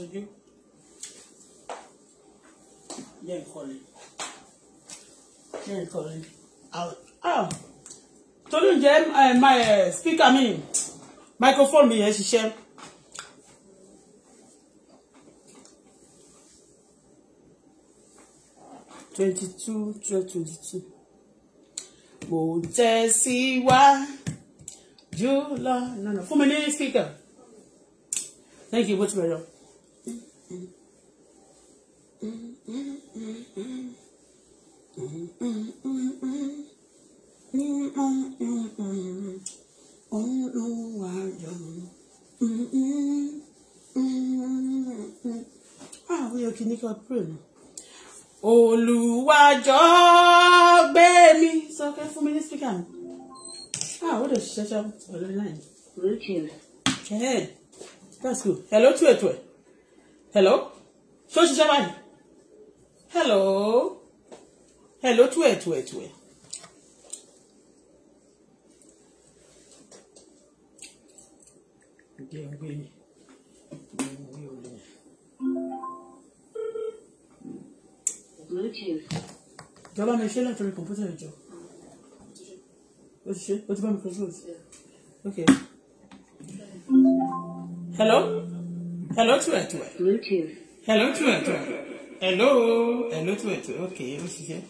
sojú jẹ́ ìkọlẹ̀ jẹ́ ìkọlẹ̀ Tolú jẹ́ my eh, speaker mi microphone mi yẹn ṣiṣẹ́. twenty two twelve twenty two mo tẹ̀síwájú lọ fún mi ní speaker thank you bó ti bẹ̀rẹ̀ olùwàjọ àwọn yóò kí ní kí ọ pray nù. olùwàjọ gbé mi sọkẹ fún mi ní spíkà mi. ah ó lè ṣiṣẹ́ ṣe ọ̀rẹ́ náà. bluetooth. that's good hello tú ètò ẹ̀ hello ṣó ṣiṣẹ́ báyìí hello hello tú ẹ̀ tú ẹ̀ tú ẹ̀. jẹ́ ń gbé mi mo gbé olè. ìjọba mi ṣe látọrí kọ̀ǹpútà ìjọ o ti ṣe o ti bá mi hello hello tú ẹ̀ Bluetooth. hello tú ẹ̀ hello hello tó ètò ok ó ṣiṣẹ́.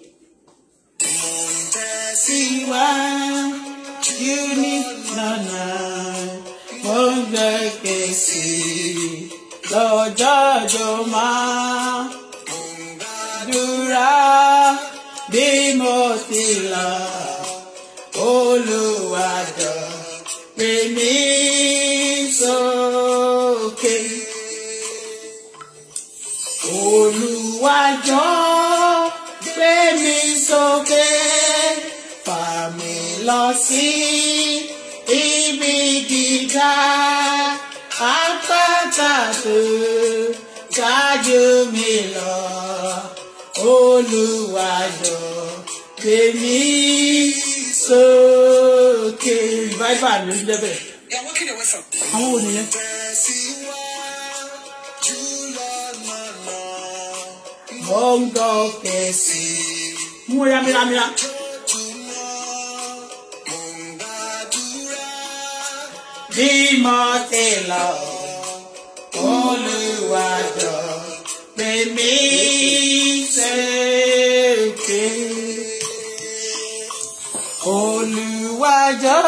mo ń tẹ̀síwá unique lọ́nà mo ń gbẹ́kẹ̀ sí lọ́jọ́jọ́ máa dúrà bí mo ti lọ wájọ́ gbé mi sókè fà mí lọ sí ibi gíga àpáta tó ṣáájú mi lọ olùwàjọ́ gbé mi sókè. báyìí bá mi ń débẹ̀. àwọn wo nìyẹn. Bongo Kesi. Mura, mira, mira. Bímọ tèlọ, olùwàjọ, bèmí ṣèké. Olùwàjọ,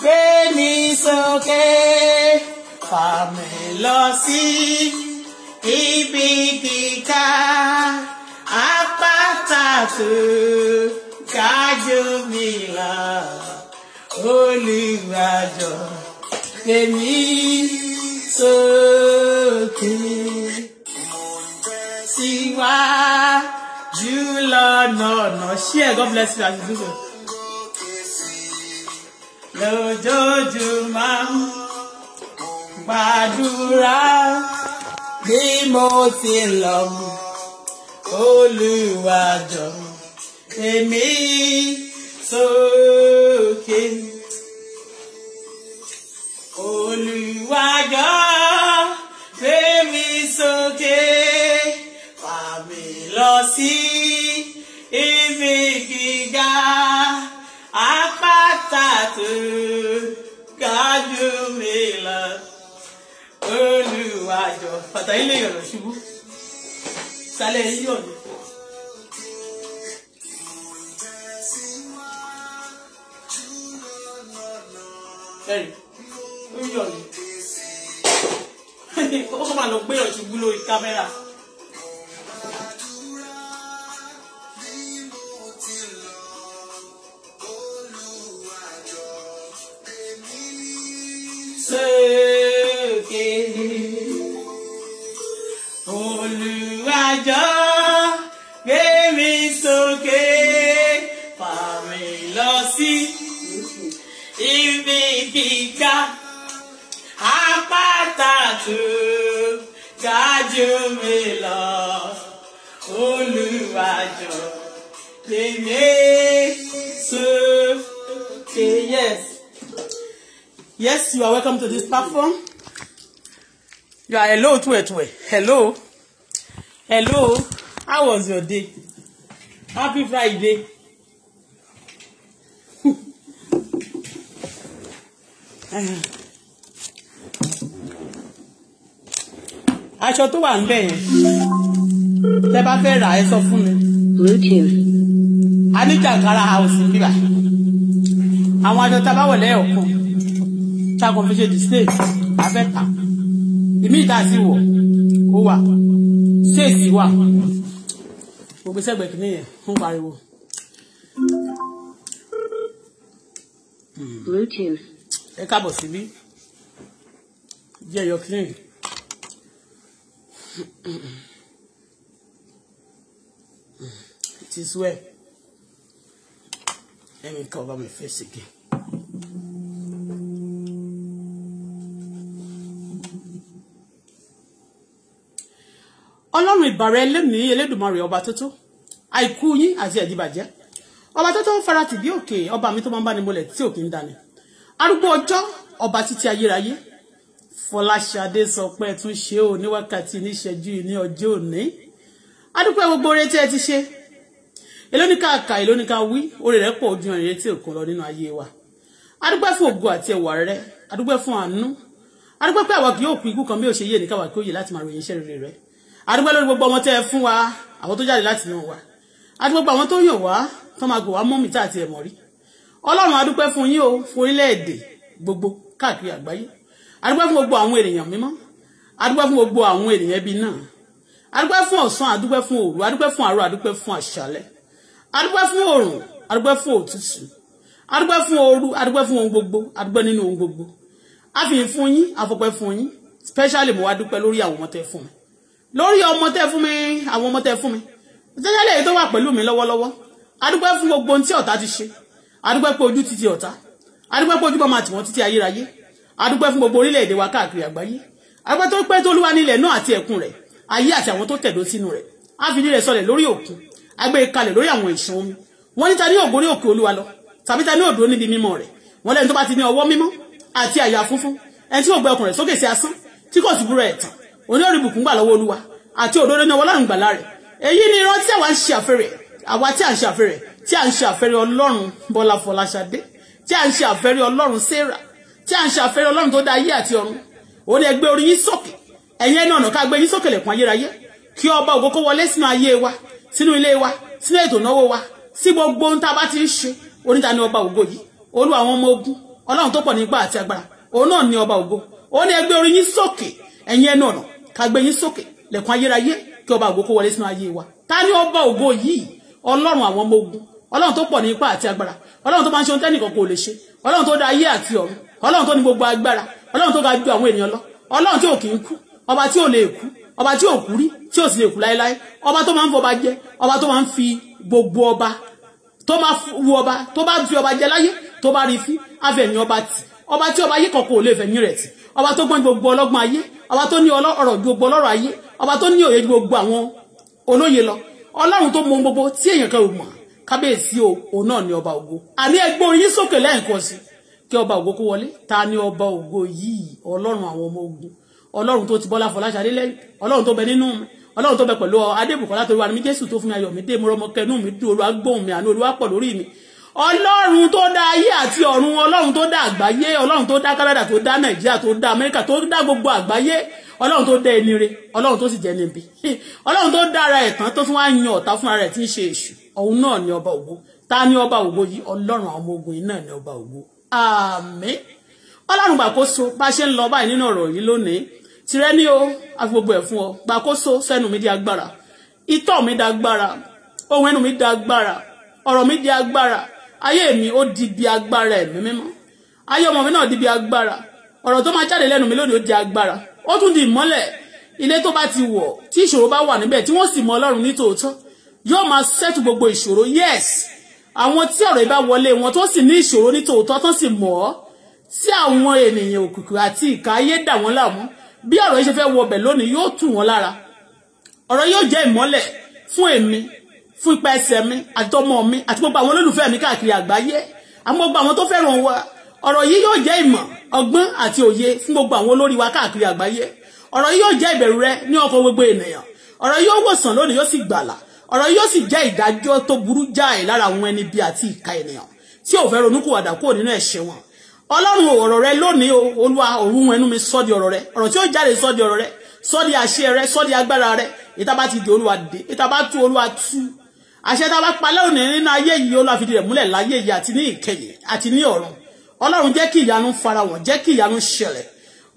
gbé mi sókè, fà mí lọ sí ibi kíkà àpáta tó kájú mi là olùgbàjọ tèmi sókè share God bless you as you do so. lójoojúmọ́ badura bí mo ti lọ mú Olúwa jọ̀ọ́ èmi sókè Olúwa jọ̀ọ́ èmi sókè fà lọ sí ibi gíga àpáta tó ga jù lọ àjọ bàtà ilé ìyọ̀nà ṣubú sálẹ̀ yíyọ̀nù. ẹ̀rì ó yọ̀nù ó máa lọ gbé ọ̀ṣubú lórí kámẹ́rà. say àjọ gbé mi sókè fà mí lọ sí ibi gíga àpáta tó ga jù mí lọ Olúwa jọ̀ọ́ gbé mi sókè yes yes you are welcome to this platform you are hello tuẹtuẹ hello hello how was your day happy friday aṣọ tó wà níbẹ̀ yẹn tẹ́ bá fẹ́ rà ẹ sọ fún mi. a ní jàǹkárà house níbà àwọn aṣọ tá a bá wọ̀ lẹ́yọ̀kan tá a kàn fi ṣe display abẹ́ta ìmí ìta sí wọ̀ ó wà ṣéèsì wà gbogbo sẹ́gbẹ̀ẹ́ kìíní yẹn ń pariwo. Hmm. ẹ káàbọ̀ síbí jẹ́ yọ clean. It is well. Let me cover my face again. ọlọ́run ìbàrẹ̀ ẹlẹ́mìí elédùmarè ọba tótó àìkú yín àti ẹ̀dìbàjẹ́ ọba tótó ń farati bí òkè ọba mi tó máa ń bá ni mọ́lẹ̀ tí òkè ń dani arúgbó ọjọ́ ọba títí ayérayé fọláṣadé sọ pé ẹ tún ṣe ò ní wákàtí níṣẹ́jú ní ọjọ́ òní adúpẹ́ gbogbo oore tí ẹ ti ṣe èló ní ká kà èló ní ká wí oore rẹ̀ pọ̀ ojú ìrìn tí òkun lọ nínú ayé wa adúpẹ́ fún ògo àti ẹwà rẹ̀ adúpẹ́ fún àánú adúpẹ́ pé àwa kì yóò kú ikú kan bí ó ṣe yé ní káwa kí ó yẹ láti máa ròyìn iṣẹ́ rere rẹ̀ adúgbò lórí gbogbo ọmọ tẹ́ ẹ fún wa àwọn tó jáde láti yan wa adúgbò gbogbo àwọn tó yàn wá tó máa gò wá mọ́mì tá àti ẹ̀mọ́ ọlọ́run adúpẹ́ fún yín o fún orílẹ̀-èdè gbogbo káàkiri àgbáyé adúpẹ́ fún gbogbo àwọn ènìyàn mímọ́ adúpẹ́ fún gbogbo àwọn ènìyàn ibi náà adúpẹ́ fún ọ̀sán adúpẹ́ fún òru adúpẹ́ fún àárọ̀ adúpẹ́ fún àṣálẹ́ adúpẹ́ fún òrùn adúpẹ́ fún òtútù adúpẹ́ fún òru adúpẹ́ fún ohun gbogbo adúpẹ́ nínú ohun gbogbo a fún yín afọpẹ́ fún yín specially mo wá dúpẹ́ lórí àwọn ọmọ tẹ́ fún mi lórí ọmọ tẹ́ fún mi àwọn ọmọ tẹ́ fún mi jẹ́jẹ́ lẹ́yìn tó wà pẹ̀lú mi lọ́wọ́lọ́wọ́ adúpẹ́ fún gbogbo ohun tí ọ̀tá ti ṣe adúpẹ́ pé ojú ti ti ọ̀tá adúpẹ́ pé ojú bá máa tì wọ́n títí ayérayé adúpẹ́ fún gbogbo orílẹ̀-èdè wa káàkiri àgbáyé adúpẹ́ tó pẹ́ tó lúwa nílẹ̀ náà àti ẹ̀kún rẹ̀ ayé àti àwọn tó tẹ̀dó sínú rẹ̀ áfìdí rẹ̀ sọlẹ̀ lórí òkun agbé e kalẹ̀ lórí àwọn ìṣàn omi wọ́n ní ta ní ògo ní òkè olúwa lọ tàbí ta ní òdò níbi mímọ́ rẹ̀ wọ́n lẹ́nu tó bá ti ní ọwọ́ mímọ́ àti àyà funfun ẹni tí kò gbé sókè sí asán tí kò sì búrọ̀ ẹ̀tàn onírọ̀rì bùkún gbà lọ́wọ́ olúwa àti òdodo ní ọwọ́ láàrin gbàlá rẹ̀ èyí ni irọ́ tí àwa ń ṣe àfẹ́rẹ̀ àwa tí à ń ṣe àfẹ́rẹ̀ tí à ń ṣe àfẹ́rẹ̀ ọlọ́run bọ́lá fọláṣadé tí à ń ṣe àfẹ́rẹ̀ ọlọ́run sarah tí à ń ṣe àfẹ́rẹ̀ ọlọ́run tó dá ayé àti ọ̀run òun ni ẹgbẹ́ orí yín sókè ẹ̀yẹ́ náà nà ká gbé yín sókè lẹ̀kùn ayérayé kí ọba ògo kó wọlé sínú ayé wa sínú ilé wa sínú ètò ìnáwó wa sí gbogbo ohun tá a bá ti ń ṣe oníta ni ọba ògo yìí olú àwọn ọmọ ogun ọlọ́run tó pọ̀ nígbà àti agbára òun náà ni ọba ògo òun ni ẹgbẹ́ orí yín sókè ẹ̀yin ẹnu ọ̀nà kàgbé yín sókè lẹ̀kùn ayérayé kí ọba ògo kó wọlé sínú ayé wa ta ni ọba ògo yìí ọlọ́run àwọn ọmọ ogun ọlọ́run tó pọ̀ ní ipá àti agbára ọlọ́run tó máa ń ṣe ohun tẹ́nìkan kò lè ṣe ọlọ́run tó dá ayé àti ọ̀run ọlọ́run tó ní gbogbo agbára ọlọ́run tó ga ju àwọn ènìyàn lọ ọlọ́run tí ò kì í kú ọba tí ò lè kú ọba tí ò kú rí tí ò sì lè kú láéláé ọba tó máa ń fọba jẹ ọba tó máa ń fi gbogbo ọba tó máa wu ọba tó bá fi ọba jẹ láyé tó bá rí fí afẹ̀yìn ọba tì ọba tí ọba ayé kọ̀ọ̀kan ò lè fẹ̀yìn rẹ̀ tì ọba tó gbọ́n gbogbo ọlọ́gbọ́n ayé ọba tó ní ọ̀rọ̀ ju gbogbo ọlọ́rọ̀ ayé ọba tó ní òye ju gbogbo àwọn olóye lọ ọlọ́run tó mọ gbogbo tí èèyàn kan mọ̀ kábíyèsí o òun náà ni ọba ògo àní ẹgbẹ́ oyin sókè lẹ́ẹ̀kan sí kí ọba ògo kó wọlé ta ni ọba ògo yìí ọlọ́run àwọn ọmọ ogun ọlọ́run tó ti Bọ́lá Fọláṣadé lẹ́yìn ọlọ́run tó bẹ nínú mi ọlọ́run tó bẹ pẹ̀lú Adébùkọ́lá torí wa ni Jésù tó fún mi ayọ̀ mi dé mo rọmọ mi dùn olúwa gbóhùn mi àánú olúwa pọ̀ lórí mi ọlọ́run tó dá ayé àti ọ̀run ọlọ́run tó dá àgbáyé ọlọ́run tó dá Canada tó dá Nàìjíríà tó dá Amẹ́ríkà tó dá gbogbo àgbáyé ọlọ́run tó dá ẹni re ọlọ́run tó sì jẹ́ níbi ọlọ́run tó dára ẹ̀tàn tó fún wa yan ọ̀tá fún ara ẹ̀ tí ń ṣe èṣù òun náà ni ọba ògo ta ni ọba ògo yìí ọlọ́run àwọn ogun yìí náà ni ọba ògo àmín ọlọ́run gbàkóso bá ṣe ń lọ báyìí nínú ọ̀rọ̀ yìí lónìí tìrẹ ní o àfi gbogbo ẹ̀ fún ọ gbàkóso sẹ́nu mi di agbára itọ́ mi di agbára ohun ẹnu mi di agbára ọ̀rọ̀ mi di agbára ayé mi ó di bí agbára ẹ̀mí mímọ́ ayé ọmọ mi náà di bí agbára ọ̀rọ̀ tó máa jáde lẹ́nu mi lónìí ó di agbára ó tún di ìmọ́lẹ̀ ilé tó bá ti wọ̀ tí ìṣòro bá wà níbẹ̀ tí wọ́n sì mọ ọlọ́run ní tòótọ́ yóò máa ṣẹ́tù gbogbo ìṣòro yes àwọn tí ọ̀rọ̀ yìí bá wọlé wọn tó sì ní ìṣòro ní tòótọ́ tó sì mọ̀ ọ́ tí àwọn ènìyàn òkùnkùn àti ìka ayé dà wọ́n láàmú bí ọ̀rọ̀ yìí ṣe fẹ́ wọbẹ̀ lónìí yóò tù wọ́n lára ọ̀rọ̀ yóò jẹ́ ìmọ́lẹ̀ fún èmi fún ipa ẹsẹ̀ mi àti tọmọ mi àti gbogbo àwọn olólùfẹ́ mi káàkiri àgbáyé àmọ́ gbogbo àwọn tó fẹ́ràn wa ọ̀rọ̀ yìí yóò jẹ́ ìmọ̀ ọgbọ́n àti òye fún gbogbo àwọn olórí wa káàkiri àgbáyé ọ̀rọ̀ yìí yóò jẹ́ ìbẹ̀rù rẹ ní ọkàn gbogbo ènìyàn ọ̀rọ̀ yìí yóò wòsàn lónìí yóò sì gbàlà ọ̀rọ̀ yìí yóò sì jẹ́ ìdájọ́ tó burú jáì lára àwọn ẹni bí àti ìka ènìyàn tí ò fẹ́ ronúkúwàdà kúrò nínú ẹ̀ṣẹ̀ wọn ọlọ́run ọ̀rọ̀ rẹ lónìí olúwa òun ẹnu mi sọ́ di ọ̀rọ̀ rẹ ọ̀rọ̀ tí ó jáde sọ́ di ọ̀rọ̀ rẹ sọ́ di àṣẹ rẹ sọ́ di agbára rẹ ìta bá ti di olúwa dé ìta bá tú olúwa tú àṣẹ tá a bá pa lónìí nínú ayé yìí olúwa fìdí rẹ̀ múlẹ̀ láyé yìí àti ní ìkẹyìn àti ní ọ̀run ọlọ́run jẹ́ kí ìyanu farahàn jẹ́ kí ìyanu ṣẹlẹ̀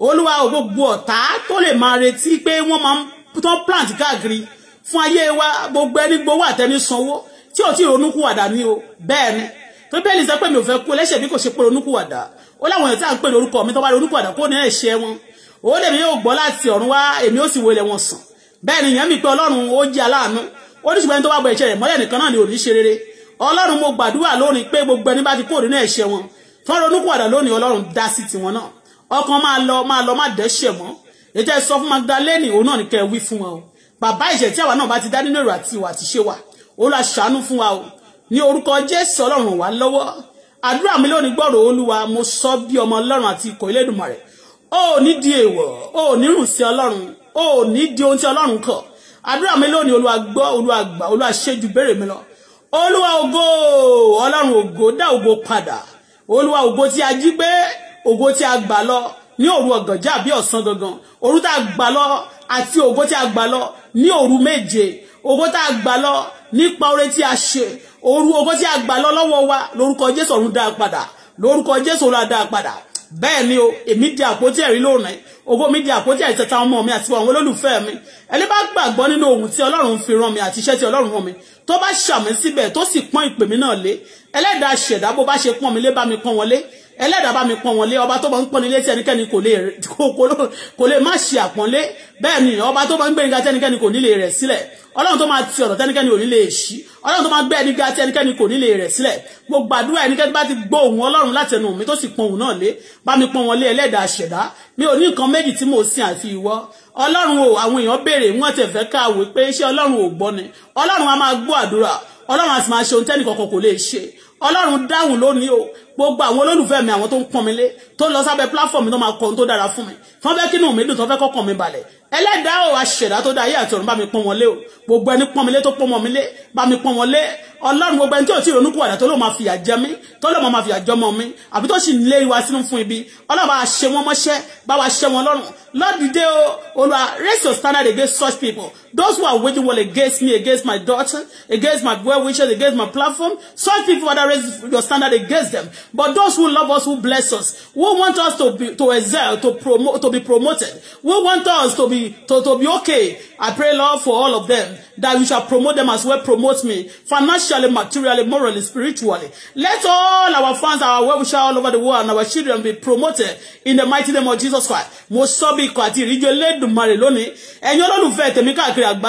olúwa gbogbo ọ̀tá tó lè máa retí pé wọ́n máa tán plant káàkiri fún ayé wa gbogbo ẹni gbowó àtẹni sanwó tí ò tí ronúkúwàdà ni o bẹ́ẹ̀ ni tó bẹ́ẹ̀ lè sọ pé mi ò fẹ́ kú ẹlẹ́ṣẹ̀ bí kò ṣe pé ronúkúwàdà ó láwọn èèyàn tí à ń pè lórúkọ mi tó bá ronúkúwàdà kó ní ẹ̀ṣẹ̀ wọn ó lèmi yóò gbọ́ láti ọ̀run wá èmi ó sì wọlé wọn sàn bẹ́ẹ̀ ni ìyẹn mi pé ọlọ́run ó jẹ́ aláàánú oníṣègùn ẹni tó bá bọ ẹ̀ṣẹ̀ rẹ̀ mọ́lẹ̀ nìkan náà ni òní ṣe rere ọlọ́run mo gbàdúrà lónìí pé gbogbo ẹni bá ti kúrò nínú ẹ̀ṣẹ̀ wọn tó ronú padà lónìí ọlọ́run dá sí tiwọn náà ọkàn máa lọ máa lọ má dẹ́ṣẹ̀ mọ́ ètò ẹ̀ sọ fún Magdalene òun náà ni kẹ́ ẹ wí fún wa o bàbá ìṣẹ̀ tí àwa náà bá ti dá nínú èrò àti ìwà àti ṣe wà Olúwa ṣàánú fún wa o ní orúkọ Jésù ọlọ́run wà lọ́wọ́ àdúrà mi lónìí gbọ́rọ̀ Olúwa mo sọ bí ọmọ ọlọ́run àti ikọ̀ Elédùmarè o ò ní di èèwọ̀ o ní rùn sí ọlọ́run o ní di ohun tí ọlọ́run kọ̀ àdúrà mi lónìí olúwa gbọ́ olúwa gbà olúwa ṣẹ́jú béèrè mi lọ olúwa ògo ọlọ́run ògo dá ògo padà olúwa ògo tí a jí gbé ògo tí a gbà lọ ní òru ọ̀gànjọ́ àbí ọ̀sán gangan òru tá a gbà lọ àti ògo tí a gbà lọ ní òru méje ògo tá a gbà lọ nípa oore tí a ṣe òru ògo tí a gbà lọ lọ́wọ́ wa lórúkọ jésù ọ̀run dá a padà lórúkọ jésù ọ̀run dá a padà bẹ́ẹ̀ ni o èmi di àpótí ẹ̀rí lónìí owó mi di àpótí ẹ̀rí tẹta ọmọ mi àti àwọn olólùfẹ́ mi ẹni bá gbàgbọ́ nínú ohun tí ọlọ́run fi rán mi àti iṣẹ́ tí ọlọ́run rán mi tó bá ṣàmì síbẹ̀ tó sì pọ́n ìpè mi náà lé ẹlẹ́dàá ṣẹ̀dá bó bá ṣe pọ́n mi lé bá mi pọ́n wọn ẹlẹ́dàá bá mi pọ́n wọn lé ọba tó bá ń pọ́n nílé tí ẹnikẹ́ni kò lè kò lè má ṣe àpọ́nlé bẹ́ẹ̀ ni ọba tó bá ń gbé nígbà tí ẹnikẹ́ni kò nílé rẹ̀ sílẹ̀ ọlọ́run tó máa ti ọ̀rọ̀ tẹ́nikẹ́ni ò nílé ṣí ọlọ́run tó máa gbé ẹni ga tí ẹnikẹ́ni kò nílé rẹ̀ sílẹ̀ mo gbàdúrà ẹnikẹ́ni bá ti gbọ́ ohùn ọlọ́run láti ẹnu mi tó sì pọ́n òun náà lé bá mi pọ́n wọn lé ẹlẹ́dàá ṣẹ̀dá mi ò ọlọ́run a sì máa ṣe ohun tẹ́nìkọ̀ọ̀kan kò lè ṣe ọlọ́run dáhùn lónìí o gbogbo àwọn olólùfẹ́ mi àwọn tó ń pọ́n mi lé tó lọ sábẹ́ platform mi tó máa kọ ohun tó dára fún mi fọ́n fẹ́ kínú mi dùn tó fẹ́ kọ́kàn mi balẹ̀ ẹlẹ́dàá ò aṣẹ̀dá tó dá ayé àti ọ̀run bá mi pọ́n wọn lé o gbogbo ẹni pọ́n mi lé tó pọ́n wọn mi lé bá mi pọ́n wọn lé ọlọ́run gbogbo ẹni tí ò tí ronú kúwàdà tó ló máa fìyà jẹ mí tó ló máa fìyà jọmọ mi àbí tó sì lé wa sínú fún ibi ọlọ́run bá wa ṣe wọn mọ́ṣẹ́ bá wa ṣe wọn lọ́rùn lọ́dìdé o olùwà raise your standard against such people those who are waging war against me against my daughter against my well wishes against my platform such people father raise your standard against them But those who love us, who bless us, who want us to be to excel, to promote, to be promoted, who want us to be to, to be okay. I pray, Lord, for all of them that you shall promote them as well. Promote me financially, materially, morally, spiritually. Let all our fans, our well-wishers all over the world, and our children be promoted in the mighty name of Jesus Christ. Mo sọ bí ikọ̀ àti ìríjú Elédùmarè lónìí. Ẹ̀yin olólùfẹ́ tèmi káàkiri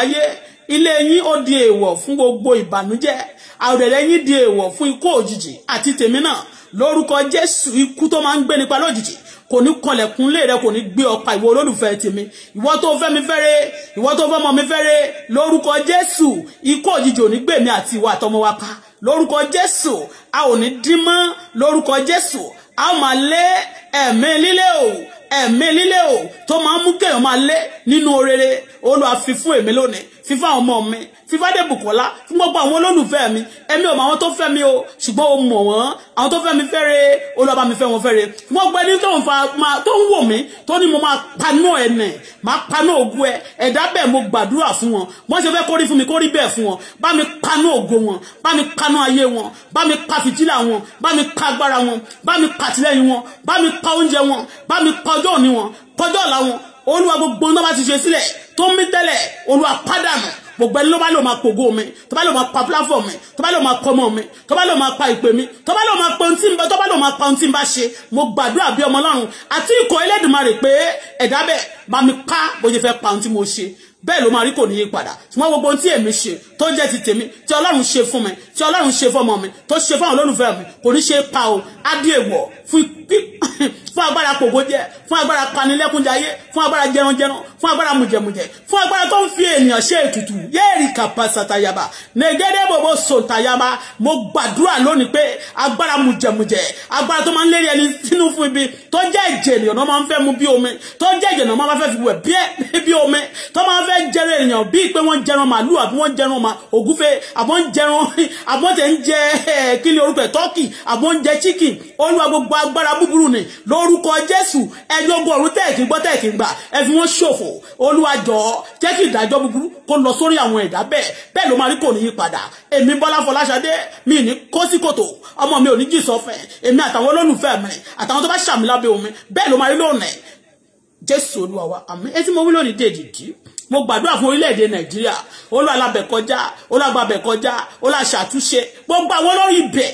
di èèwọ̀ fún gbogbo ìbànújẹ́ àwòrán yín di èèwọ̀ fún ikú òjijì àti tèmi náà lórúkọ jésù ikú tó máa ń gbé nípa lójijì kò ní kọlẹ̀kúnlé rẹ kò ní gbé ọ̀pá ìwọ olólùfẹ́ tèmi ìwọ tó fẹ́ mi fẹ́rẹ́ ìwọ tó fẹ́ mọ mi fẹ́rẹ́ lórúkọ jésù ikú òjijì ò ní gbèmí àti ìwà àtọmọ wa pa lórúkọ jésù a ò ní dín mọ́ lórúkọ jésù a ó máa lé ẹ̀mí líle o ẹ̀mí líle o tó máa ń mú kéèyàn máa lé nínú orere olùwàfi fún èmi lónìí fífá ọmọ mi fífá dé Bùkọ́lá fún gbogbo àwọn olólùfẹ́ mi èmi ò mọ àwọn tó fẹ́ mi o ṣùgbọ́n o mọ̀ wọ́n àwọn tó fẹ́ mi fẹ́rẹ̀ olùbá mi fẹ́ wọn fẹ́rẹ̀ wọ́n gbẹ ní tó ń fa tó ń wò mí tó ní mo máa paná ẹnẹ máa paná ògo ẹ ẹ̀dá bẹ́ẹ̀ mo gbàdúrà fún wọn wọ́n ṣe fẹ́ kórí fún mi kórí bẹ́ẹ̀ fún wọn bá mi paná ògo wọn bá mi paná ayé wọn bá mi pa fìtílà wọn bá mi pa agbára wọn bá mi pàtìlẹ́yìn wọn bá mi pa oúnjẹ wọn bá mi pa ọjọ́ òní wọn pọjọ́ ọ̀la wọn olúwa gbogbo náà bá ti ṣe sílẹ̀ tó ń mí tẹ́lẹ̀ olúwa pádànù gbogbo ẹni ló bá lò máa pògó mi tó bá lò máa pa platform mi tó bá lò máa kọmọ mi tó bá lò máa pa ìpè mi tó bá lò máa pa ohun tó bá lò máa pa ohun tí n bá ṣe mo gbàdúrà bí ọmọ ọlọ́run àti ikọ̀ Elédùmarè pé ẹ̀dá bẹ́ẹ̀ bá mi ká bó ṣe fẹ́ pa ohun tí mo ṣe bẹ́ẹ̀ ló máa rí kò ní padà ṣùgbọ́n gbogbo ohun tí èmi ṣe tó jẹ́ ti tèmi tí ọlọ́run ṣe fún mi tí ọlọ́run ṣe fọmọ mi tó ṣe fún àwọn olólùfẹ́ mi kò ní ṣe pa o ádì èwọ̀ fún agbára kòkó jẹ fún agbára panilẹ́kúnjayé fún agbára jẹranjẹran fún agbára mùjẹmùjẹ fún agbára tó ń fi ènìyàn ṣe ètùtù yéèrì kàpàṣà tàyàbà nẹgẹdẹ bòbò sò tàyàbà mo gbàdúrà lónìí pé agbára mùjẹmùjẹ agbára tó máa ń lérí ẹni sínú fún ibi tó jẹ́ ìjẹ ènìyàn náà máa ń fẹ́ mu bí omi tó jẹ́ ìjẹ náà máa fẹ́ fi wẹ̀ bí omi tó máa fẹ́ jẹrẹ ènìyàn bíi pé wọ́n jẹran màlúù àbí wọ́n jẹran màlúù ma ògúnfẹ́ àbọ̀ ń jẹran àbọ̀ tẹ̀ ń jẹ eh, kílí orúkọ tọ́kì àbọ̀ ń jẹ chicken olúwa gbogbo agbára búburú ni lórúkọ jésù ẹjọ́ gbọ̀rún tẹ̀kí gbọ́ tẹ̀kí gbà ẹ fi wọ́n ṣòfò olúwa jọ jẹ́ kí ìdájọ́ búburú kó lọ sórí àwọn ẹ̀dá bẹ́ẹ̀ bẹ́ẹ̀ ló máa rí kò ní yí padà èmi bọ́lá fọláṣadé mi ní kó sí kòtò ọmọ mi ò ní jì sọfẹ̀ èmi àtàwọn olólùfẹ́ mi àtàwọn tó bá ṣàmìlábẹ́ omi bẹ́ẹ̀ ló máa rí lónìí jésù olúwa wa àmín etí mo wí lónìí dèjì dìí mo gbàdúrà fún orílẹ̀-èdè nàìjíríà olúwa alábẹ̀kọjá olúwa agbábẹ̀kọjá olúwa aṣàtúnṣe gbogbo àwọn olórí ibẹ̀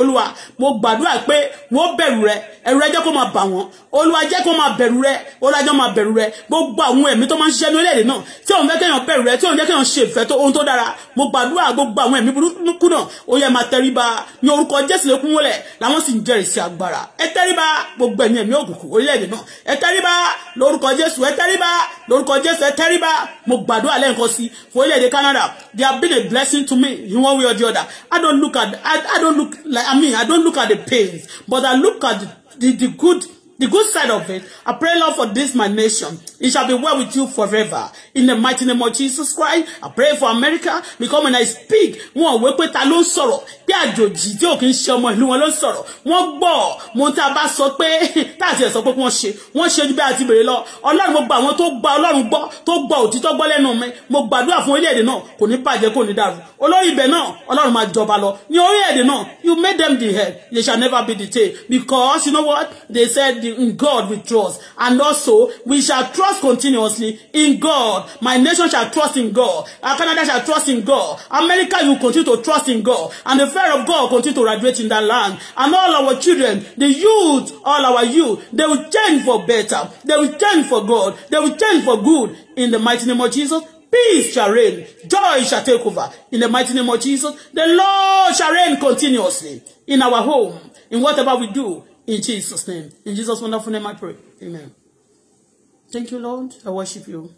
olúwa mo gbàdúrà pé wọ́n bẹ̀rù rẹ ẹ̀rù rẹ jẹ́ kó máa bà wọ́n olúwa jẹ́ kí wọ́n máa bẹ̀rù rẹ olúwa jẹ́ máa bẹ̀rù rẹ gbogbo àwọn ẹ̀mí tó máa ń ṣiṣẹ́ ní orílẹ̀-èdè náà tí òun fẹ́ kéèyàn bẹ̀rù rẹ tí òun fẹ́ kéèyàn ṣe ìfẹ́ tó ohun tó dára mo gbàdúrà gbogbo àwọn ẹ̀mí burúkú náà ó yẹ máa tẹríba ní orúkọ jésù lókun wọlé làwọn sì ń jẹ́rìí sí agbára ẹ tẹríba gbogbo ẹ̀mí ẹ̀mí òkùnkùn orílẹ̀-èdè náà ẹ tẹríba lórúkọ jésù ẹ tẹríba lórúkọ jésù ẹ tẹríba mo gbàdúrà lẹ́ǹkan sí orílẹ̀-èdè canada they have been a blessing to me in one way or the other i don't look at i, I don't look like i mean i don't look at the pains but i look at the, the good the good side of it. I pray, Lord, for this my nation. It shall be well with you forever. In the mighty name of Jesus Christ, I pray for America. Because when I speak, one ò wé pé ta ló ń pé àjòjì tí ò kí ń ṣe ọmọ ìlú wọn ló ń sọ̀rọ̀ wọ́n gbọ́ mo tá a bá sọ pé tá a ti sọ pé wọ́n ṣe wọ́n ṣe ju bí a ti bèrè lọ ọlọ́run mo gba àwọn tó gba ọlọ́run gbọ́ tó gba òtítọ́ gbọ́ lẹ́nu mi mo gbàdúrà fún orílẹ̀-èdè náà kò ní bàjẹ́ kò ní dàrú olórí ibẹ̀ náà ọlọ́run máa jọba lọ ní orílẹ̀-èdè náà you made them the head they shall never be the tail because you know what they said in God we trust and also we shall trust continuously in God my nation shall trust in God our Canada shall trust in God America you continue to trust in God and the fear of God continue to graduate in that land. And all our children, the youth, all our youth, they will change for better. They will change for God. They will change for good. In the mighty name of Jesus, peace shall reign. Joy shall take over. In the mighty name of Jesus, the Lord shall reign continuously in our home, in whatever we do. In Jesus' name. In Jesus' wonderful name I pray. Amen. Thank you, Lord. I worship you.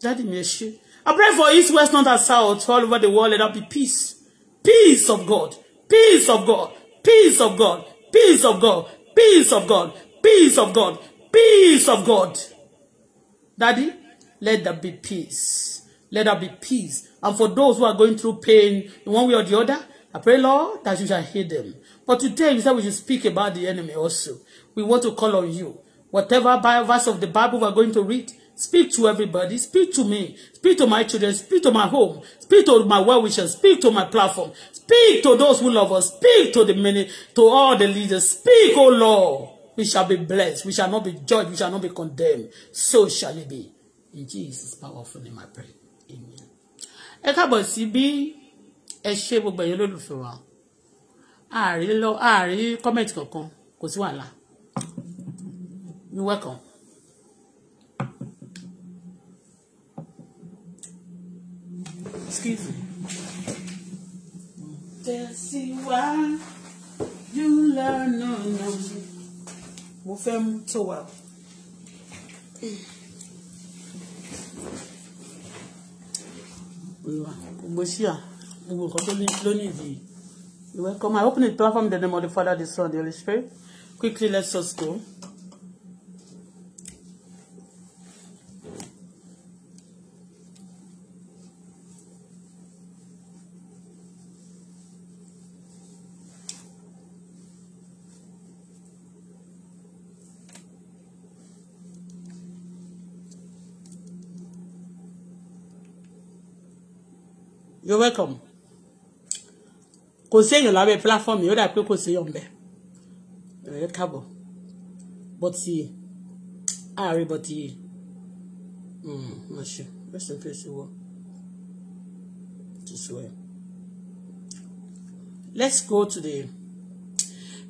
Daddy, I pray for East, West, North, and South, all over the world. Let there be peace. Peace of God. Peace of God. Peace of God. Peace of God. Peace of God. Peace of God. Peace of God. Daddy, let there be peace. Let there be peace. And for those who are going through pain in one way or the other, I pray, Lord, that you shall heal them. But today, you said we should speak about the enemy also. We want to call on you. Whatever verse of the Bible we are going to read, Speak to everybody. Speak to me. Speak to my children. Speak to my home. Speak to my well-wishers. Speak to my platform. Speak to those who love us. Speak to the many, to all the leaders. Speak, O Lord. We shall be blessed. We shall not be judged. We shall not be condemned. So shall it be. In Jesus' powerful name I pray. Amen. Ẹ káàbọ̀ sí bí ẹ ṣe gbogbo ẹ̀yin olólùfẹ́ wa. Ààrí lọ ààrí kọ́mẹ̀tì kankan kò sí wàhálà. You're welcome. Excuse me. Tẹ̀síwájú lọ́nà náà. Mo fẹ́ mú tó wà. Gbogbo ṣíà, gbogbo nǹkan tó lónìí yìí. You're welcome. I open the platform in the name of the Father, the Son, the Holy Spirit. Quickly, let's just go. you're welcome kò sí èèyàn lábẹ́ platform yìí ó dà pé kò sí èèyàn bẹ́ẹ̀ ẹ káàbọ̀ bọ́tì ààrẹ bọ́tì mọ̀ṣẹ́ pẹ̀sẹ̀ pẹ̀sẹ̀ wọ ti sọ ẹ̀. Let's go to the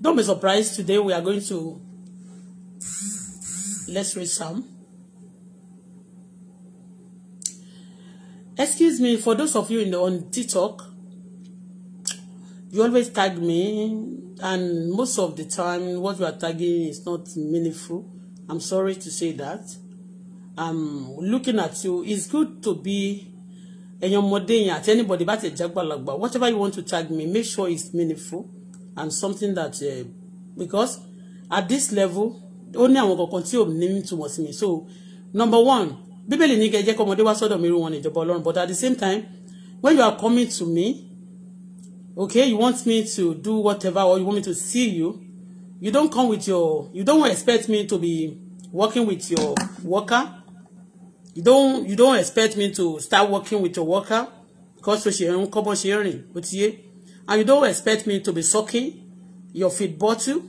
don't be surprised today we are going to let's read some. excuse me for those of you in the, on TikTok you always tag me and most of the time what you are tagging is not meaningful I'm sorry to say that I'm looking at you it's good to be ẹ̀yin ọmọdé yẹn àti anybody bá ti jágbàlagbà whatever you want to tag me make sure it's meaningful and something that uh, because at this level ó ní àwọn kankan tí ò ní túmọ̀ sí mi so number one bíbélì ní kẹjẹ kọmọdé wá sọ́dọ̀ mi irú wọn níjọba Ọlọ́run but at the same time when you are coming to me okay you want me to do whatever or you want me to see you you don't come with your you don't expect me to be working with your worker you don't you don't expect me to start working with your worker because so she ń kọ́bọ̀ ṣe ń rìn ó and you don't expect me to be sucking your feed bottle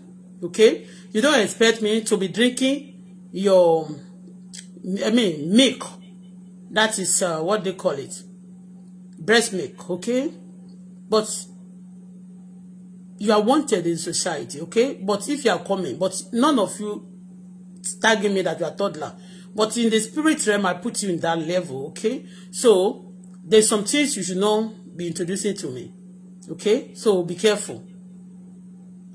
okay you don't expect me to be drinking your. I mean milk. That is uh, what they call it. Breast milk, okay? But you are wanted in society, okay? But if you are coming, but none of you tagging me that you are toddler. But in the spirit realm, I put you in that level, okay? So there's some things you should not be introducing to me, okay? So be careful.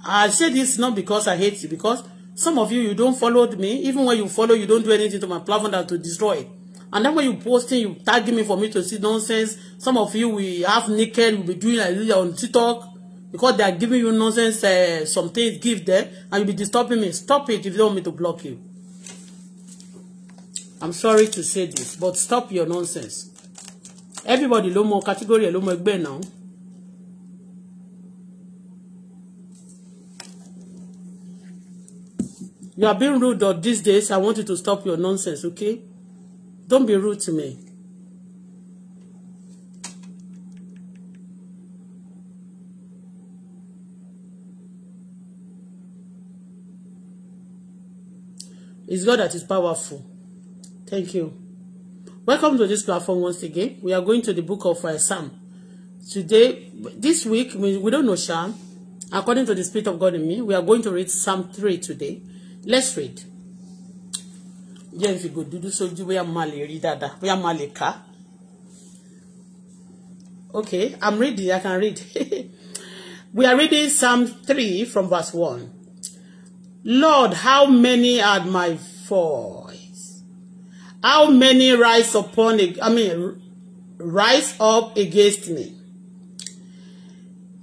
I say this not because I hate you, because Some of you, you don't follow me. Even when you follow, you don't do anything to my platform that to destroy. And then when you posting, you tagging me for me to see nonsense. Some of you, we have naked, we be doing like this on TikTok because they are giving you nonsense, uh, some things give them, and you be disturbing me. Stop it if you don't want me to block you. I'm sorry to say this, but stop your nonsense. Everybody ló more category ẹ̀ more now. You are being rude of these days. I want you to stop your nonsense, okay? Don't be rude to me. It's God that is powerful. Thank you. Welcome to this platform once again. We are going to the book of uh, Psalm. Today, this week, we, we don't know Psalm. According to the Spirit of God in me, we are going to read Psalm 3 today let's read jẹ́ n fi gò dúdú sójú bóyá mo máa lè rí dáadáa bóyá mo máa lè kà á okay i'm reading i can read we are reading psalm three from verse one lord how many are my foes how many rise upon i mean rise up against me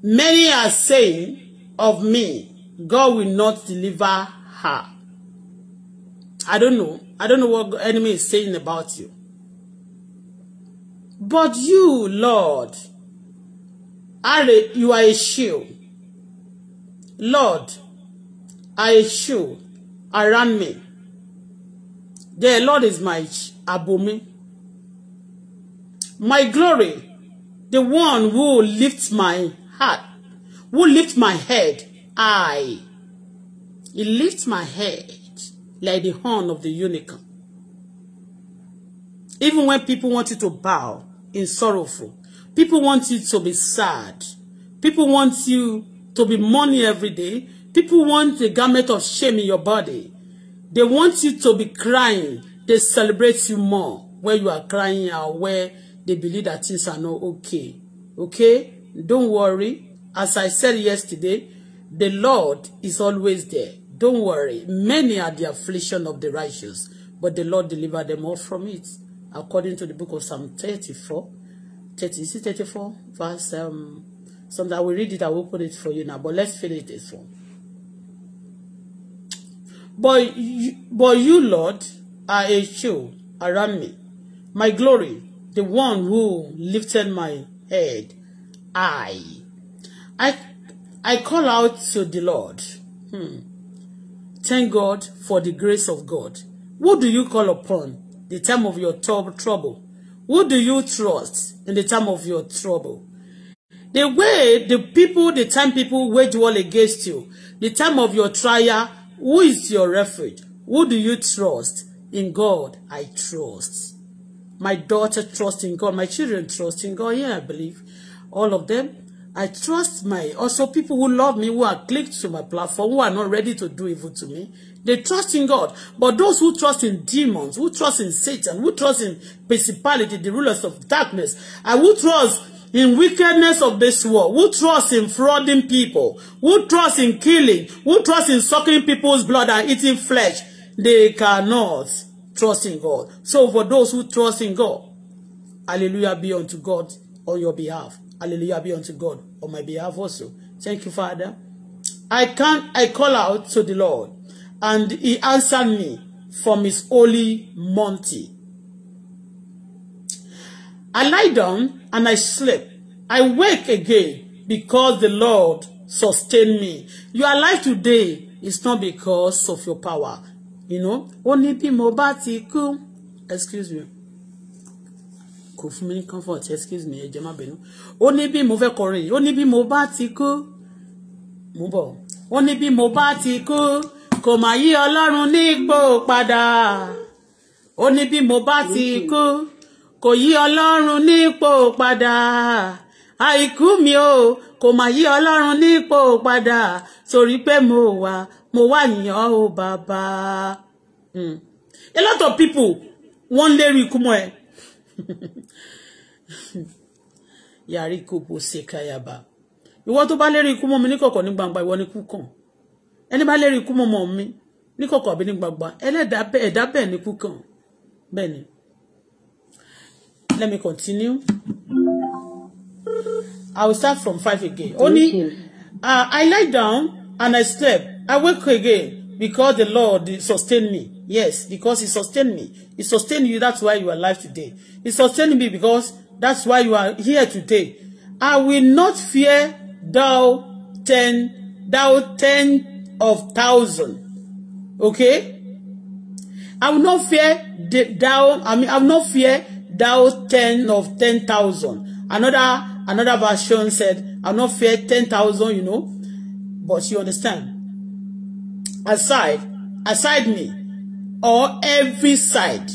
many are saying of me god will not deliver Ha. I don't know. I don't know what enemy is saying about you. But you, Lord, are a, you are a shield. Lord, I shield. shield around me. The Lord is my abomi. My glory, the one who lifts my heart, who lifts my head, I. He lifts my head like the horn of the unicorn. Even when people want you to bow in sorrowful, people want you to be sad, people want you to be money every day, people want a garment of shame in your body. They want you to be crying. They celebrate you more when you are crying or where they believe that things are not okay. Okay? Don't worry. As I said yesterday, the Lord is always there. Don't worry. Many are the affliction of the righteous, but the Lord delivered them all from it. According to the book of Psalm 34, 30, is it 34? Verse, um, something I will read it, I will open it for you now, but let's finish this one. But you, but you, Lord, are a shield around me, my glory, the one who lifted my head. I, I, I call out to the Lord. Hmm. Thank God for the grace of God. Who do you call upon the time of your trouble? Who do you trust in the time of your trouble? The way the people, the time people wage war against you, the time of your trial, who is your refuge? Who do you trust? In God I trust. My daughter trusts in God. My children trust in God. Yeah, I believe. All of them. I trust my, also people who love me, who are clicked to my platform, who are not ready to do evil to me, they trust in God. But those who trust in demons, who trust in Satan, who trust in principality, the rulers of darkness, I who trust in wickedness of this world, who trust in frauding people, who trust in killing, who trust in sucking people's blood and eating flesh, they cannot trust in God. So for those who trust in God, hallelujah be unto God on your behalf. Hallelujah be unto God on my behalf also. Thank you, Father. I can I call out to the Lord, and he answered me from his holy mountain. I lie down and I sleep. I wake again because the Lord sustained me. You are alive today. It's not because of your power. You know? Ó ní Excuse me kò fún mi ní comfort excuse me ẹ má bínú ó ní bí mo fẹ́ kọrin ó ní bí mo bá ti kú mo bọ̀ ó ní bí mo bá ti kú kò mà yí ọlọ́run nípò padà ó ní bí mo bá ti kú kò yí ọlọ́run nípò padà àìkú mi o kò mà yí ọlọ́run nípò padà torí pé mo wà mo wà yàn ó bàbá. Hmm. a lot of people wọ́n lérí ikú mọ́ ẹ yàrí kòpò ṣèkàyàbà ìwọ tó bá lérí ikú mọ́ mi níkọ̀kọ̀ ní gbangba ìwọ ni kú kàn ẹni bá lérí ikú mọ́ mọ́ mi níkọ̀kọ̀ àbí ní gbangba ẹlẹ́dàá ẹ̀dá bẹ́ẹ̀ ni kú kàn bẹ́ẹ̀ ni let me continue i will start from five again Only, uh, ah, i lie down and i slept i wake again because the lord sustain me yes because he sustain me he sustain you that's why you are alive today he sustain me because. That's why you are here today. I will not fear thou ten, thou ten of thousand. Okay? I will not fear the, thou, I mean, I will not fear thou ten of ten thousand. Another, another version said, I will not fear ten thousand, you know. But you understand? Aside, aside me, or every side,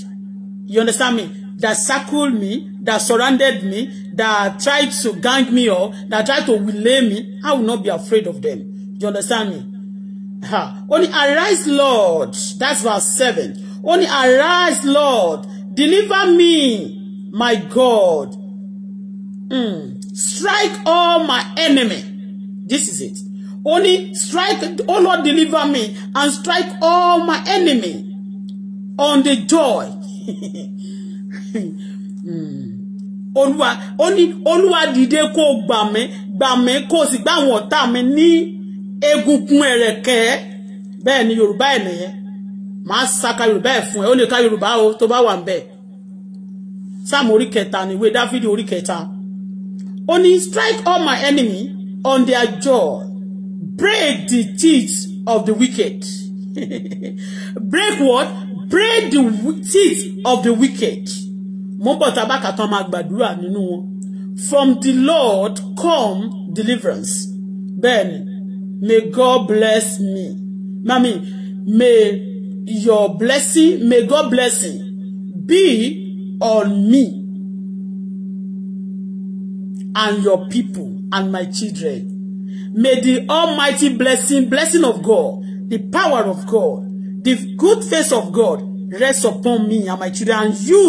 you understand me, that circle me, that surrounded me, that tried to gang me or that tried to relay me, I will not be afraid of them. Do you understand me? Ha. Only arise, Lord. That's verse 7. Only arise, Lord. Deliver me, my God. Mm. Strike all my enemy. This is it. Only strike, oh Lord, deliver me and strike all my enemy on the joy. olúwa ó ní olúwa dìde kó gbà mí gbà mí kó sì gbà àwọn ọ̀tá mi ní egungun ẹ̀rẹ̀kẹ́ bẹ́ẹ̀ ni yorùbá ẹ̀ nìyẹn màá saka yorùbá ẹ̀ fún ẹ ó lè ka yorùbá o tó bá wà ń bẹ̀ orí kẹta ni ìwé dáfídì orí kẹta ó ní strike all my enemy on their jaw break the teeth of the wicked break what break the teeth of the wicked mọ́bọ̀ tabaka tán máa gbàdúrà nínú wọn from the Lord come deliverance bẹ́ẹ̀ may God bless me mami may your blessing may God blessing be on me and your people and my children may the almighty blessing blessing of God the power of God the good face of God rest upon me and my children and you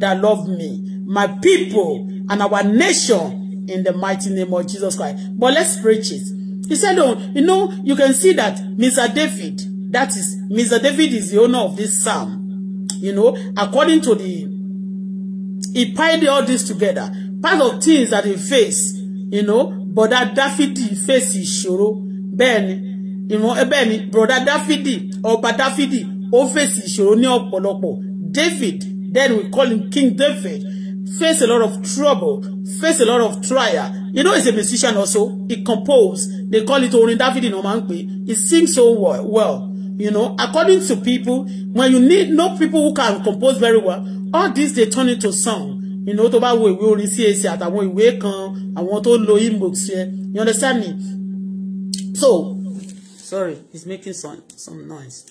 that love me, my people, and our nation in the mighty name of Jesus Christ. But let's preach it. He said, oh, you know, you can see that Mr. David, that is, Mr. David is the owner of this psalm. You know, according to the, he piled all this together. Part of things that he faced, you know, but that David faced ìṣòro. Ben, you know, Ben, brother David, or ọba David, ó face ìṣòro ní ọ̀pọ̀lọpọ̀. David, Then we call him King David. Face a lot of trouble. Face a lot of trial. You know, he's a musician also. He composed. They call it Orin David in Omanpe. He sings so well. well. You know, according to people, when you need no people who can compose very well, all this they turn into song. You know, we tó bá wo ìwé orin CAC àtàwọn ìwé kan, àwọn tó lo inbox yẹn. You understand me? So, sorry, he's making some some noise.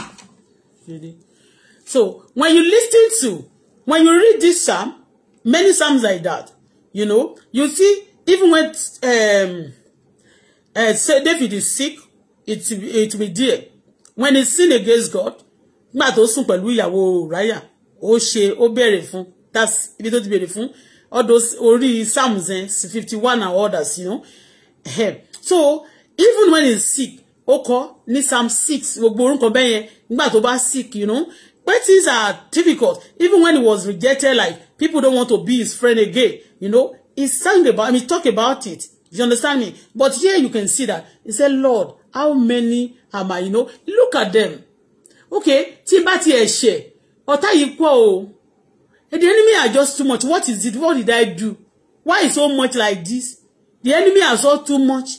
Ready. So when you listen to, when you read this psalm, many psalms like that, you know, you see, even when um, uh, say David is sick, it, it will be there. When he sinned against God, nígbà tó sùn pẹ̀lú ìyàwó Uriah, that's ibi tó ti béèrè fun. all those orí psalms eh, 51 and others, you know. So, even when he's sick, ó kọ ní psalm 6, gbogbo orúkọ bẹ́yẹn, nígbà tó bá sick, you know, When things are difficult, even when he was rejected, like people don't want to be his friend again, you know, he sang about, I mean, talk about it. You understand me? But here you can see that he said, Lord, how many am I? You know, look at them. Okay, timbati bá ti yikwa o. The enemy are just too much. What is it? What did I do? Why is so much like this? The enemy has all too much.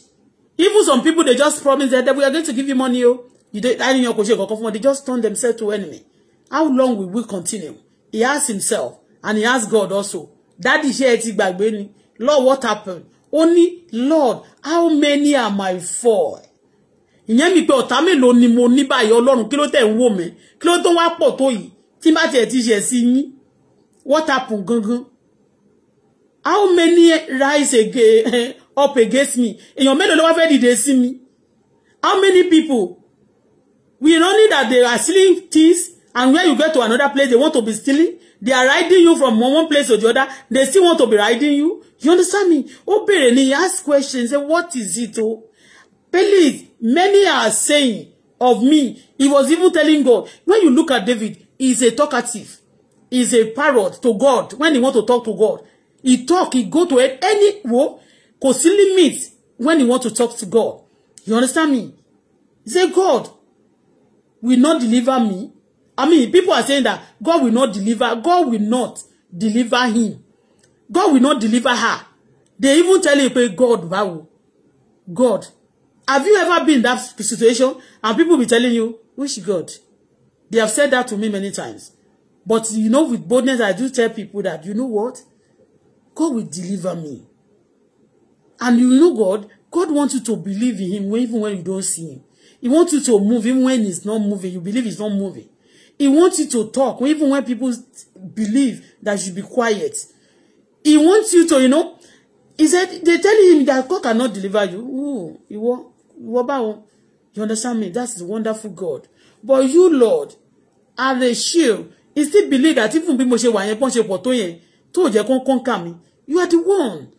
Even some people, they just promise that we are going to give you money. Oh, you don't, I didn't know, they just turn themselves to enemy how long will we continue he asked himself and he asked God also dadi ṣé ẹ ti gbàgbé ni lord what happened ó ní lord how many am I for ìyẹn mi pé ọ̀tá mélòó ni mo ní báyìí ọlọ́run kí ló tẹ̀ ń wò mí kí ló tó wá pọ̀ tó yìí tí bá tiẹ̀ ti ṣẹ̀ sí yín what happened gangan how many rise again up against me èèyàn mélòó ló wá fẹ́ dìde sí mi how many people we know that they are stealing things And when you get to another place, they want to be stealing. They are riding you from one place to the other. They still want to be riding you. You understand me? Ó bèrè he ask questions, say, what is it? Oh, please, many are saying of me. He was even telling God, when you look at David, he's a talkative. He's a parrot to God. When he want to talk to God, he talk, he go to any, wo, kò sí when he want to talk to God. You understand me? He say, God will not deliver me. I mean, people are saying that God will not deliver, God will not deliver him. God will not deliver her. They even tell you, pé God, báwo. God. Have you ever been in that situation? And people be telling you, which God? They have said that to me many times. But you know, with boldness, I do tell people that, you know what? God will deliver me. And you know God, God wants you to believe in him even when you don't see him. He wants you to move even when he's not moving. You believe he's not moving. He wants you to talk, even when people believe that you should be quiet. He wants you to, you know, he said, they tell him that God cannot deliver you. Ooh, ìwọ, ìwọ You understand me? That's the wonderful God. But you, Lord, are the shield. He still believe that even bí mo ṣe wà yẹn, pọ́n ṣe pọ̀ tó yẹn, tó jẹ́ You are the one.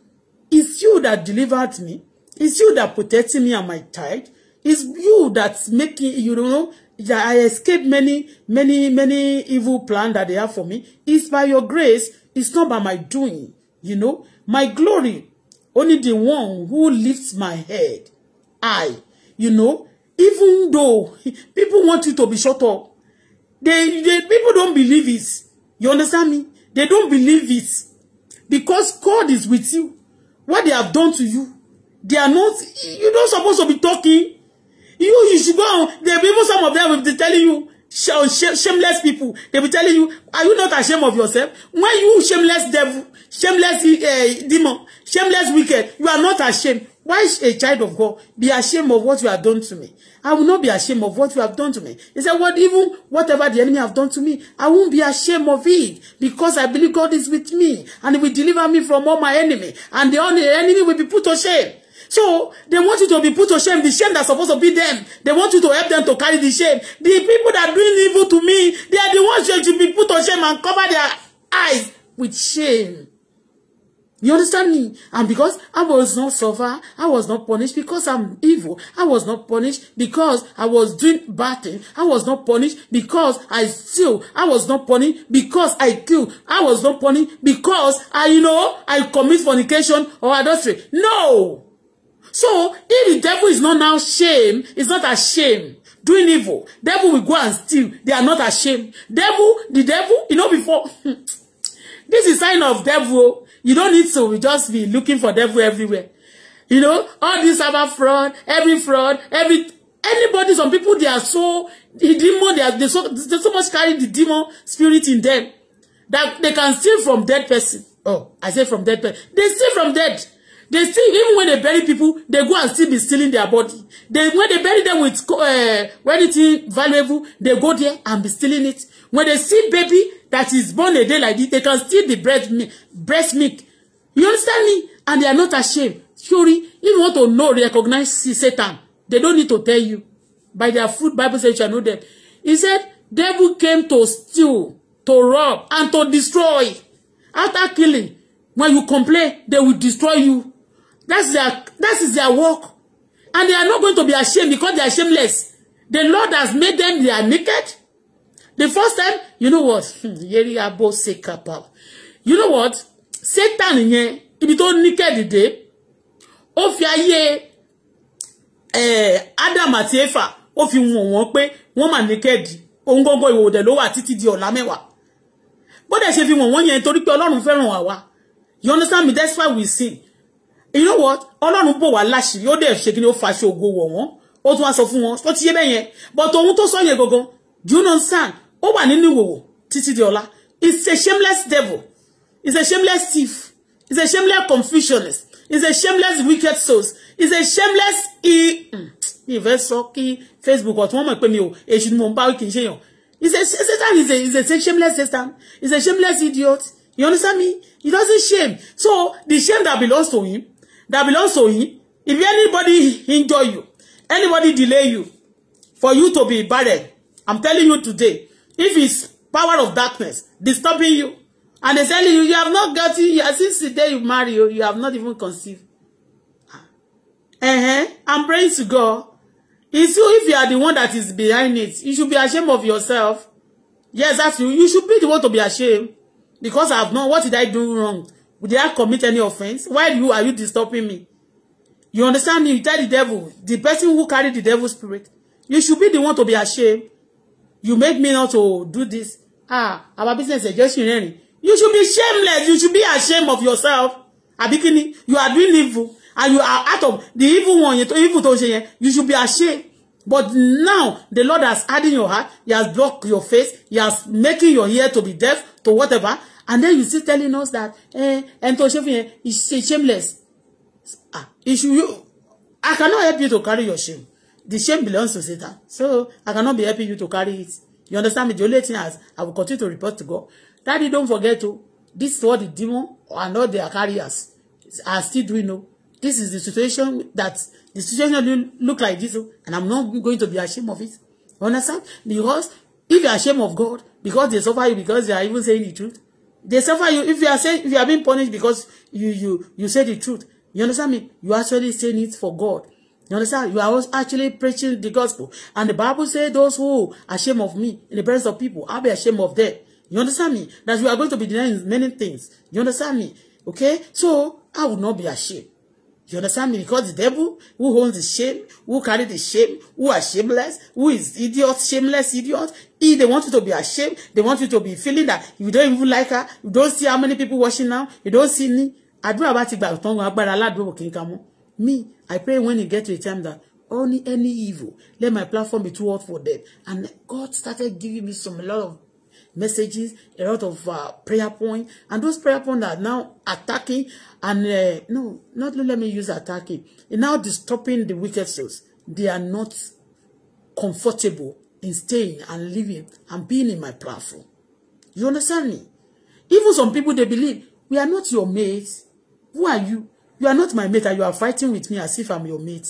It's you that delivered me. It's you that protected me and my child. It's you that's making, you know, I escaped many, many, many evil plans that they have for me. It's by your grace. It's not by my doing. You know, my glory, only the one who lifts my head. I, you know, even though people want you to be shut up, they, they people don't believe it. You understand me? They don't believe it because God is with you. What they have done to you, they are not, you don't supposed to be talking. You, you should go on. There even some of them will be telling you, oh, shameless people, they will be telling you, are you not ashamed of yourself? When you shameless devil, shameless uh, demon, shameless wicked, you are not ashamed. Why should a child of God be ashamed of what you have done to me? I will not be ashamed of what you have done to me. He said, what even whatever the enemy have done to me, I won't be ashamed of it because I believe God is with me and he will deliver me from all my enemy and the only enemy will be put to shame. So they want you to be put to shame. The shame that's supposed to be them. They want you to help them to carry the shame. The people that are doing evil to me, they are the ones that should be put to shame and cover their eyes with shame. You understand me? And because I was not suffer, I was not punished because I'm evil. I was not punished because I was doing bad things. I was not punished because I steal. I was not punished because I kill. I was not punished because I, you know, I commit fornication or adultery. No! So if the devil is not now shame, is not ashamed doing evil, devil will go and steal. They are not ashamed. Devil, the devil, you know before. this is sign of devil. You don't need to just be looking for devil everywhere. You know, all this about fraud, every fraud, every anybody, some people they are so the demon, they are they so they so much carry the demon spirit in them that they can steal from dead person. Oh, I say from dead person. They steal from dead. They still, even when they bury people, they go and still be stealing their body. They, when they bury them with uh, when it valuable, they go there and be stealing it. When they see baby that is born a day like this, they can steal the breast milk. Breast milk. You understand me? And they are not ashamed. Surely, if want to know, recognize Satan. They don't need to tell you. By their fruit, Bible says you know them. He said, devil came to steal, to rob, and to destroy. After killing, when you complain, they will destroy you. That's their, that is their work. And they are not going to be ashamed because they are shameless. The Lord has made them, they are naked. The first time, you know what? Hmm, yeri abo sekapa. You know what? Satan yẹn, ibi tó naked dé, ó fi eh, Adam àti Efa, ó fi wọ̀n wọ́n pé wọ́n naked. Òun gbogbo ìwò dẹ̀ ló di ọ̀la mẹ́wàá. Bó dẹ̀ fi wọ̀n wọ́n yẹn torí pé Ọlọ́run fẹ́ràn wa wá. You understand me? That's why we sing you know what ọlọ́run bò wá láṣìírí ó dẹ̀ ṣe kí ni ó faṣọ ògo wọ̀ wọ́n ó tún wá sọ fún wọn ó ti yé bẹ́ẹ̀ but ohun to sọ yẹn gangan do you understand ó wà nínú ìwòwò Titi di ọ̀la it's a shameless devil it's a shameless thief it's a shameless confucianist it's a shameless wicked soul it's a shameless e ìfẹ́ hmm, sọ kí facebook ọ̀tún wọ́n mọ̀ pé mi ò èṣù ni mo ń bá kì í ṣe yàn it's a satan is a is a shameless system. is a shameless idiot you understand me he doesn't shame so the shame that belongs to him that belongs to him if anybody injure you anybody delay you for you to be buried i'm telling you today if it's power of darkness disturbing you and they telling you you have not gotten since the day you marry you you have not even conceived ah. uh-huh. i'm praying to God it's you if you are the one that is behind it you should be ashamed of yourself yes that's you you should be the one to be ashamed because i have known what did i do wrong Did I commit any offense? Why you are you disturbing me? You understand me? You tell the devil, the person who carried the devil spirit, you should be the one to be ashamed. You make me not to do this. Ah, our business is just running. You should be shameless. You should be ashamed of yourself. Abikini, you are doing evil and you are out of the evil one, evil to say, you should be ashamed. But now the Lord has hardened your heart, He has blocked your face, He has making your ear to be deaf to whatever and then you still telling us that eh, ẹni tó ṣe fún is shameless ah issue you I cannot help you to carry your shame the shame belongs to Satan so I cannot be helping you to carry it you understand me the only thing is I will continue to report to God daddy don't forget to. Oh, this is what the demon and all their carriers are still doing No, oh. this is the situation that the situation look like this oh, and I'm not going to be ashamed of it understand because if you're ashamed of God because they suffer you because they are even saying the truth They suffer you if you are saying if you are being punished because you you you say the truth. You understand me? You are actually saying it for God. You understand? You are actually preaching the gospel. And the Bible says those who are ashamed of me in the presence of people, I'll be ashamed of them. You understand me? That you are going to be denying many things. You understand me? Okay? So I will not be ashamed. You understand me? Because the devil who owns the shame, who carry the shame, who are shameless, who is idiot, shameless idiot, he, they want you to be ashamed. They want you to be feeling that you don't even like her. You don't see how many people watching now. You don't see me. I Àdúrà bá ti gbà tán agbára aládùúgbò kì í ka mọ́. Me, I pray when you get to a time that only any evil, let my platform be too hot for them. And God started giving me some lot of messages, a lot of uh, prayer points, and those prayer points are now attacking and uh, no, not let me use attacking. It now disturbing the wicked souls. They are not comfortable in staying and living and being in my platform. You understand me? Even some people they believe we are not your mates. Who are you? You are not my mate, and you are fighting with me as if I'm your mate.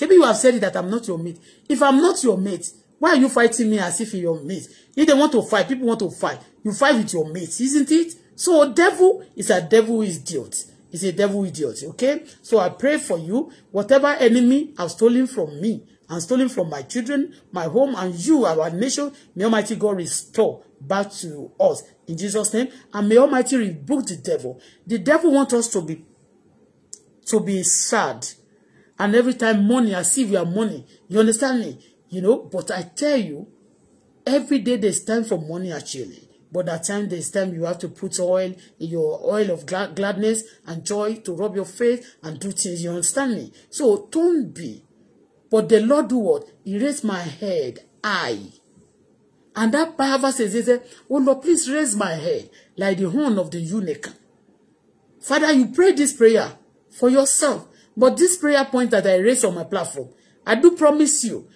Maybe you have said it that I'm not your mate. If I'm not your mate, Why are you fighting me as if you're your mate? If they want to fight, people want to fight. You fight with your mates, isn't it? So devil is a devil idiot. He's a devil idiot, okay? So I pray for you. Whatever enemy have stolen from me and stolen from my children, my home, and you, our nation, may Almighty God restore back to us in Jesus' name. And may Almighty rebuke the devil. The devil wants us to be to be sad. And every time money, as if we are money. You understand me? You know, but I tell you, every day there's time for money actually. But that time, there's time you have to put oil, in your oil of glad gladness and joy to rub your face and do things. You understand me? So don't be. But the Lord do what? He raised my head, I. And that power says, he said, Oh Lord, please raise my head like the horn of the eunuch. Father, you pray this prayer for yourself. But this prayer point that I raised on my platform, I do promise you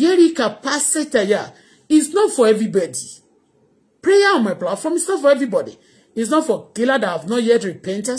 Yeri Kapasetaya is not for everybody. Prayer on my platform is not for everybody. It's not for killer that have not yet repented.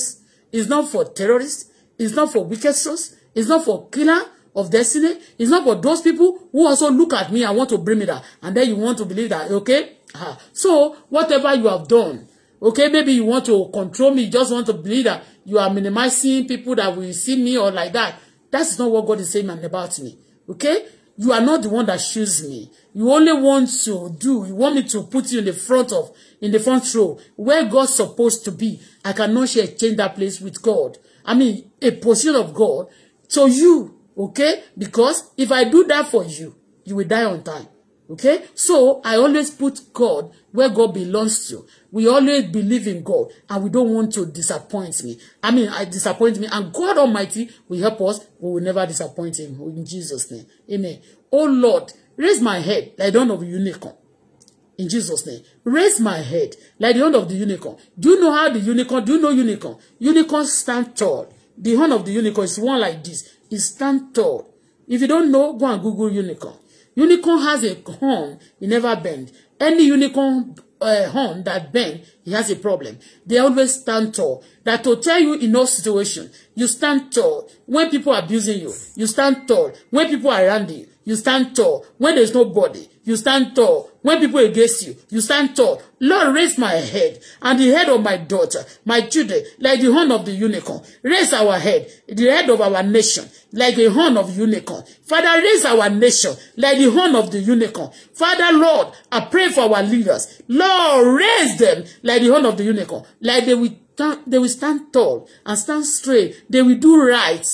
It's not for terrorists. It's not for wicked souls. It's not for killer of destiny. It's not for those people who also look at me and want to bring me that, And then you want to believe that, okay? Uh, so, whatever you have done, okay, maybe you want to control me. You just want to believe that you are minimizing people that will see me or like that. That's not what God is saying about me, okay? You are not the one that choose me. You only want to do, you want me to put you in the front of, in the front row, where God's supposed to be. I cannot share, change that place with God. I mean, a position of God to you, okay? Because if I do that for you, you will die on time. Okay? So I always put God where God belongs to. We always believe in God and we don't want to disappoint me. I mean, I disappoint me and God Almighty will help us. We will never disappoint him in Jesus' name. Amen. Oh Lord, raise my head like the horn of a unicorn. In Jesus' name. Raise my head like the horn of the unicorn. Do you know how the unicorn, do you know unicorn? Unicorn stand tall. The horn of the unicorn is one like this. It stand tall. If you don't know, go and Google unicorn. Unicorn has a horn, it never bends. Any unicorn uh, horn that bend, he has a problem. They always stand tall. That to tell you in no situation, you stand tall. When people are abusing you, you stand tall. When people are around you, you stand tall. When there's nobody, you stand tall. When people against you, you stand tall. Lord, raise my head and the head of my daughter, my children, like the horn of the unicorn. Raise our head, the head of our nation, like the horn of the unicorn. Father, raise our nation like the horn of the unicorn. Father, Lord, I pray for our leaders. Lord, raise them like the horn of the unicorn, like they will, they will stand tall and stand straight. They will do right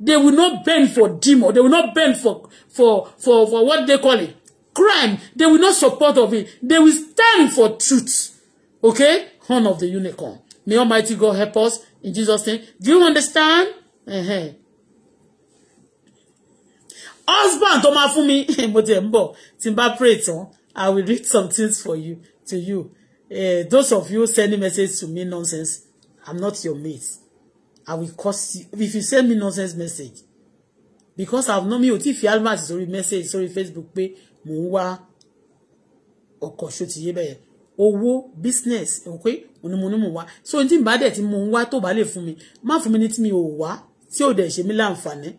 They will not bend for demo. They will not bend for, for, for, for what they call it. Crime. They will not support of it. They will stand for truth. Okay? Horn of the unicorn. May Almighty God help us in Jesus' name. Do you understand? Uh-huh. Husband, tó máa fún mi, mo ti ń bọ̀, tí pray tán, I will read some things for you, to you. Uh, those of you sending messages to me nonsense, I'm not your mate. I will curse you. If you send me nonsense message, because I've known mi ò tí fi alma sórí message Sorry, Facebook Pay mò ń wá ọkọ̀ ṣó business okay òní mo So ní tí n bá dẹ̀ tí mò ń wá tó bá lè fún mi, má fún mi ní tí mi ò wá tí ò dẹ̀ ṣe mí láǹfààní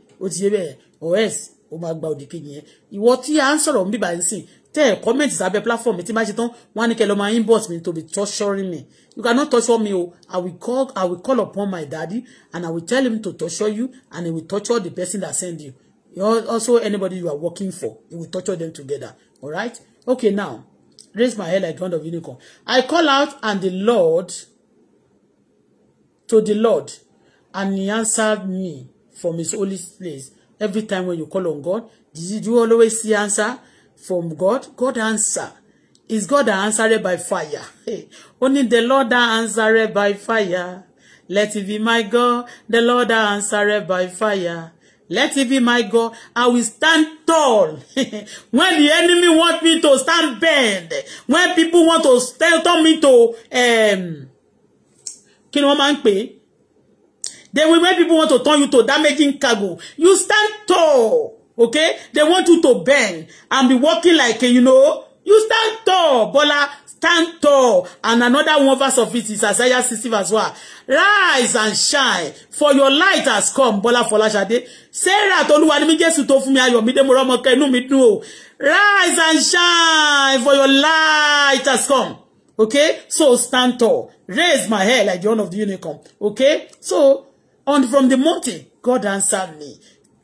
or else ó máa gba òdì kejì yẹn. Ìwọ tí a ń sọ̀rọ̀ bíbá ń sìn tẹ́ ẹ̀ platform tí má ṣe tán wọ́n á ní inbox mi to be torturing me you cannot torture me o oh. i will call i will call upon my daddy and i will tell him to torture you and he will torture the person that send you also anybody you are working for he will torture them together all right okay now raise my head like one of unicorn i call out and the lord to the lord and he answered me from his holy place every time when you call on god did you always see answer from god god answer Is God that answered by fire. Only the Lord that answered by fire. Let it be my God, the Lord that answered by fire. Let it be my God. I will stand tall. When the enemy want me to stand bend. when people want to stand, me to, um, can ni wọ́n máa Then when people want to turn you to damaging cargo, you stand tall. Okay? They want you to bend and be walking like, you know, You stand tall, Bola, stand tall. And another one verse of it is Isaiah 60 verse 1. Rise and shine, for your light has come, Bola Folashade. Sarah toluwa ni mi Jésù tó fún mi ayọ̀ mi dé mo romo ke inú mi dùn o. Rise and shine, for your light has come. Okay? So stand tall. Raise my head like the one of the unicorn. Okay? So, on from the mountain, God answered me.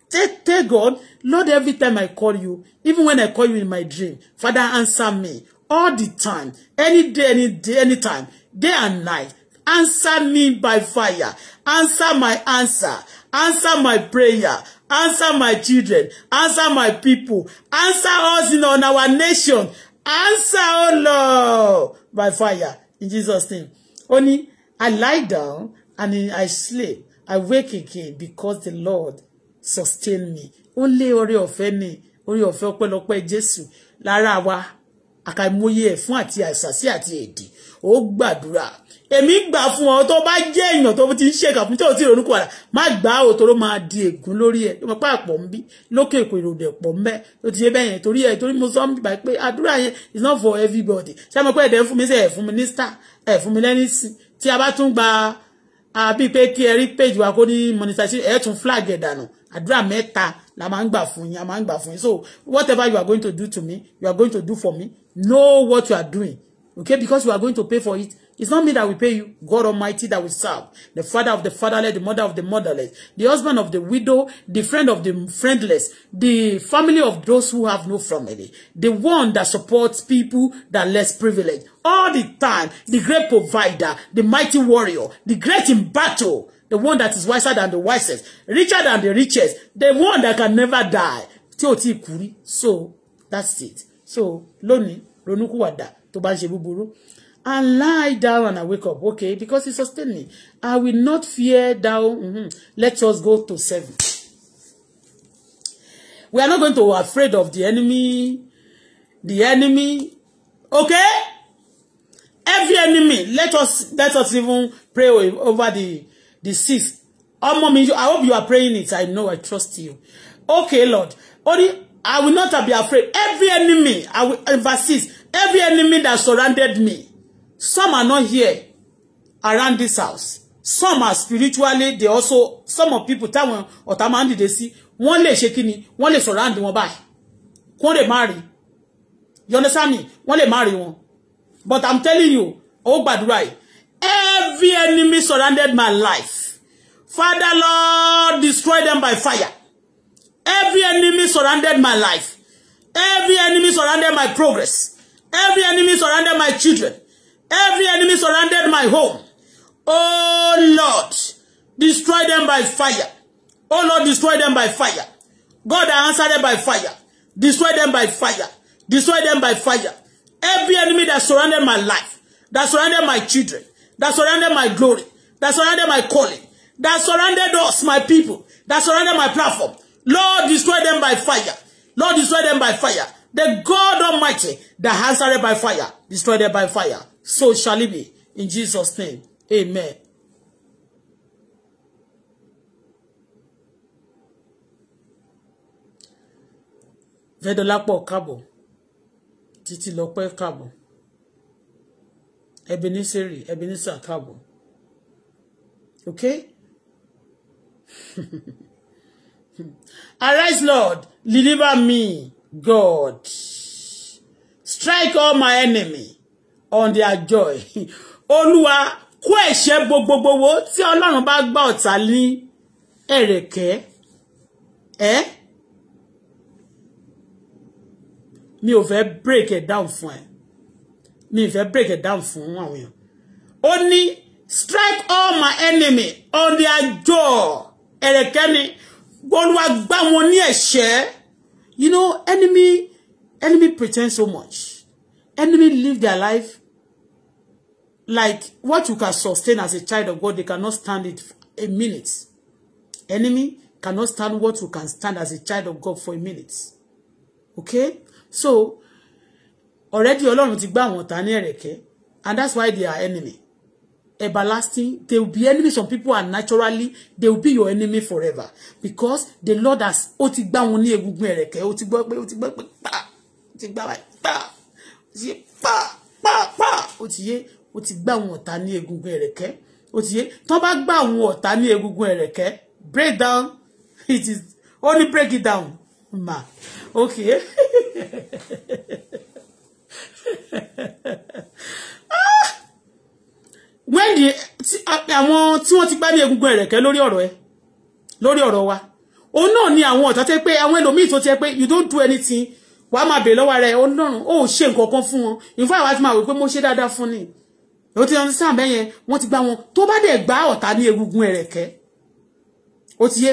Take, take God, Lord, every time I call you, even when I call you in my dream, Father, answer me all the time, any day, any day, anytime, day and night. Answer me by fire. Answer my answer. Answer my prayer. Answer my children. Answer my people. Answer us in on our nation. Answer, oh Lord, by fire. In Jesus' name. Only I lie down and I sleep. I wake again because the Lord sustain me Only lé orí ọ̀fẹ́ ni orí ọ̀fẹ́ ọpẹ́lọpẹ́ Jésù lára wa àkàìmọye ẹ̀fún àti Asasi, Ati èdè ó gbàdúrà èmi gbà fún ọ tó bá jẹ́ èèyàn tó ti ń ṣèkà fún tí ò tí ì ronúkọ rà má gbà á òtòrò di ègún lórí ẹ yóò pa àpọ̀ ń bí lókè èkó ìròdẹ̀ pọ̀ ń bẹ́ ti ṣe bẹ́ẹ̀ yẹn torí ẹ torí mo sọ ń bíbá pé àdúrà yẹn is not for everybody ṣé mo pé ẹ̀dẹ̀ fún mi sí ẹ̀ fún mi ní star ẹ̀ fún mi lẹ́ni sí tí a bá tún gba àbí pé kí ẹ rí page wa kó ní monetization ẹ̀ tún flag ẹ̀ dànù àdúrà mẹ́ta la máa ń gbà fún yín a máa ń gbà fún yín so whatever you are going to do to me you are going to do for me know what you are doing okay because you are going to pay for it It's not me that will pay you, God Almighty that will serve. The father of the fatherless, the mother of the motherless, the husband of the widow, the friend of the friendless, the family of those who have no family, the one that supports people that less privileged. All the time, the great provider, the mighty warrior, the great in battle, the one that is wiser than the wisest richer than the richest the one that can never die tí o tí kuri. so that's it so loni ronúkúwàdà tó bá ń ṣe búburú and lie down and I wake up okay because he sustain me I will not fear down mm-hmm. let us go to seven we are not going to afraid of the enemy the enemy okay every enemy let us let us even pray over the the six ọmọ mi I hope you are praying it I know I trust you okay Lord only I will not be afraid every enemy I will emphasis every enemy that surrounded me some are not here around this house some are spiritually they also some of people tell me or Tamandi they see one lè ṣe kí ni wọ́n lè surround wọn báyìí kó lè má rí you understand me wọ́n lè má rí but I'm telling you oh, gbàdúrà yìí Every enemy surrounded my life. Father, Lord, destroy them by fire. Every enemy surrounded my life. Every enemy surrounded my progress. Every enemy surrounded my children. Every enemy surrounded my home. Oh Lord, destroy them by fire. Oh Lord, destroy them by fire. God, I answer them by fire. Destroy them by fire. Destroy them by fire. Every enemy that surrounded my life, that surrounded my children, that surrounded my glory, that surrounded my calling, that surrounded us, my people, that surrounded my platform. Lord, destroy them by fire. Lord, destroy them by fire. The God Almighty that answered by fire, destroy them by fire. So shall it be. In Jesus' name, amen. Vedolapo káàbọ̀. Títí lọ́pẹ́ káàbọ̀. Ebenezer Ebenezer Akabo okay arise Lord deliver me God strike all my enemy on their joy Olúwa kó ẹ̀ṣẹ̀ gbogbogbò tí Ọlọ́run bá gbá ọ̀tá ní ẹ̀rẹ̀kẹ́ ẹ́ mi ò fẹ́ break it down fún mi ìfẹ́ break it down fún àwọn èèyàn ó ní strike all my enemy on their jaw ẹ̀rẹ̀kẹ́ni olúwa gbá wọn ní ẹ̀ṣẹ́ you know enemy enemy pretend so much enemy live their life like what you can sustain as a child of God they cannot stand it a minute enemy cannot stand what you can stand as a child of God for a minute okay so already ọlọ́run ti gbá àwọn ọ̀tá ní ẹ̀rẹ̀kẹ́ and that's why they are enemy everlasting they will be enemy some people are naturally they will be your enemy forever because the Lord has ó ti gbá wọn ní egungun ẹ̀rẹ̀kẹ́ ó ti gbọ́ pé ó ti gbọ́ pé pa ó ti gbá báyìí pa ó ti yé pa pa pa ó ti yé ó ti gbá àwọn ọ̀tá ní egungun ẹ̀rẹ̀kẹ́ ó ti yé tán bá gbá àwọn ọ̀tá ní egungun ẹ̀rẹ̀kẹ́ break down it is only break it down ma okay. when the àwọn tí wọ́n ti gbá ní egungun ẹ̀rẹ̀kẹ́ lórí ọ̀rọ̀ ẹ lórí ọ̀rọ̀ wa òun náà ni àwọn ọ̀tọ́ tẹ́ pé àwọn ẹlòmíì tó tẹ́ pé you don't do anything wàá máa bèè lọ́wọ́ rẹ̀ ọlọ́run ó ṣe nǹkan kan fún wọn in fact wàá ti máa wò pé mo ṣe dáadáa fún ni ó ti yan sáà bẹ́yẹn wọ́n ti gbá wọn tó bá dẹ̀ gbá ọ̀tá ní egungun ẹ̀rẹ̀kẹ́ ó ti yé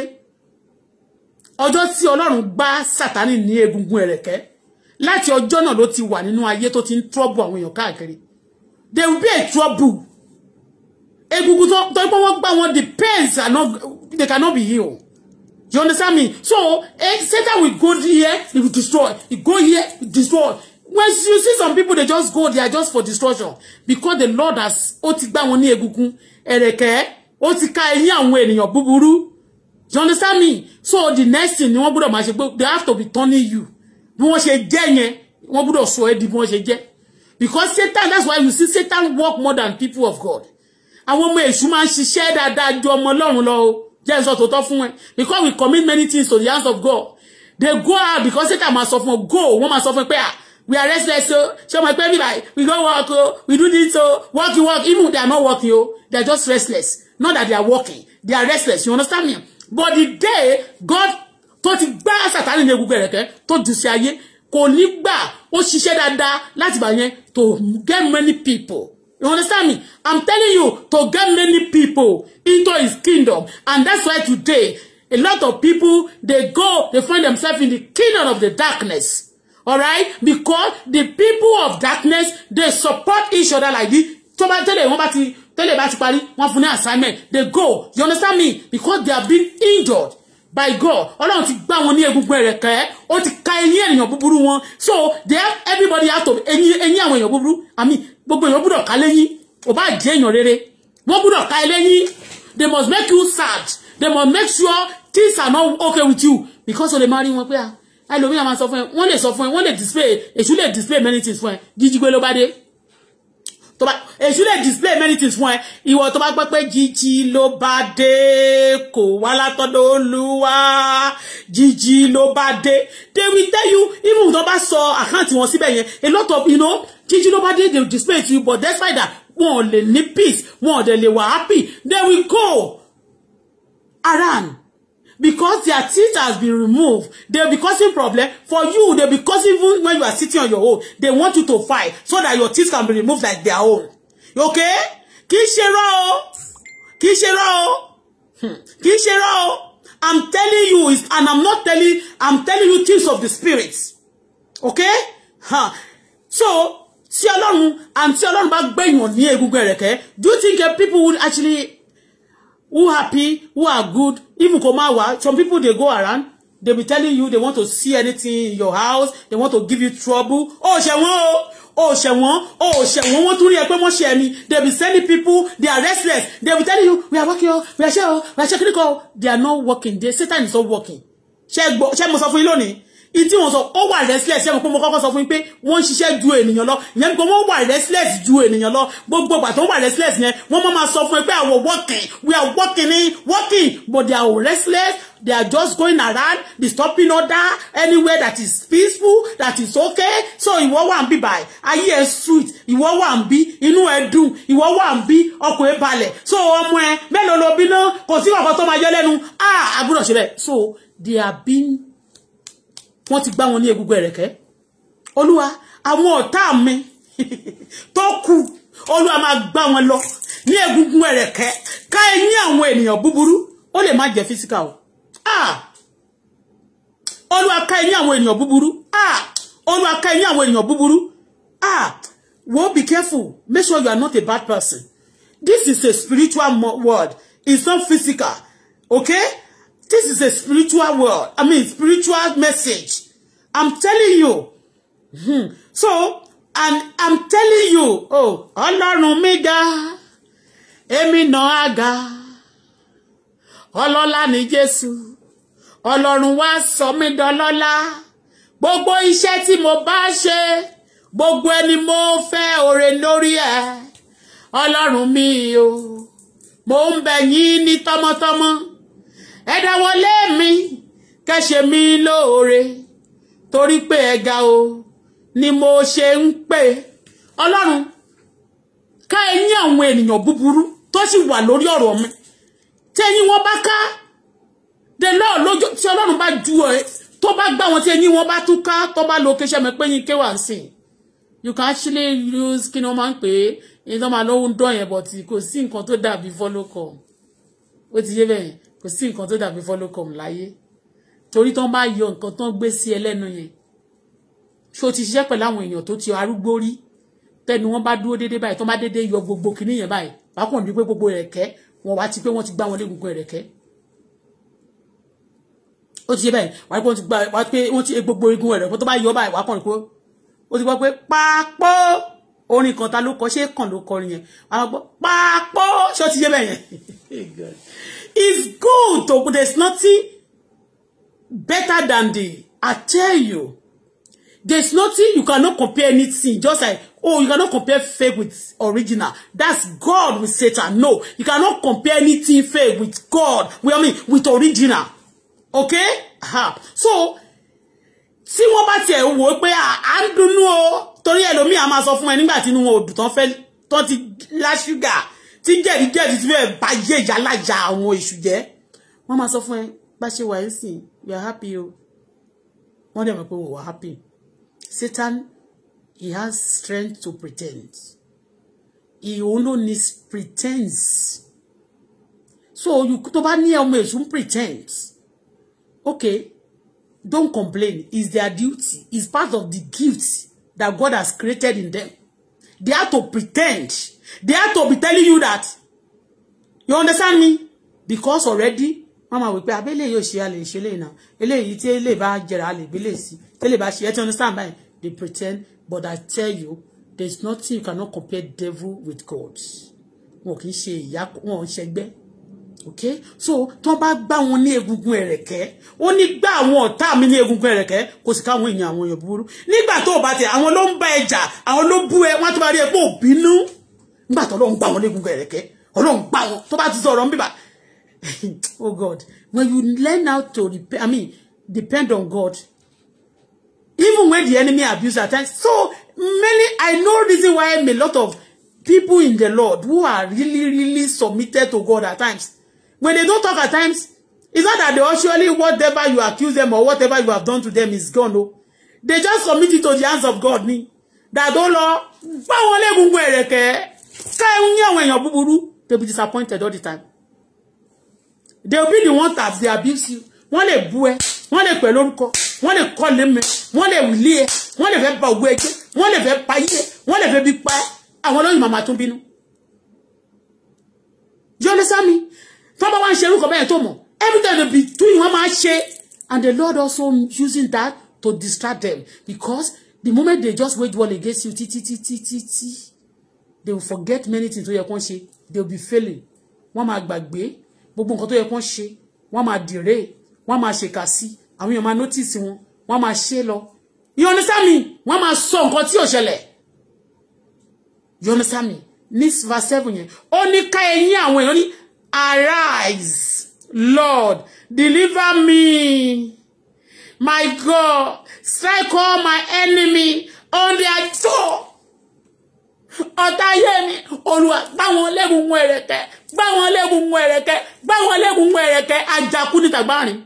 ọjọ́ tí ọlọ́run gbá sàtánì ní egungun ẹ̀rẹ̀kẹ́ láti ọjọ́ náà ló ti wà nínú ayé tó ti ń trouble àwọn èèyàn káàkiri they will be a trouble egungun tó tó pé wọ́n gbá wọn the pains are not they cannot be healed you understand me so eh, Satan will go here he will destroy he go here he destroy when you see some people they just go there just for destruction because the Lord has ó ti gbá wọn ní egungun ẹ̀rẹ̀kẹ́ ó ti ká eyín àwọn ènìyàn búburú you understand me so the next thing ni wọ́n gbọ́dọ̀ máa ṣe pé they have to be turning you bí wọ́n ṣe jẹ́ yẹn wọ́n gbọ́dọ̀ sọ ẹ́ di bí wọ́n ṣe jẹ́ because Satan that's why you see Satan work more than people of God àwọn ọmọ èṣù máa ń ṣiṣẹ́ dáadáa ju ọmọ ọlọ́run lọ o jẹ́ nsọ tòótọ́ fún ẹ because we commit many things to the hands of God they go out because Satan máa sọ fún ọ go wọ́n máa sọ fún ẹ pé ah we are restless So ṣé ọmọ ẹgbẹ́ mi báyìí we go work o we do this o work work even they are not working o they are just restless not that they are working they are restless you understand me but the day God tó ti gbá sàtánì ní egungun ẹ̀rẹ̀kẹ́ tó jù sí ayé kò ní gbà ó ṣiṣẹ́ dáadáa láti bá yẹn to get many people you understand me i'm telling you to get many people into his kingdom and that's why today a lot of people they go they find themselves in the kingdom of the darkness all right because the people of darkness they support each other like this tó bá tẹ́lẹ̀ wọ́n bá ti tẹ́lẹ̀ bá ti parí wọ́n fún ní assignment they go you understand me because they have been injured by God ọlọ́run ti gbá wọn ní egungun ẹ̀rẹ̀kẹ́ ó ti ka eyín ènìyàn búburú wọn so there everybody has to eyín eyín àwọn èèyàn búburú àmì gbogbo èèyàn gbúdọ̀ ká lẹ́yìn ò bá jẹ́ èèyàn rere wọ́n gbúdọ̀ ká ẹ they must make you sad they must make sure things are not okay with you because o lè máa rí wọn pé ah ẹlòmíràn máa sọ fún ẹ wọ́n lè sọ fún ẹ wọ́n lè display èṣù lè display many things fún ẹ jíjí gbé ló bá dé tó bá èṣù lè display many things fún ẹ ìwọ tó bá gbọ́ pé jíjí ló bá dé kò wá látọ̀dọ̀ olúwa jíjí ló bá they will tell you even tó bá sọ àkáǹtì wọn síbẹ̀ yẹn a lot of you know jíjí ló bá dé they display to you but despite that wọn ò lè peace wọn ò dẹ̀ lè happy they will go around because their teeth has been removed they'll be causing problem for you they'll be causing even when you are sitting on your own they want you to fight so that your teeth can be removed like their own okay kì í ṣe hmm. i'm telling you is and i'm not telling i'm telling you things of the spirits. okay huh. so tí Ọlọ́run and alone about bá gbẹ̀yàn ní Google. Okay, do you think uh, people would actually who happy who are good even kò má some people dey go around they be telling you they want to see anything in your house they want to give you trouble ó oh, ṣẹ̀wọ̀n o ó ṣẹ̀wọ̀n Oh ṣẹ̀wọ̀n oh, wọ́n tún rí ẹ pé wọ́n ṣe ẹ̀mí they be sending people they are restless they be telling you we are working o we are ṣe o we are ṣe kíríkọ they are not working they Satan is not working ṣe gbọ́ ṣe mo sọ fún yín lónìí Iti wọ́n sọ ó wà restless ṣẹ́gun pé mo kọ́kọ́ sọ fún yín pé wọ́n ń ṣiṣẹ́ ju ènìyàn lọ ìyẹn ni pé wọ́n restless ju ènìyàn lọ gbogbo ìgbà tó wà restless yẹn wọ́n mọ́ máa sọ fún yín pé working we are working in working but they are restless They are just going around disturbing order anywhere that is peaceful that is okay so ìwọ wà ń bí báyìí ayé ẹ sweet ìwọ wà ń bí inú ẹ dùn ìwọ wà ń bí ọkọ ẹ balẹ̀ so ọmọ ẹ mélòó lo bí náà kò sí ọkọ tó máa yọ ah àbúrò ṣe so they are being wọ́n ti gbá wọn ní egungun ẹ̀rẹ̀kẹ́ olúwa àwọn ọ̀tá mi tó kù olúwa máa gbá wọn lọ ní egungun ẹ̀rẹ̀kẹ́ ká ẹ̀yìn àwọn ènìyàn búburú ó lè má jẹ́ físíkà o olúwa ká ẹ̀yìn àwọn ènìyàn búburú olúwa ká ẹ̀yìn àwọn ènìyàn búburú wo be careful make sure you are not a bad person this is a spiritual word it's not physical okay This is a spiritual world. I mean, spiritual message. I'm telling you. Hmm. So, and I'm telling you, oh, Ọlọ́run mi ga, èmi náà á ga, ọlọ́lá ni Jésù, Ọlọ́run wá sọ mí dọlọ́lá, gbogbo iṣẹ́ tí mo bá ṣe, gbogbo ẹni mo fẹ́ oore lórí ẹ̀, Ọlọ́run mi o, mo ń bẹ̀ yín ní tọmọtọmọ ẹ dáwọ́lé mi kẹ́ṣe mi lóore torí pé ẹ ga o ni mo ṣe ń pè ọlọ́run ká ẹ̀yin àwọn ènìyàn búburú tó sì wà lórí ọ̀rọ̀ mi tẹ́yìn wọn bá ká the lord lójú tí ọlọ́run bá ju ẹ tó bá gbá wọn tí ẹ̀yin wọn bá tún ká tó bá lo kéṣẹ́ mi pé yín kéwà ń sìn you can actually use kí ni wọ́n máa ń pè é ìdánmà lọ́wọ́ ń dán yẹn bọ̀ tí kò sí nǹkan tó dàbí fọ́lọ́kọ̀ ó ti yé bẹ́ẹ̀ kò sí nǹkan tó dàbí follow-up láyé torí tán bá yọ nǹkan tán gbé sí ẹlẹ́nu yẹn ṣó ti ṣiṣẹ́ pẹ̀lú àwọn èèyàn tó ti arúgbó rí tẹnu wọn bá dúró déédéé báyìí tán bá déédéé yọ gbogbo kinní yẹn báyìí bákan ní pé gbogbo ẹ̀rẹ̀kẹ́ wọn wá ti pé wọ́n ti gbá wọn légungun ẹ̀rẹ̀kẹ́ ó ti ṣe báyìí wàá pé wọ́n ti gbá wàá pé wọ́n ti gbogbo igun ẹ̀rẹ̀kẹ́ tó bá yọ báyìí wàá kàn ní ó ti gbọ́ pé pápọ́ orin kan ta ló kọ ṣé kàn ló kọrin yẹn àwọn pápọ́ ṣé ó ti ṣe bẹ́ẹ̀ It's good, though, but there's nothing better than the, I tell you, there's nothing, you cannot compare anything. Just like, oh, you cannot compare fake with original. That's God with Satan. No, you cannot compare anything fake with God. We I mean, with original. Okay? Ha. So, see what about tiẹ̀ I don't know. ń dunnú o torí ẹlòmíì a máa sọ fún ẹ nígbà tí inú wọn ò dùn tán ti lá ṣúgà tí jẹ́rìíjẹ́rìí ti fẹ́ẹ́ bá yé ìyálàjà àwọn èṣù jẹ́ wọ́n máa sọ fún ẹ bá ṣe wà ẹ́sì You are happy o wọ́n dẹ̀ mọ̀ we were happy Satan he has strength to pretend he only needs pretense so you tó bá ní ọmọ èṣù ń pretend okay don't complain it's their duty it's part of the gift that God has created in them they have to pretend. They have to be telling you that. You understand me? Because already mama wípé abẹ́lẹ̀ yóò ṣe alẹ́ ìṣe lẹ́yìn náà eléyìí tí eléyìí bá jẹrà alẹ́ ìbílẹ̀ sí tí eléyìí bá ṣe ẹtí understand by they pretend but I tell you there's nothing you cannot compare devil with God wọn kì í ṣe ìyá wọn ń okay so tí ba bá gbá wọn ní egungun ẹ̀rẹ̀kẹ́ ó ní gbá mi ni egungun ẹ̀rẹ̀kẹ́ kò sì káwọn èèyàn àwọn èèyàn búburú nígbà tó o bá tẹ àwọn ló ń bá ẹ jà àwọn ló bú ẹ wọn nígbà ọlọ́run gbà wọn léegun kẹ̀rẹ̀kẹ́ ọlọ́run gbà wọn tó bá ti sọ̀rọ̀ ń bíbà oh God when you learn how to repay I mean depend on God even when the enemy abuse at times so many I know reason why a lot of people in the Lord who are really really submitted to God at times when they don't talk at times it's not that they actually whatever you accuse them or whatever you have done to them is gone no they just submit it to the hands of God ni that oh Lord gbà wọn léegun kẹ̀rẹ̀kẹ́ kẹ́hún ní when you're búburú they'll be disappointed all the time They'll be the ones that they abuse you wọ́n they bú ẹ they lè pẹ̀ lórúkọ wọ́n lè kọ́ lé mi wọ́n lè lé ẹ wọ́n lè fẹ́ ba ògbó ẹjẹ́ wọ́n lè fẹ́ pa yí ẹ wọ́n lè fẹ́ bí pa ẹ àwọn olóyìn màmá tún bínú. yọlé sami tó bá wá ń ṣe they be doing wọ́n máa ṣe and the Lord also using that to distract them because the moment they just wage war against you t t t t t t they will forget many things tó yẹ kán ṣe they will be failing wọ́n máa gbàgbé gbogbo nǹkan tó yẹ kán ṣe wọ́n máa dìré wọ́n máa ṣèkà sí àwọn èèyàn máa notice wọn wọ́n máa ṣe lọ you understand me wọ́n máa sọ nǹkan tí ò ṣẹlẹ̀ you understand me ní verse seven yẹn ó ní ká ẹ̀yin àwọn èèyàn ní arise lord deliver me my god strike all my enemy on their toe ọ̀tá ayé mi olùwà báwọn lẹ́bùn mú ẹ̀rẹ̀kẹ́ báwọn lẹ́bùn mú ẹ̀rẹ̀kẹ́ báwọn lẹ́bùn mú ẹ̀rẹ̀kẹ́ ajakú ní tàgbárin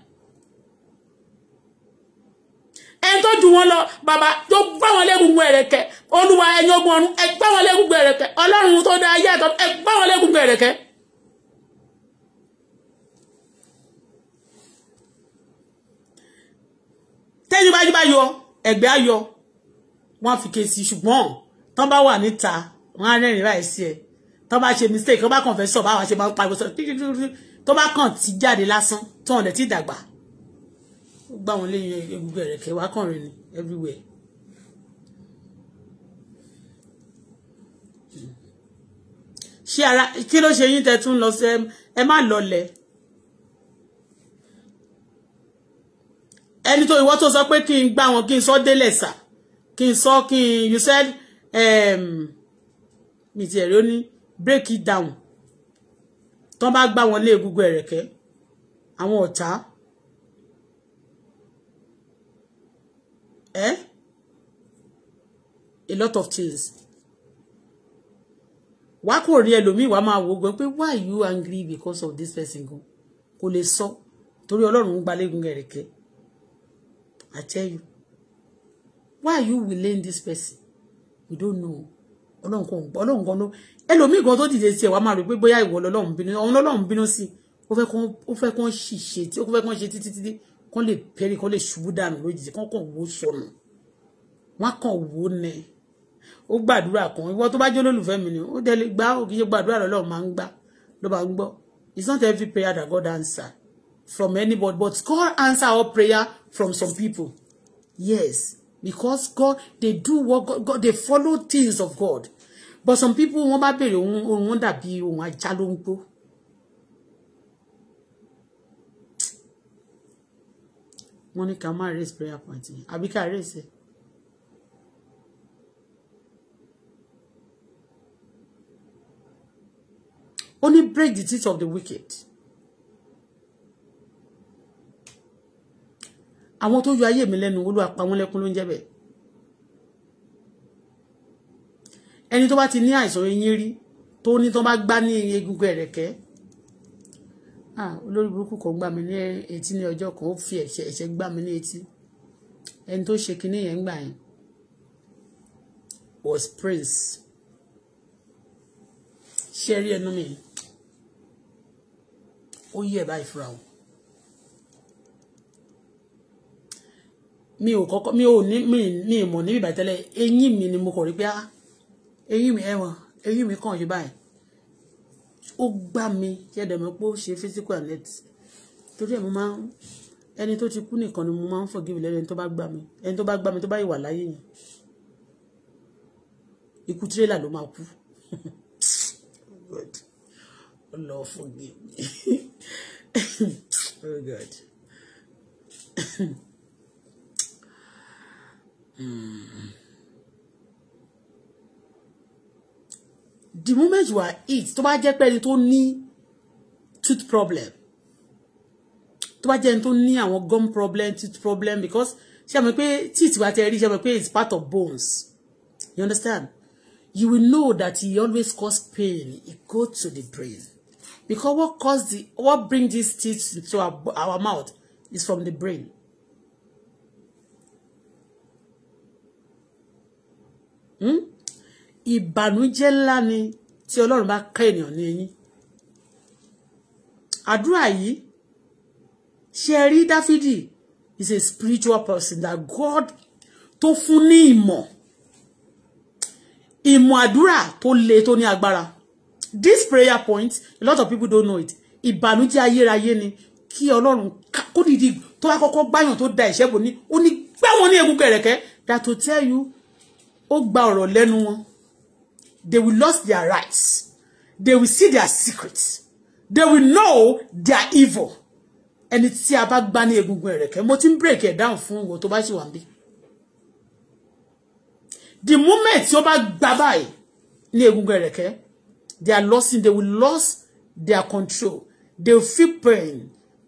ẹni tó jù wọn lọ bàbá tó báwọn lẹ́bùn mú ẹ̀rẹ̀kẹ́ olùwà ẹni ogun ọ̀run ẹ báwọn lẹ́bùn mú ẹ̀rẹ̀kẹ́ ọlọ́run tó dá ayé àtọ́ ẹ báwọn lẹ́bùn mú ẹ̀rẹ̀kẹ́. tẹ́jú bá yọ ẹgbẹ́ ayọ wọ́n á fi ké tán bá wà níta wọ́n á rẹ́rìn ráì ẹ tán bá ṣe mistake tán bá kàn fẹ́ sọ báwa ṣe máa ń pariwo sọ tó bá kàn ti jáde lásán tó hàn lẹ ti dàgbà ó gbá wọn lẹ́yìn egungun ẹ̀rẹ̀kẹ́ wá kàn rìn ní everywhere. ṣé ara kí ló ṣe yín tẹ́ tún lọ sí ẹ má lọlẹ̀ ẹni tó ìwọ tó sọ pé kí n gbá wọn kí n sọ délẹ̀ sà kí n sọ kí n you said mi ti ẹ̀rí ó ní break it down tán bá gbá wọn lé egungun ẹ̀rẹ̀kẹ́ àwọn ọ̀tá Eh? a lot of things wá kò rí ẹlòmíì wá máa wò gan pé why you angry because of this person gan kò lè sọ torí ọlọ́run ń gbalẹ́gun ẹ̀rẹ̀kẹ́ I tell you why you will lame this person we don't know ọlọ́run kan ọlọ́run kan ló ẹlòmíì gan tó dìde tiẹ̀ wàá máa rò pé bóyá ìwọ lọ́lọ́run bínú ọ̀hún lọ́lọ́run bínú sí ó fẹ́ kán ó fẹ́ kán ṣìṣe tí ó fẹ́ kán ṣe títí títí kán lè pẹ́rì kán lè ṣubú dànù lójijì kán kàn wó sọnù wọ́n kàn wó nẹ ó gbàdúrà kan ìwọ tó bá jẹ́ olólùfẹ́ mi ni ó tẹ́lẹ̀ gbá òkìyẹ gbàdúrà lọ́lọ́run máa ń gbá ló bá ń gbọ́ it's not every prayer that God answer from anybody but God answer all prayer from some people yes because God they do what God, God they follow things of God but some people wọ́n bá béèrè ohun ohun wọn dàbí ohun ajá raise prayer point Abika, raise only break the teeth of the wicked àwọn tó yọ ayé mi lẹ́nu olúwa pa wọ́n lẹ́kún ló ń jẹ́ bẹ́ẹ̀ ẹni tó bá ti ní àìsàn eyín rí tó ní tó bá gbá ní egungun ẹ̀rẹ̀kẹ́ olórí burúkú kan gbá mi ní etí ní ọjọ́ kan ó fi ẹ̀ṣẹ̀ ẹ̀ṣẹ̀ gbá mi ní etí ẹni tó ṣe kinní yẹn gbà yẹn was prince ṣé rí ẹnu mi ó yẹ báyìí fúra o mi ò kọ́kọ́ mi ò ní mi mi mọ̀ níbi ìbàjẹ́lẹ̀ eyín mi ni mo kọ̀ rí pé á ah, eyín mi ẹ̀wọ̀n eyín mi kàn yí báyìí ó gbá mi kí ẹ̀dọ̀ mi pé ó ṣe physical alert torí ẹ̀ mo máa ń ẹni tó ti kú nìkan ni mo máa ń forgive lẹ́nu ẹni tó bá gbá mi ẹni tó bá gbá mi tó bá ìwà láyé yẹn ikú tírélà ló máa kú God Lord forgive me oh God. Mm-hmm. The moment you are eat, tó bá jẹ́ pé ẹni tó ní tooth problem, tó bá jẹ́ ẹni tó ní àwọn gum problem, tooth problem because ṣe mọ̀ pé teeth wa tẹ̀ rí ṣe mọ̀ pé it's part of bones. You understand? You will know that he always cause pain. It goes to the brain. Because what cause the, what bring these teeth into our, our mouth is from the brain. Hmm? ìbànújẹ́ ńlá ni tí ọlọ́run bá ká ènìyàn ní eyín àdúrà yìí ṣe rí dáfídì is a spiritual person that God tó fún ní ìmọ̀ ìmọ̀ àdúrà tó le tó ní agbára this prayer point a lot of people don't know it ìbànújẹ́ ayérayé ni kí ọlọ́run kó dìdí tó wá kọ́kọ́ gbáyàn tó da ìṣẹ́gun ní ó ní gbáwọn ní egungun ẹ̀rẹ̀kẹ́ that to tell you ó gba ọ̀rọ̀ lẹ́nu wọn they will lose their rights they will see their secrets they will know their evil ẹni tí a bá gbá ní egungun ẹ̀rẹ̀kẹ́ mo ti ń break ẹ̀ down fún ìwọ tó bá ṣì wà ń bí the moment tí ó bá gbá báyìí ní egungun ẹ̀rẹ̀kẹ́ they are losing they will lose their control they will feel pain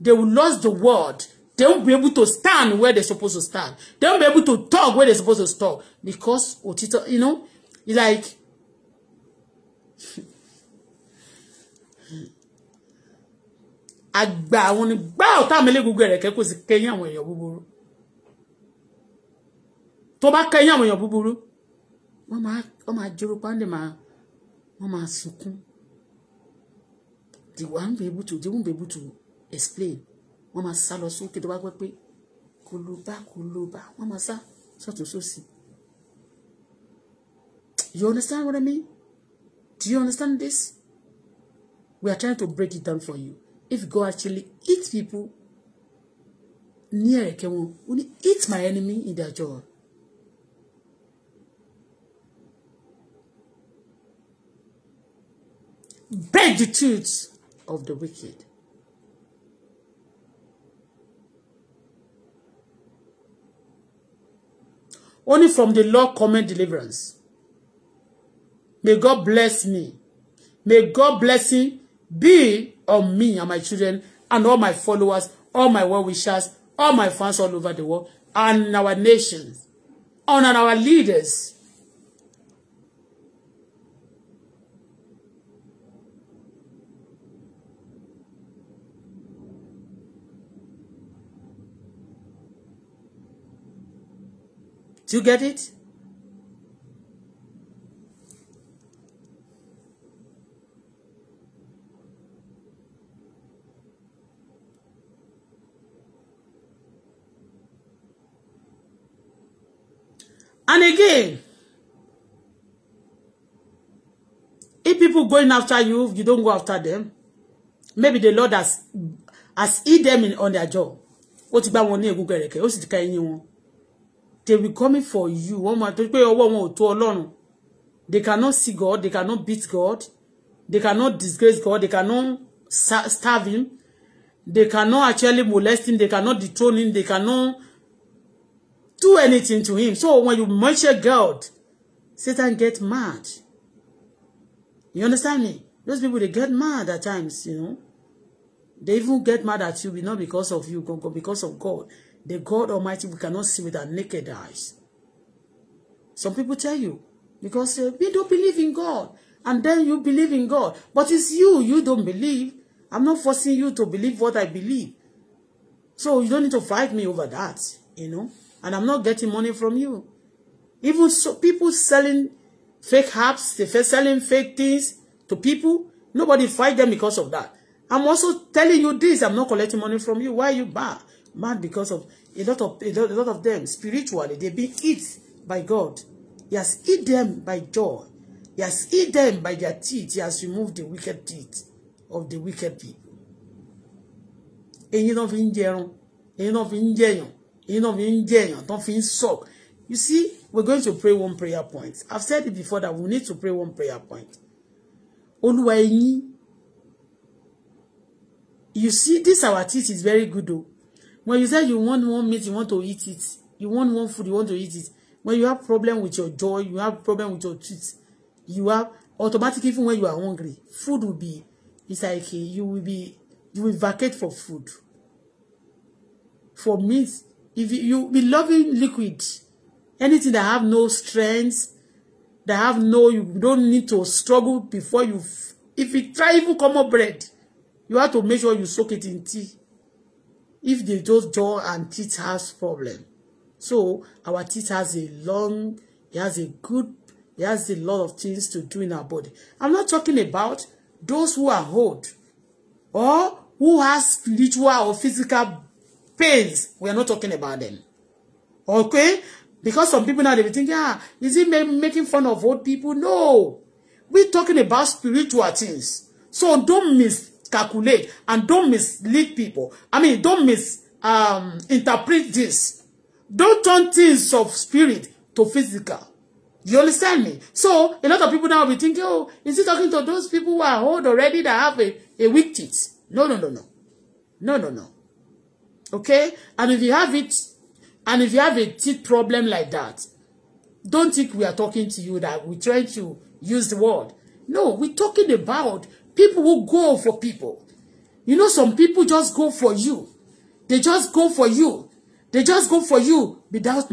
they will lose the world. They won't be able to stand where they're supposed to stand. They won't be able to talk where they're supposed to talk. Because Otito, you know, like àgbà àwọn want to bow. àmẹ́lẹ́gbogbo ẹ̀rẹ̀ kẹ́kọ̀ọ́ sí kẹ́yìn àwọn èèyàn búburú tó Toba Kenya àwọn èèyàn búburú wọ́n Mama, wọ́n máa Ma, Mama Sukun. they won't be able to they won't be able to explain wọ́n máa sá lọ sókè tó bá gbọ́ pé kò ló bá kò ló bá wọ́n máa sá sọ́tún sósì. You understand what I mean? Do you understand this? We are trying to break it down for you. If God actually eat people ní ẹ̀rẹ̀kẹ́ wọn, ó ní eat my enemy in their jaw. Break the tooth of the wicked. Only from the Lord cometh deliverance. May God bless me. May God blessing be on me and my children and all my followers, all my well-wishers, all my fans all over the world, and our nations, and our leaders. Do you get it? And again, if people going after you, you don't go after them. Maybe the Lord has has eat them in, on their job. What ti gbá wọn ní egungun ẹ̀rẹ̀kẹ́, ó sì ti ká eyín they will coming for you wọ́n máa tó pé ọwọ́ wọn ò tó ọlọ́run they cannot see God they cannot beat God they cannot disgrace God they cannot starve him they cannot actually molest him they cannot dethrone him they cannot do anything to him so when you mention God Satan get mad you understand me those people they get mad at times you know they even get mad at you not because of you because of God The God Almighty, we cannot see with our naked eyes. Some people tell you, because uh, we don't believe in God. And then you believe in God. But it's you, you don't believe. I'm not forcing you to believe what I believe. So you don't need to fight me over that, you know. And I'm not getting money from you. Even so, people selling fake apps, they're selling fake things to people. Nobody fight them because of that. I'm also telling you this. I'm not collecting money from you. Why are you bad? man because of a lot of a lot, a lot of them spiritually they been eat by God he has eat them by joy he has eat them by their teeth he has removed the wicked teeth of the wicked people eyín náà fi ń jẹun eyín náà fi ń jẹyàn eyín náà fi ń jẹyàn tán fi ń suck you see we're going to pray one prayer point I've said it before that we need to pray one prayer point Olúwa eyín you see this our teeth is very good o When you say you want one meat, you want to eat it. You want one food, you want to eat it. When you have problem with your jaw, you have problem with your teeth, you have automatic even when you are hungry, food will be, it's like you will be, you will vacate for food. For meat, if you, you be loving liquid, anything that have no strength, that have no, you don't need to struggle before you, if you try even common bread, you have to make sure you soak it in tea if they just jaw and teeth has problem. So our teeth has a long, he has a good, he has a lot of things to do in our body. I'm not talking about those who are old or who has spiritual or physical pains. We are not talking about them. Okay? Because some people now they be thinking, ah, is he making fun of old people? No. we talking about spiritual things. So don't miss Calculate and don't mislead people. I mean, don't mis um, interpret this. Don't turn things of spirit to physical. You understand me? So a lot of people now will be thinking, oh, is he talking to those people who are old already that have a, a weak teeth? No, no, no, no. No, no, no. Okay? And if you have it, and if you have a teeth problem like that, don't think we are talking to you that we try to use the word. No, we're talking about People will go for people. You know, some people just go for you. They just go for you. They just go for you without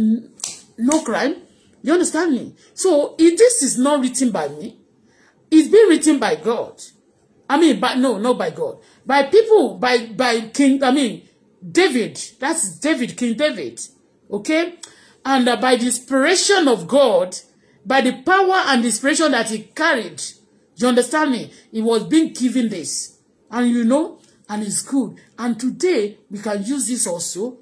no crime. You understand me? So if this is not written by me, it's been written by God. I mean, but no, not by God. By people, by by King, I mean, David. That's David, King David. Okay? And uh, by the inspiration of God, by the power and inspiration that he carried, You understand me? It was being given this. And you know, and it's good. And today, we can use this also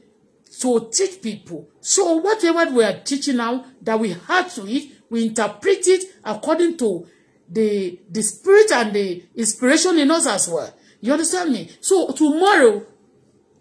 to teach people. So whatever we are teaching now that we had to it, we interpret it according to the, the spirit and the inspiration in us as well. You understand me? So tomorrow,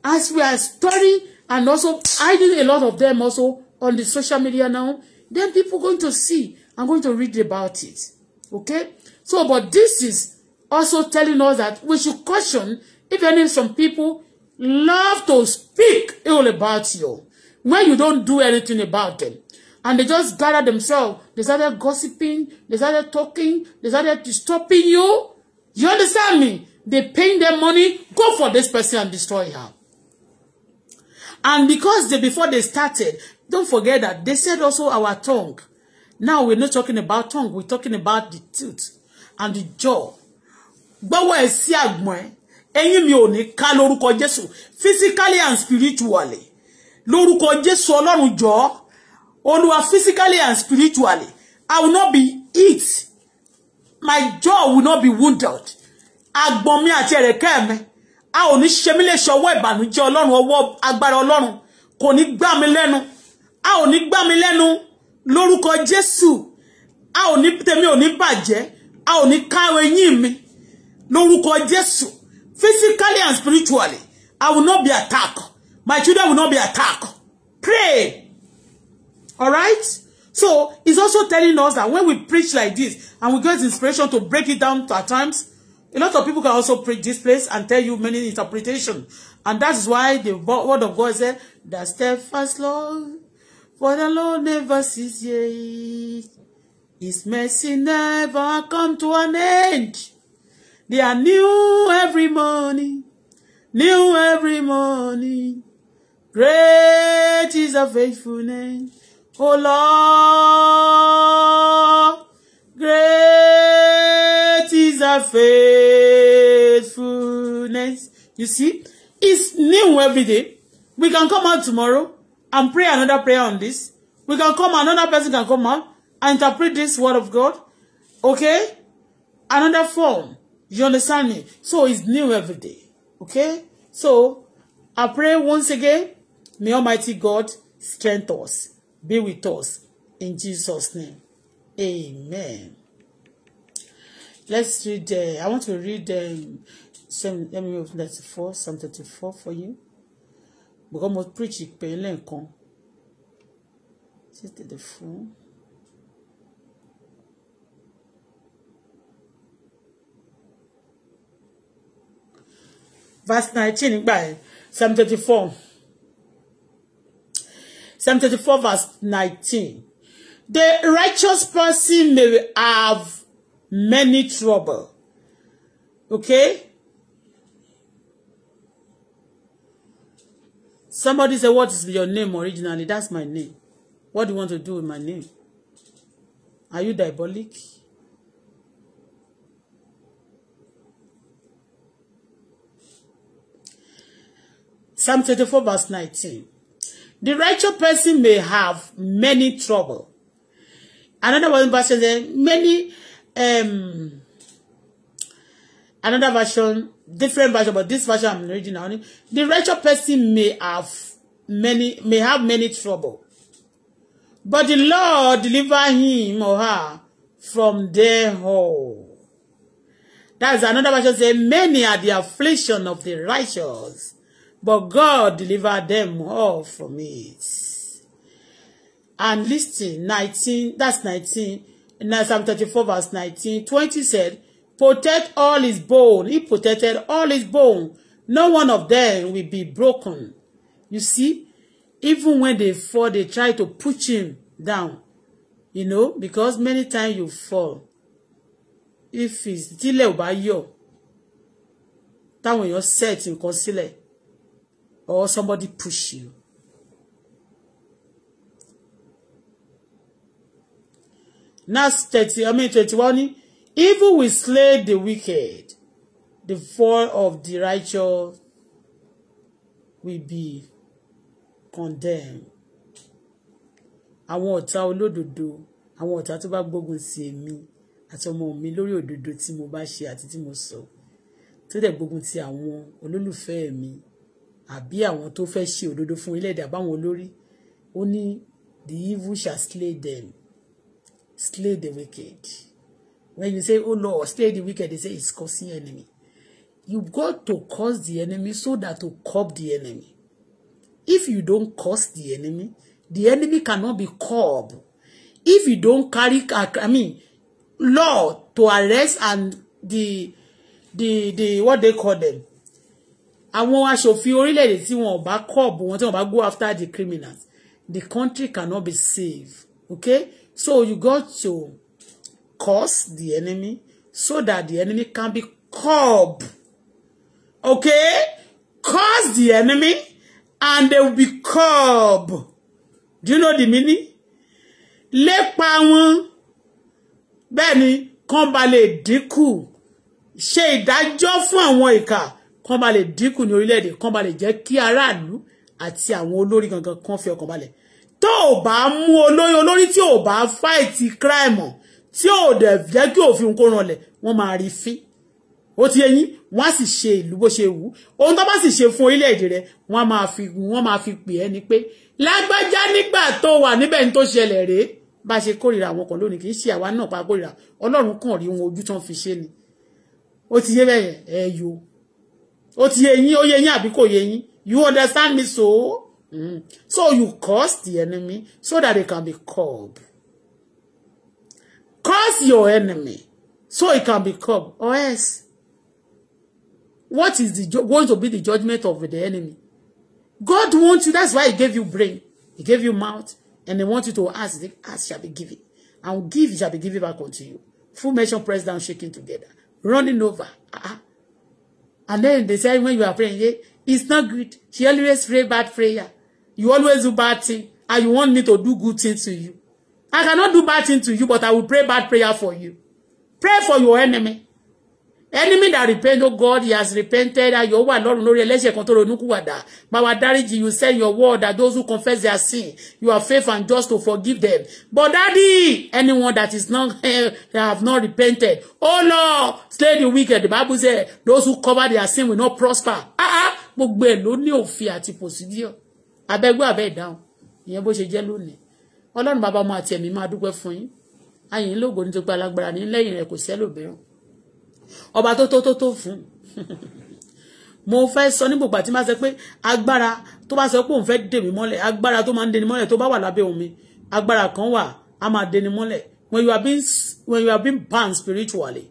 as we are studying and also hiding a lot of them also on the social media now, then people going to see. and going to read about it. Okay? So, but this is also telling us that we should caution if any some people love to speak ill about you when you don't do anything about them. And they just gather themselves. They started gossiping. They started talking. They started disturbing you. You understand me? They paying their money. Go for this person and destroy her. And because they, before they started, don't forget that they said also our tongue. Now we're not talking about tongue. We're talking about the tooth and jaw gbọ́wọ́ ẹ sí àgbọ̀n ẹ ẹ̀yìn mi ò ní ká lórúkọ Jésù physically and spiritually lórúkọ Jésù Ọlọ́run jọ̀ọ́ Olúwa physically and spiritually I will not be hit my jaw will not be wounded àgbọ̀n mi àti ẹ̀rẹ̀kẹ́ mi a ò ní ṣe mí lè ṣe ọwọ́ ìbànújẹ́ Ọlọ́run ọwọ́ agbára Ọlọ́run kò ní gbá mi lẹ́nu a ò ní gbá mi lẹ́nu lórúkọ Jésù a ò ní tèmi ò ní bàjẹ́ a ò ní ká eyín mi lórúkọ Jésù physically and spiritually I will not be attacked my children will not be attacked pray all right so he's also telling us that when we preach like this and we get inspiration to break it down at times a lot of people can also preach this place and tell you many interpretation. And that is why the word of God said that fast, love for the Lord never ceases. His mercy never come to an end. They are new every morning, new every morning. Great is the faithfulness, O Lord. Great is the faithfulness. You see, it's new every day. We can come out tomorrow and pray another prayer on this. We can come, another person can come out. I interpret this word of God. Okay? Another form. You understand me? So it's new every day. Okay? So I pray once again, may Almighty God strengthen us, be with us in Jesus' name. Amen. Let's read. Uh, I want to read um, some. Let me open that four, Psalm thirty-four for you. Because I'm preaching. Pẹ̀lẹ́ nǹkan. Just the phone. verse nineteen nígbà yẹn psalm twenty four psalm twenty four verse nineteen the righteous person may have many trouble okay somebody say what is your name originally that's my name what do you want to do with my name are you diabolic. Psalm 24 verse 19. The righteous person may have many trouble. Another version says eh, many um another version, different version, but this version I'm reading now. The righteous person may have many may have many trouble. But the Lord deliver him or her from their hole. That's another version Says many are the affliction of the righteous But God delivered them all from it. And listen, 19, that's 19, Psalm 34 verse 19, 20 said, Protect all his bone. He protected all his bone. No one of them will be broken. You see, even when they fall, they try to push him down. You know, because many times you fall. If it's tílẹ̀ ò you, that when you're set in sílẹ̀ or somebody push you. Nas 30, I mean 21, Even we slay the wicked, the fall of the righteous will be condemned. Àwọn ọ̀tá olódodo, àwọn ọ̀tá tó bá gbógun sí èmi àti ọmọ mi lórí òdodo tí mo bá ṣe àti tí mo sọ, tó dẹ̀ gbógun ti àwọn olólùfẹ́ mi àbí àwọn tó fẹ́ ṣe òdodo fún orílẹ̀-èdè àbáwọn olórí ó ní the evil shall slay them slay the wicked when you say oh lord slay the wicked they say it's causing enemy you got to cause the enemy so that to curb the enemy if you don't cause the enemy the enemy cannot be curbed if you don't carry i mean law to arrest and the the the what they call them àwọn aṣòfin orílẹ̀-èdè tí wọn ò bá curb wọn tí wọn bá go after the criminals the country cannot be safe okay so you got to curse the enemy so that the enemy can be curb okay curse the enemy and they will be curb do you know the meaning lépa wọn bẹ́ẹ̀ ni kán ba lè dínkù ṣe ìdájọ́ fún àwọn ìkà kán ba lè dínkù ní orílẹ̀-èdè kán ba lè jẹ́ kí aráàlú àti àwọn olórí gangan kán fi ọkàn balẹ̀ tó o bá mú olórí olórí tí o bá fáìtì crime tí o dẹ̀ jẹ́ kí òfin kó ranlẹ̀ wọ́n máa rí fín ó ti yẹyin wọ́n á sì ṣe ìlú bó ṣe wù ohun tó bá sì ṣe fún orílẹ̀-èdè rẹ̀ wọ́n máa fi wọ́n máa fi pè ẹ́ ni pé lágbájá nígbà tó wà níbẹ̀ ní tó ṣẹlẹ̀ rèé bá ṣe kórìíra àwọn kan lónìí kì í ṣe àwa pa kórìíra ọlọ́run kàn rí wọn ojú tán fi ṣe ni ó ti yé bẹ́ẹ̀ ẹ̀yọ́ ó ti yé yín ó yé yín àbí kò yé yín you understand me so mm. so you curse the enemy so that they can be curbed curse your enemy so it can be curbed or else what is the going to be the judgment of the enemy God wants you that's why he gave you brain he gave you mouth and they want you to ask the ask shall be given and give shall be given back unto you full measure press down shaking together running over uh -uh. And then they say when you are praying, hey, it's not good. She always pray bad prayer. You always do bad thing, and you want me to do good thing to you. I cannot do bad thing to you, but I will pray bad prayer for you. Pray for your enemy enemy that repent oh God he has repented Your word, wà lọ́run lórí ẹlẹ́ṣẹ̀ kan tó ronúkúwàdà máa wá dáríjì you send your word that those who confess their sin you are faith and just to forgive them but daddy anyone that is not eh, they have not repented oh Lord stay the wicked the Bible says those who cover their sin will not prosper ah ah gbogbo ẹ̀ ló ní òfin àti procedure abẹ́gbẹ́ abẹ́ ìdáhùn ìyẹn bó ṣe jẹ́ lónìí ọlọ́run bàbá ma àti ẹ̀mí máa dúpẹ́ fún yín ayìn lógo nítorí pé alágbára ní lẹ́yìn rẹ̀ kò sẹ́lòmíràn ọba tó tó tó tó fún mo fẹ́ sọ ní gbogbo àti máa sọ pé agbára tó bá sọ pé òun fẹ́ dè mí mọ́lẹ̀ agbára tó máa ń deni mọ́lẹ̀ tó bá wà lábẹ́ omi agbára kan wà á máa deni mọ́lẹ̀ when you are being when you are being banned spiritually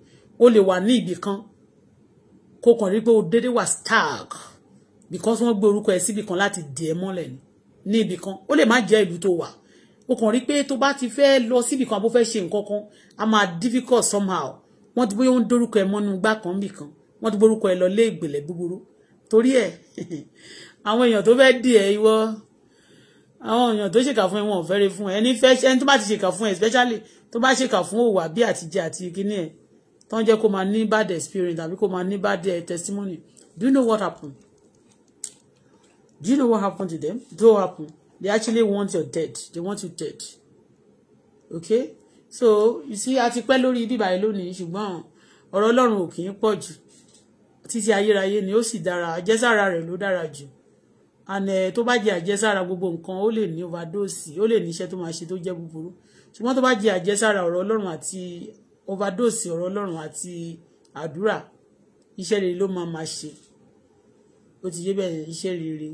o lè wà ní ibì kan kó kàn rí pé o dédé wà stark because wọ́n gbé orúkọ ẹ̀ síbì kan láti dè ẹ́ mọ́lẹ̀ ni ní ibì kan ó lè má jẹ́ ìlú tó wà o kàn rí pé tó bá ti fẹ́ lọ síbì kan àbó fẹ́ ṣe nǹkan kan a máa difficult somehow wọ́n ti bóyá ó ń dórúkọ ẹ mọ́nú gbá kan bì kan wọ́n ti borúkọ ẹ lọ lé ìgbèlẹ̀ búburú torí ẹ̀ àwọn èèyàn tó fẹ́ dì ẹ́ ìwọ àwọn èèyàn tó ṣèkà fún ẹ wọn ò fẹ́ re fún ẹ ẹni fẹ́ ẹni tó bá ti ṣèkà fún ẹ especially tó bá ṣèkà fún òwò àbí àtijẹ àti kíní ẹ tó ń jẹ́ kó máa ní bad experience àbí kó máa ní bad eh, testimony do you know what happened do you know what happened to them do what happened they actually want your dead they want you dead okay so you see a ti pẹ́ lórí bíbá yìí lónìí ṣùgbọ́n ọ̀rọ̀ ọlọ́run ò kì í pọ̀ jù títí ayérayé ni ó sì dára àjẹsára rẹ̀ ló dára jù àna eh, tó bá jẹ àjẹsára gbogbo nǹkan ó lè ní overdose ó lè níṣẹ́ tó máa ṣe tó jẹ́ búburú ṣùgbọ́n tó bá jẹ àjẹsára ọ̀rọ̀ ọlọ́run àti overdose ọ̀rọ̀ ọlọ́run àti àdúrà iṣẹ́ rere ló máa máa ṣe ó ti yé bẹ́ẹ̀ iṣẹ́ rere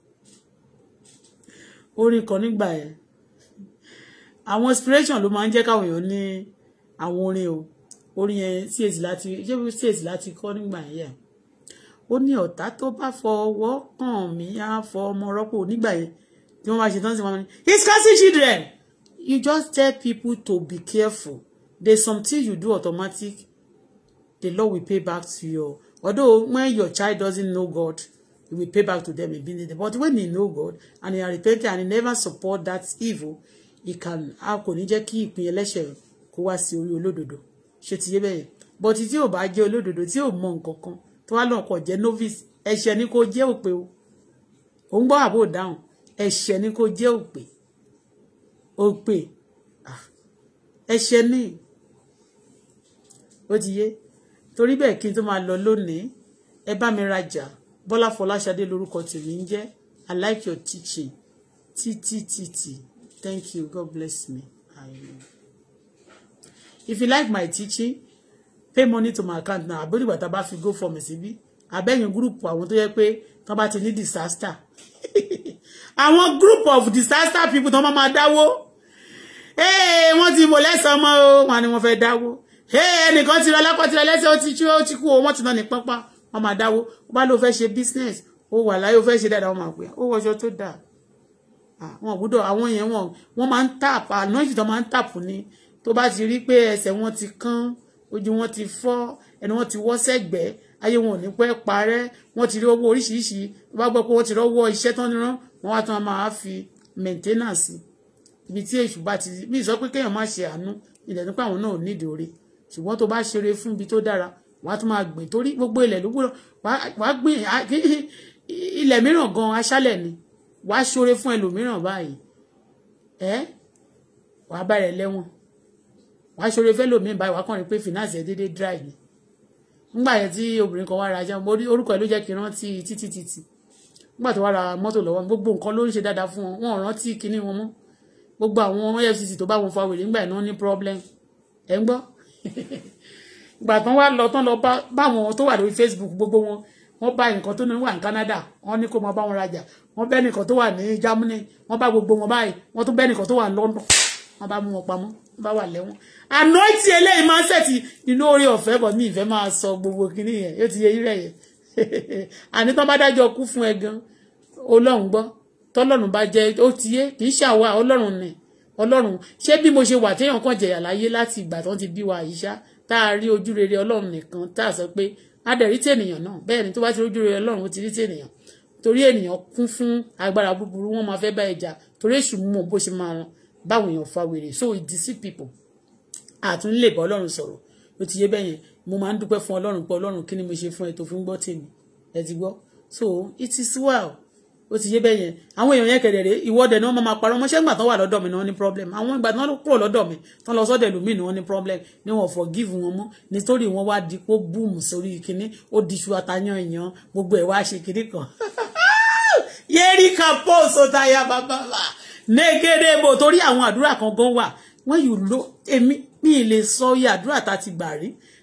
orin kan nígbà yẹn àwọn inspiration ló máa ń jẹ́ káwọn èèyàn ní àwọn orin o orin yẹn cs láti ṣé cs láti kọ́ nígbà yẹn ó ní ọ̀tá tó bá fọwọ́ kàn mí á fọ ọmọ rọ́pò nígbà yẹn tí wọ́n bá ṣe tán sí wọn ní it's causing children you just tell people to be careful there's something you do automatic the Lord will pay back to you although when your child doesn't know God he will pay back to them immediately but when he know God and he are repentant and he never support that evil ìkà a kò ní jẹ́ kí ìpín ẹlẹ́ṣẹ̀ kó wá sí orí olódodo ṣé ti yé bẹ́yẹn bọ́tí tí ò bá jẹ́ olódodo tí ò mọ nǹkan kan tó wá lọ́kọ̀ jẹ́ novice ẹ̀ṣẹ̀ ni kò jẹ́ òpè o òun gbọ́ àbò dáhùn ẹ̀ṣẹ̀ ni kò jẹ́ òpè òpè ah, ẹ̀ṣẹ̀ ni ó ti yé torí bẹ́ẹ̀ kí n tó máa lọ lónìí ẹ bá mi rajà Bọ́lá Fọláṣadé lórúkọ tèmi ń jẹ́ I like your teaching títí títí. Thank you. God bless me. I If you like my teaching, pay money to my account now. I believe what about you go for I síbí. your group. I want to pé tó bá ti ní disaster. I want group of disaster people tó máa ma dáwó. Ee wọ́n ti mọ̀ lẹ́sàn ọmọ o, wọn ni wọ́n fẹ́ dáwó. Ee ẹnìkan ti rọ lápá ti rọ lẹ́sẹ̀ ó ti tú ó ti kú o, wọ́n ti náà ní pápá. Wọ́n máa dáwó. Ó bá lóun fẹ́ ṣe business, ó wà láyé ó fẹ́ ṣe dáadáa, wọ́n máa pè é. Ó wọṣọ tó dáa àwọn ògbúdọ̀ àwọn yẹn wọn wọ́n máa ń tap anointing tó máa ń tap ni tó bá ti rí pé ẹsẹ̀ wọn ti kán ojú wọn ti fọ́ ẹnu wọn ti wọ́ sẹ́gbẹ̀ẹ́ ayé wọn ò ní pẹ́ parẹ́ wọ́n ti rí owó oríṣiríṣi tó bá gbọ́ pé wọ́n ti rọ́wọ́ iṣẹ́ tán nírán wọ́n wá tán máa fi maintenance ibi tí èṣù bá ti mí sọ pé kéèyàn má ṣe àánú ilẹ̀ nípa àwọn náà ò nídìí orí ṣùgbọ́n tó bá ṣeré fún ibi tó dára wàá tún máa gbìn torí gbogbo ilẹ̀ ló gbúdọ̀ wàá gbìn ilẹ̀ mìíràn gan aṣálẹ̀ ni wàá ṣoore fún ẹlòmíràn báyìí ẹ wàá bá rẹ lẹ́wọ̀n wàá ṣoore fẹ́ lòmíì báyìí wàá kàn rí pé finance ẹ̀ déédéé dry ni nígbà yẹn tí obìnrin kan wá ra ajá mo rí orúkọ ẹ̀ ló jẹ́ kí n rántí títí títí nígbà tó wá ra mọ́tò lọ́wọ́ gbogbo nǹkan ló ń ṣe dáadáa fún wọn wọn rántí kinní wọn mọ́ gbogbo àwọn EFCC tó bá wọn fa wèrè nígbà yẹn ní problem ẹ̀ ń gbọ́ ìgbà tán wá lọ tán lọ bá àwọn tó wà lórí Facebook gbogbo wọn wọ́n bá nǹkan tó wà ní Canada wọ́n ní kó máa bá wọn rajà wọ́n bẹ́ nìkan tó wà ní Germany wọ́n bá gbogbo wọn báyìí wọ́n tún bẹ́ nìkan tó wà ní London wọ́n bá mú wọn pamọ́ wọ́n bá wà lẹ́wọ̀n. àná tí eléyìí máa ń ṣètì inú orí ọ̀fẹ́ bọ̀ mí ìfẹ́ máa sọ gbogbo kinní yẹn yóò ti yẹ irẹ́ yẹn àní tán bá dájọ́ kú fún ẹ gan Ọlọ́run gbọ́ tọ́lọ́run bá jẹ́ ó ti yé kì í ṣàwà Ọlọ́run ni Ọlọ́run ṣé bí mo ṣe wà téèyàn kàn jẹ̀yà láyé láti ìgbà tán ti bí wa àyíṣá tá a rí ojú rere Ọlọ́run nìkan tá a sọ pé á dẹ̀ rí tènìyàn náà bẹ́ẹ̀ ni tó bá ti rójú rẹ ọlọ́run ó ti rí tènìyàn torí ènìyàn kún fún agbára búburú wọ́n máa fẹ́ bá ẹja torí èṣù mọ̀ bó ṣe máa báwọn èèyàn fa wèrè so it deceive people àtún lè bá ọlọ́run sọ̀rọ̀ ó ti yé bẹ́ẹ̀ yẹn mo máa ń dúpẹ́ fún ọlọ́run pé ọlọ́run kí ni mo ṣe fún ẹ tó fi ń gbọ́ tèmi ẹ ti gbọ́ so it is well ó ti yé bẹ́ẹ̀ yẹn àwọn èèyàn yẹn kẹ̀dẹ̀rẹ́ ìwọ́dẹ náà máa parọ́ mọ́ṣẹ́ ìgbà tán wà lọ́dọ̀ mi náà ní problem àwọn ìgbà tán kúrò lọ́dọ̀ mi tán lọ sọ́dọ̀ ìlú mi ni wọ́n ní problem ni wọ́n forgive wọn mọ́ nítorí wọ́n wá di pó boom sórí kinní ó di ṣu àtàyàn èèyàn gbogbo ẹ̀ wá ṣe kinní kan yéèrí kan pọ́ọ̀sọ táyà bàbàbà négédé bò torí àwọn àdúrà kan gan wà wọ́n yù ló èmi mi ì lè sọ iye ti gbà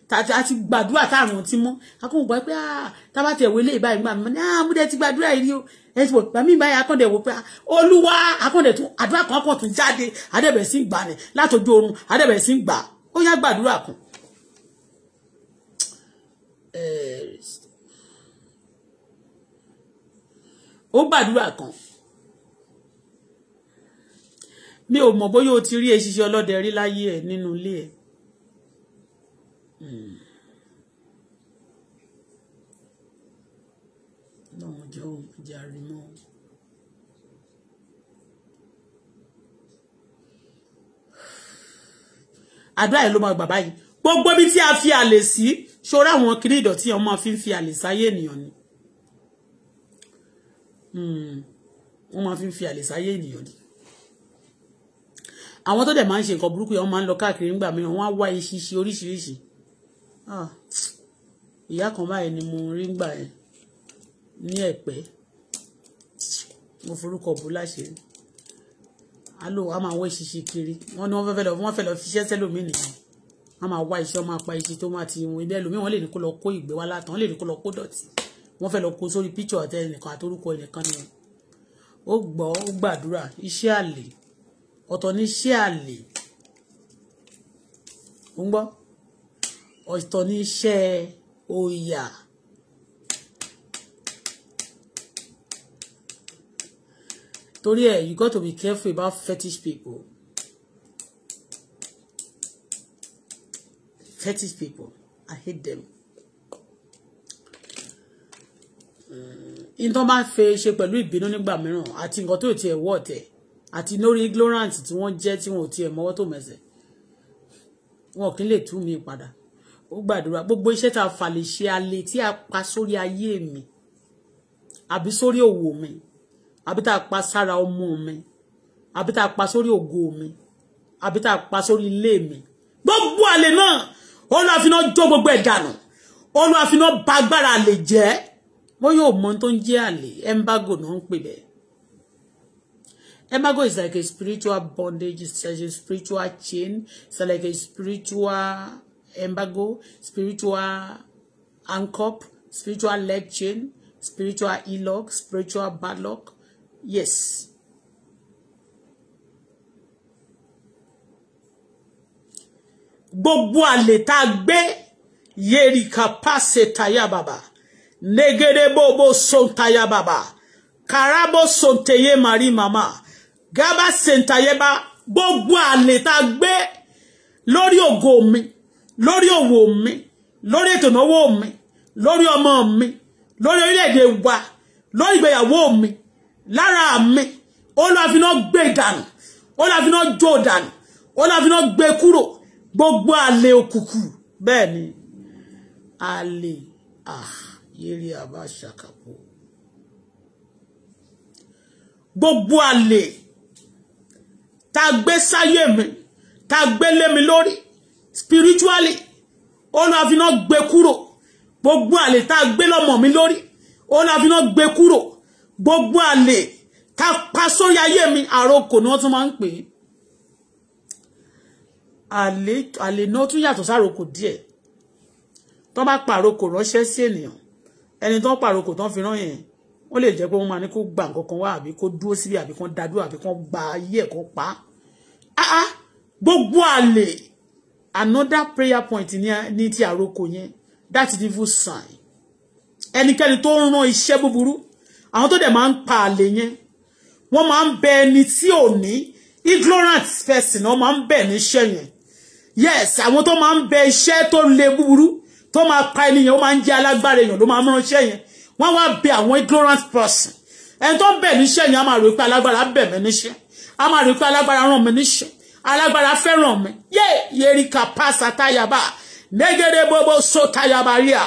tàbí àti gbàdúrà táàrùn ti mọ́ akóhùn gbọ́ pé ah, tábà tẹ̀ wọlé ìbáyìí gbà mí náà ah, múdẹ ti gbàdúrà yìí o ẹsì wò gbàmí ìbáyìí akọ́ndẹ̀ wò pé ah, olúwa akọ́ndẹ̀ tún àdúrà kan kọ̀ tún jáde adẹ́bẹ̀ sí gbà ní látọjú oorun adẹ́bẹ̀ sí gbà ó yá gbàdúrà kan. ó gbàdúrà kan mi ò mọ̀ bóyá o ti rí eṣiṣẹ́ ọlọ́dẹ rí láyé ẹ̀ nínú ilé ẹ̀ Hmm. lọ́wọ́n jẹ́ ohun jàre mọ́. àdúrà yẹn ló máa gbà báyìí gbogbo ibi tí a fi àlè sí ṣọ́ra àwọn kiri ìdọ̀tí ọmọ fi ń fi àlè sáyé ènìyàn ni hmm. wọ́n máa fi ń fi àlè sáyé ènìyàn ni àwọn tó dẹ̀ máa ń ṣe nǹkan burúkú yẹn wọ́n máa ń lọ káàkiri nígbà mìíràn wọ́n á wá eṣinṣin oríṣiríṣi Ah, ìyá kan báyìí ni mo rí gbà yẹn ní ẹ̀pẹ́ mo forúkọ bò láṣìírí alo a máa wá ìṣiṣi kiri wọn ni wọn fẹẹ lọ wọn fẹẹ lọ fi iṣẹ́ sẹlómi nìyẹn wọn máa wá iṣẹ́ wọn máa pa iṣẹ́ tó máa ti wọn ibẹ lómi wọn lè ní kó lọ kó ìgbé wá látàn wọn lè ní kó lọ kó dọ̀tí wọn fẹẹ lọ kó sórí píchọ àti ẹnìkan àtorúkọ ẹnìkan ni ó gbọ́ ó gbàdúrà iṣẹ́ àlè ọ̀tọ̀ ní iṣẹ́ àlè ó ń gbọ́ ọ̀tọ̀ ní iṣẹ́ òòyà torí ẹ̀ you got to be careful about fetish people fetish people I hate them in tó bá fẹ́ ṣe pẹ̀lú ìbínú nígbà mìíràn àti nǹkan tó tiẹ̀ wọ̀ tẹ̀ àti lórí ignorant tí wọ́n jẹ́ tí wọn ò tiẹ̀ mọ́wọ́ tó mẹsẹ̀ wọn kì í lè tú mi padà ó gbàdúrà gbogbo iṣẹ́ tá a fà lè ṣe alẹ́ tí a pa sórí ayé mi àbí sórí òwò mi àbí tá a pa sára ọmọ mi àbí tá a pa sórí ògo mi àbí tá a pa sórí ilé mi gbogbo àlè náà Olúwa fi iná jó gbogbo ẹ̀ dànù Olúwa fi iná ba agbára àlè jẹ́ wọ́n yóò mọ tó ń jẹ́ àlè embargo náà ń pè bẹ́ẹ̀ is like a spiritual bondage it's like a spiritual chain it's like a spiritual embargo, spiritual anchor, spiritual leg chain, spiritual e-lock, spiritual bad luck. Yes. Gbogbo àlè tá a gbé yèrìkà pàṣẹ táyà bàbà negede bobo sontaya bàbà karabo sonteye mari màmá gaba sentayeba gbogbo àlè tá a gbé lórí ògo mi lórí òwò mi lórí ètò ìnáwó mi lórí ọmọ mi lórí orílẹ̀-èdè wa lórí ìgbéyàwó mi lára mi olùwàfínà gbé dànù olùwàfínà jó dànù olùwàfínà gbé kúrò gbogbo àlè òkùnkùn bẹ́ẹ̀ ni àlè àyèrè ah, àbá ṣàkàpọ̀ gbogbo àlè tá a gbé sáyé mi tá a gbé lé mi lórí spiritually ọ̀nà àfiná gbé kúrò gbogbo àlè tá a gbé lọ́mọ mi lórí ọ̀nà àfiná gbé kúrò gbogbo àlè tá a pa sórí ayé mi àrokò ni wọ́n tún máa ń pè é àlè àlè náà tún yàtọ̀ sárokò díẹ̀ tó bá pàrokò ránṣẹ́ sí ènìyàn ẹni tó ń pàrokò tó ń fi rán yẹn wọ́n lè jẹ́ pé wọ́n máa ní kó gba nǹkan kan wá àbí kó dúró síbi àbí kó dádúró àbí gba ayé ẹ̀kọ́ pa á gbogbo àlè another prayer point ní ti àrokò yẹn that is evil sign ẹnikẹ́ni tó ń rán iṣẹ́ búburú àwọn tó dẹ̀ máa ń pa àlè yẹn wọ́n máa ń bẹ ẹni ignorant person wọ́n máa ń bẹ̀ níṣẹ́ yẹn yes àwọn tó máa ń bẹ to tó le búburú tó máa pa ẹni yẹn ó máa ń jẹ́ alágbára èèyàn ló máa ń ránṣẹ́ yẹn wọ́n wá bẹ ignorant person ẹni tó ń bẹ a yẹn á máa rò pé alágbára bẹ̀ mí níṣẹ́ á máa rò pé alágbára ràn mí níṣẹ́ alágbára fẹ́ràn mi yé yerika pásá táyàbá nẹ́gẹ́dẹ́ gbogbo so táyàbá ríà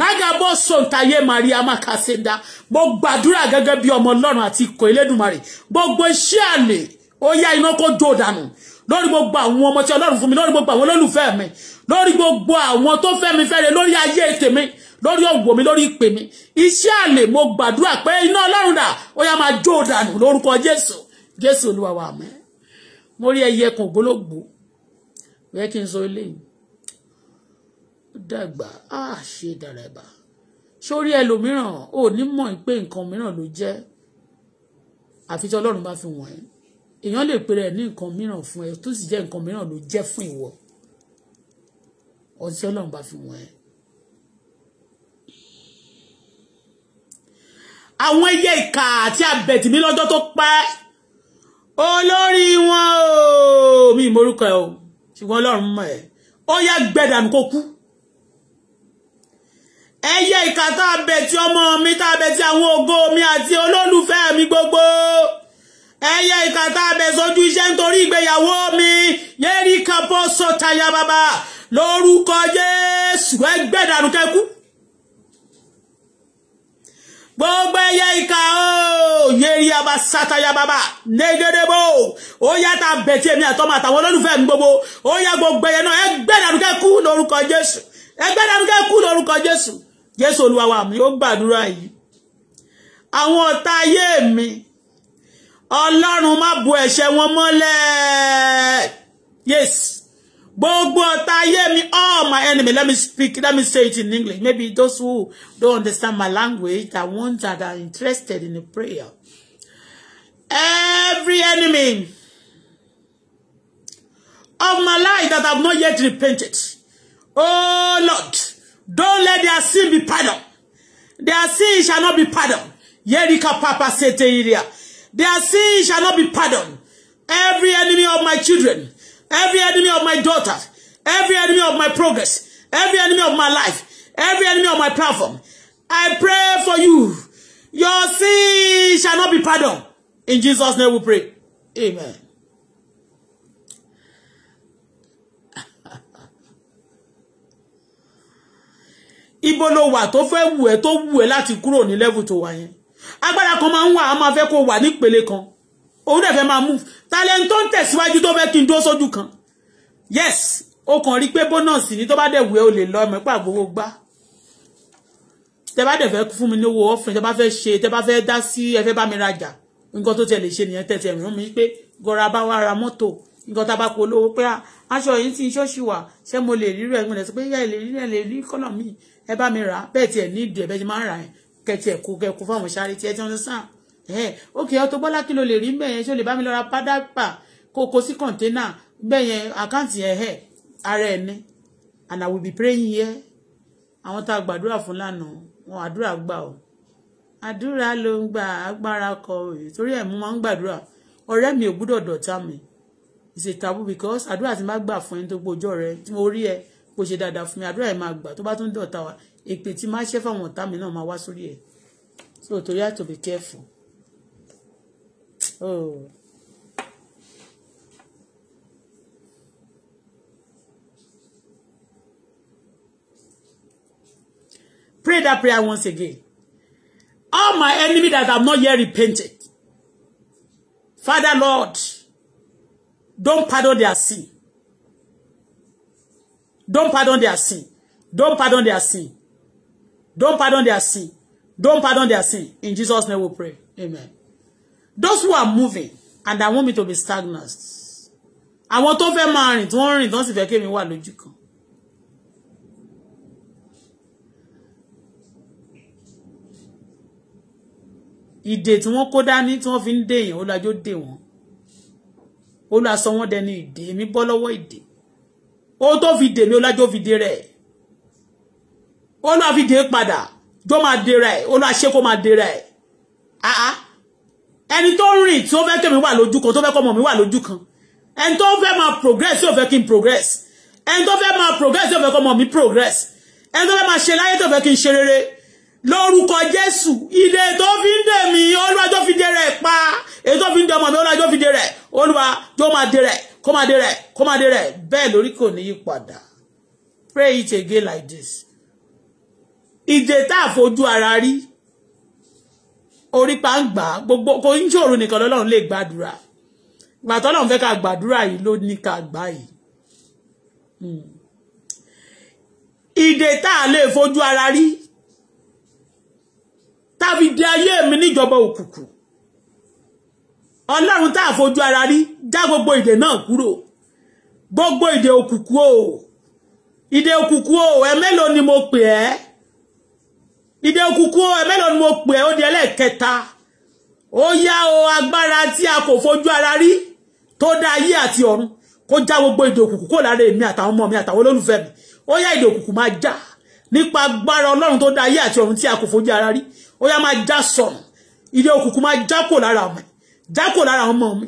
nágàbọ̀ sọ̀ǹtàyé maria makasenda gbogbo àdúrà gẹ́gẹ́ bí ọmọ ọlọ́run àti ikọ̀ elédùnmarè gbogbo iṣẹ́ àlè ó yá iná kó jó dànù lórí gbogbo àwọn ọmọ tí ọlọ́run fún mi lórí gbogbo àwọn olólùfẹ́ mi lórí gbogbo àwọn tó fẹ́ mi fẹ́re lórí ayé tèmi lórí ọ̀wọ̀ mi lórí ìpè mi iṣẹ́ àlè mo gbàdúrà pé iná ọlọ́run dà ó yá máa jó dànù lórúkọ jésù jésù olúwa wa àmín mo rí ẹyẹ kan ògbólógbò bẹ́ẹ̀ kí n sọ eléyìí ó dàgbà á ṣe dàrẹ́bà sórí ẹlòmíràn ò ní mọ̀ pé nǹkan mìíràn ló jẹ́ àfi tí ọlọ́run bá fi wọ̀n ẹ́ èèyàn lè pèrè ní nǹkan mìíràn fún ẹ tó sì jẹ́ nǹkan mìíràn ló jẹ́ fún ìwọ ọtí ọlọ́run bá fi wọ̀n ẹ́. àwọn ẹyẹ ìkà àti abẹ̀tìmí lọ́jọ́ tó pẹ́ olórí wọn o mi morúkọ ẹ o ṣùgbọ́n ọlọ́run mọ̀ ẹ́ ó yá gbẹ̀dànù kó kú ẹyẹ ìka tá a bẹ̀ tí ọmọ mi tá a bẹ̀ tí àwọn ògo mi àti olólùfẹ́ mi gbogbo ẹyẹ ìka tá a bẹ̀ sójú iṣẹ́ nítorí ìgbéyàwó mi yẹ́rì kan bọ́ sọ tayá bàbá lórúkọ Jésù ẹgbẹ̀dànù kẹ́kú gbogbo ẹyẹ ìka ooo oh, yẹri aba sataya baba dédédébò ó yá ta bẹ̀tì èmi àtọ́mọ àtàwọn olólùfẹ́ mi gbogbo ó yá gbogbo ẹyẹ náà ẹgbẹ́ dàrúkẹ́ kú lórúkọ jésù ẹgbẹ́ dàrúkẹ́ kú lórúkọ jésù jésù olúwa wa mi ó gbàdúrà yìí àwọn ọ̀tá ayé mi ọlọ́run má bu ẹ̀ṣẹ̀ wọn mọ́lẹ̀ yes. Gbogbo ọ̀tá ayé mi, all my enemy, let me speak, let me say it in English. Maybe those who don't understand my language, that ones that are interested in the prayer. Every enemy of my life that I've not yet repented. Oh Lord, don't let their sin be pardoned. Their sin shall not be pardoned. Yerika Papa Seteria. Their sin shall not be pardoned. Every enemy of my children, every enemy of my daughter, every enemy of my progress, every enemy of my life, every enemy of my platform. I pray for you. Your sin shall not be pardoned. In Jesus' name we pray. Amen. Ibo ló wà tó fẹ́ wù ẹ́ tó wù ẹ́ láti kúrò ní level tó wà yẹn. Agbára kan máa ń wà á máa fẹ́ kó wà nípele kan òun dẹ̀ fẹ́ máa move talent tó ń tẹ̀síwájú tó fẹ́ kí n dúró sójú kan yes o kàn rí pé bónọ́ọ̀sì ni tó bá dẹ̀ wẹ́ o lè lọ ọmọ ìpà gbowó gbá tẹ bá dẹ̀ fẹ́ fún mi ní owó offering tẹ bá fẹ́ ṣe tẹ bá fẹ́ dá sí ẹ fẹ́ bá mi rajà nǹkan tó tiẹ̀ lè ṣe nìyẹn tẹ̀sí ẹ̀rùn mi pé gọra bá wá ra mọ́tò nǹkan tá a bá kó lówó pé ah, aṣọ yìí ti ṣọ́ọ̀ṣì wà ṣé mo lè rírọ̀ ẹ̀gbọ́n rẹ̀ sọ pé ẹ lè rírọ̀ ẹ lè rí kọ́nà mi ẹ bá mi rà á bẹ́ẹ̀ tiẹ̀ ní ìdí ẹ̀ bẹ́ẹ̀ ti máa ń rà ẹ̀ kẹ́tiẹ̀ kó kẹ́kó fáwọn ṣáré tiẹ̀ tí wọ́n ti sàn Eh, okay Auto Bola kí lo lè rí mbẹ̀ yẹn ṣé o lè bá mi lọ ra pádápà kó o kó sí kọ̀ńténà mbẹ̀ yẹn àkáǹtì yẹn ẹ̀ eh, ara ẹ̀ ní and I will be praying here àwọn tá a gbàdúrà fún lánàá wọn àdúrà gbà o àdúrà ló ń gba agbára kọ òye torí ẹ̀ mú wọn ń gbàdúrà ọ̀rẹ́ mi ò gbúdọ̀ dọ̀tá mi it's a taboo because àdúrà tí n bá gbà fún ẹni tó gbójọ́ rẹ tí mo rí ẹ kò ṣe dáadáa fún mi àdúrà ẹ máa gbà tó bá tún dọ̀tá wa èpè tí máa ṣẹ́ fáwọn ọ̀tá mi náà máa wá sórí ẹ̀ so torí I have to be careful. Oh. Pray that prayer once again. All my enemy that have not yet repented. Father Lord, don't pardon their sin. Don't pardon their sin. Don't pardon their sin. Don't pardon their sin. Don't pardon their sin. In Jesus' name we pray. Amen those who are moving and I want me to be stagnant àwọn tó fẹ́ máa rìn tí wọ́n rìn tí wọ́n sì fẹ́ kémi wà lójú kan ìdè tí wọ́n kó dání tí wọ́n fi ń dè èèyàn ó lajó dè wọ́n ó lọ aṣọ wọn dẹni ìdè mi bọ́ lọ́wọ́ ìdè ó tó fi dè mi ó fi dè rẹ̀ ó fi dè padà jó máa dè rẹ̀ ó lọ kó máa dè rẹ̀ ẹni tó ń rìn tí ó fẹ́ kẹ́mi wà lójú kan tó fẹ́ kọ́mọ mi wà lójú kan ẹni tó fẹ́ máa progress tí ò fẹ́ kí n progress ẹni tó fẹ́ máa progress tí ò fẹ́ kọ́mọ mi progress ẹni tó fẹ́ máa ṣe láyé tí ò fẹ́ kí n ṣe rere lórúkọ jésù ìdè tó fi ń dè mí olúwa jọ fi dè rẹ̀ pa èyí tó fi ń dè ọmọ mi olúwa jọ fi dè rẹ̀ olúwa jọ máa dè rẹ̀ kó máa dè rẹ̀ kó máa dè rẹ̀ bẹ́ẹ̀ lórí kò ní í padà pray it again like this ìdè tá a fojú ara rí orí pa ń gbà gbogbo kò ń ṣòro nìkan lọ́lọ́run lè gbàdúrà ìgbà tọ́lọ́run fẹ́ ká gbàdúrà yìí ló ní ká gbà yìí hmm. ìdè tá a lè fojú ara rí tàbí di ayé mi níjọba òkùnkùn ọlọ́run tá a fojú ara rí já gbogbo ìdè náà kúrò gbogbo ìdè òkùnkùn o ìdè òkùnkùn o ẹ mélòó ni mo pè ẹ́ dìde òkùnkùn ẹ̀mẹ́lò ni mo pè ó di ẹlẹ́ẹ̀kẹta ó yá o agbára tí a kò fojú ara rí tó dá ayé àti ọ̀run kó já gbogbo ìdè òkùnkùn kó lára èmi àtàwọn ọmọ mi àtàwọn olólùfẹ́ mi ó yá ìdè òkùnkùn máa já nípa agbára ọlọ́run tó dá ayé àti ọ̀run tí a kò fojú ara rí ó yá máa já sọ̀rọ̀ ìdè òkùnkùn máa já kò lára mi já kò lára àwọn ọmọ mi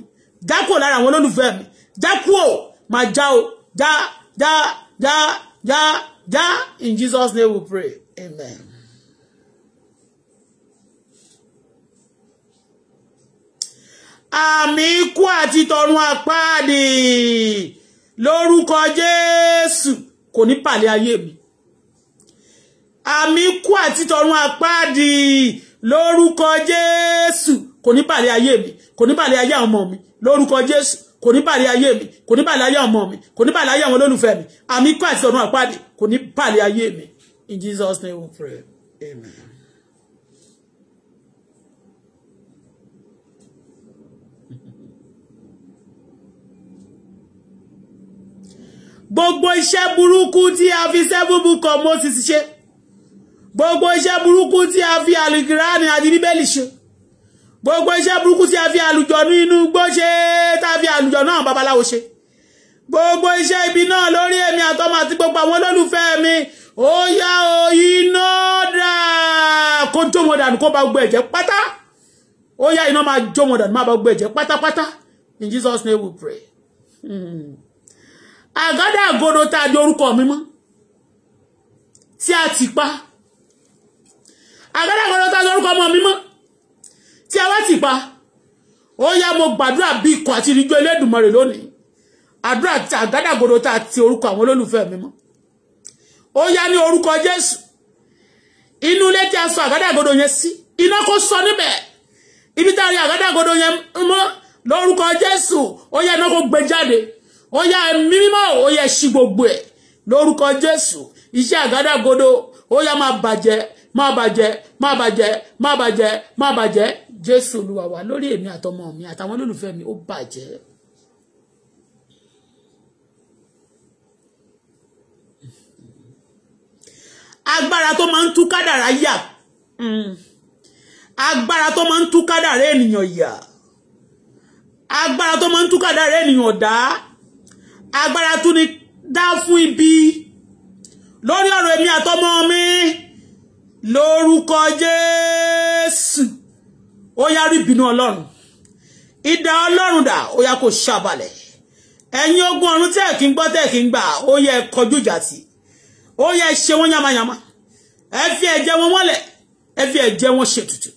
já kò lára àwọn olólùfẹ́ mi já kú ò máa já o já já já já já in Jesus name we pray amen. àmì ikú àti tọ̀run àpáàdì lórúkọ Jésù kò ní pàlẹ́ ayé mi àmì ikú àti tọ̀run àpáàdì lórúkọ Jésù kò ní pàlẹ́ ayé mi kò ní pàlẹ́ ayé àwọn ọmọ mi lórúkọ Jésù kò ní pàlẹ́ ayé mi kò ní pàlẹ́ ayé ọmọ mi kò ní pàlẹ́ ayé àwọn olólùfẹ́ mi àmì ikú àti tọ̀run àpáàdì kò ní pàlẹ́ ayé mi in Jesus name we pray amen. gbogbo iṣẹ́ burúkú tí a fi seven book of Moses ṣe gbogbo iṣẹ́ burúkú tí a fi àlùkìránì àti bíbélì ṣe gbogbo iṣẹ́ burúkú tí a fi àlùjọ̀nú inú igbó ṣe tá a fi àlùjọ̀nú àwọn babaláwo ṣe gbogbo iṣẹ́ ibi náà lórí èmi àtọmọ àti gbogbo àwọn olólùfẹ́ mi ó yá o iná dà kó jó wọn dànù kó bá gbogbo ẹ̀jẹ̀ pátá ó yá iná máa jó wọn dànù má bá gbogbo ẹ̀jẹ̀ pátápátá in Jesus name we pray. Mm àgádà àgodo tá a di orúkọ mi mọ́ tí a ti pa àgádà àgodo tá a di orúkọ ọmọ mi mọ́ tí a wá ti pa ó yá mo gbàdúrà bí ikọ̀ àti ìrìnjọ Elédùmarè lónìí àdúrà àgádà àgodo tá a ti orúkọ àwọn olólùfẹ́ mi mọ́ ó yá ní orúkọ Jésù inú ilé tí a sọ àgádà àgodo yẹn sí iná kó sọ níbẹ̀ ibi tá a rí àgádà àgodo yẹn mọ́ lórúkọ Jésù ó yá iná kó gbé ó ya ẹ̀mí mímọ́ ó gbogbo ẹ̀ lórúkọ jesu iṣẹ́ àgádágodo ó yá máa bàjẹ́ máa bàjẹ́ máa bàjẹ́ máa bàjẹ́ máa bàjẹ́ Jésù wa lórí èmi àtọmọ mi àtàwọn olólùfẹ́ mi ó bàjẹ́. agbára tó máa ń tú ya agbara to ma agbára tún ni dá fún ibi lórí ọ̀rọ̀ èmi àtọmọ mi lórúkọ Jésù ó yá rí ìbínú Ọlọ́run idà Ọlọ́run dà ó yá kó ṣàbalẹ̀ ẹ̀yin ogun ọ̀run tẹ́ kí ń gbọ́ tẹ́ kí ń gbà ó yẹ kọjú ìjà sí ó yẹ ṣe wọ́n yamayama ẹ fi ẹ̀jẹ̀ wọn mọ́lẹ̀ ẹ fi ẹ̀jẹ̀ wọn ṣètùtù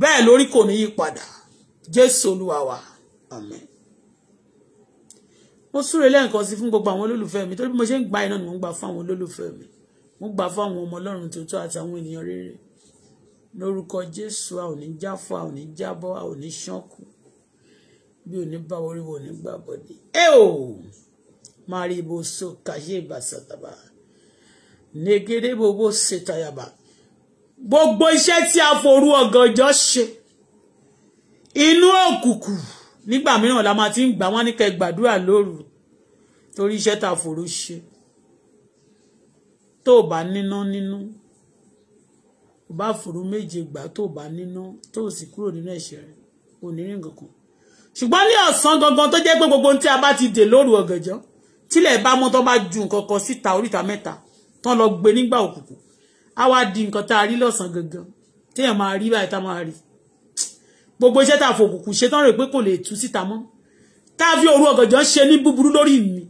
bẹ́ẹ̀ lórí kò ní yí padà Jésù Olúwa wa amen mo súre lẹ́ǹkan sí fún gbogbo àwọn olólùfẹ́ mi torí bí mo ṣe ń gba iná ni mo ń gbà fún àwọn olólùfẹ́ mi mo ń gbà fún àwọn ọmọ ọlọ́run tòótọ́ àti àwọn ènìyàn rere lórúkọ jésù a ò ní jáfọ́ a ò ní jábọ́ a ò ní ṣánkù bí ò ní bá oríwo ò ní gbà bọ́dé. ẹ ò máa rí ibo so kàyé ìbàṣàtàbà negede gbogbo ṣètàyàbà gbogbo iṣẹ́ tí a forú ọ̀gànjọ́ ṣe inú òkùnkùn nígbà mìíràn la máa ti ń gbà wọ́n ní kẹ́ gbàdúrà lóru torí iṣẹ́ tá a fòrò ṣe tó o bá níná nínú o bá fòrò méje gbà tó o bá níná tó o sì kúrò nínú ẹ̀ṣẹ̀ rẹ̀ o ní rìn kankan ṣùgbọ́n ní ọ̀sán gangan tó jẹ́ pé gbogbo tí a bá ti dè lóru ọ̀gànjọ́ tílẹ̀ bá mọ́ tó bá ju nǹkan kan síta oríta mẹ́ta tán lọ gbé nígbà òkùnkùn á wá di nǹkan tá a rí lọ́sàn gangan téèyàn máa rí báyìí tá a máa rí gbogbo iṣẹ́ tá a fòkùnkùn ṣe tán rè pé kò lè tú síta mọ́ tá a fi òru ọ̀gànjọ́ ṣe ní búburú lórí mi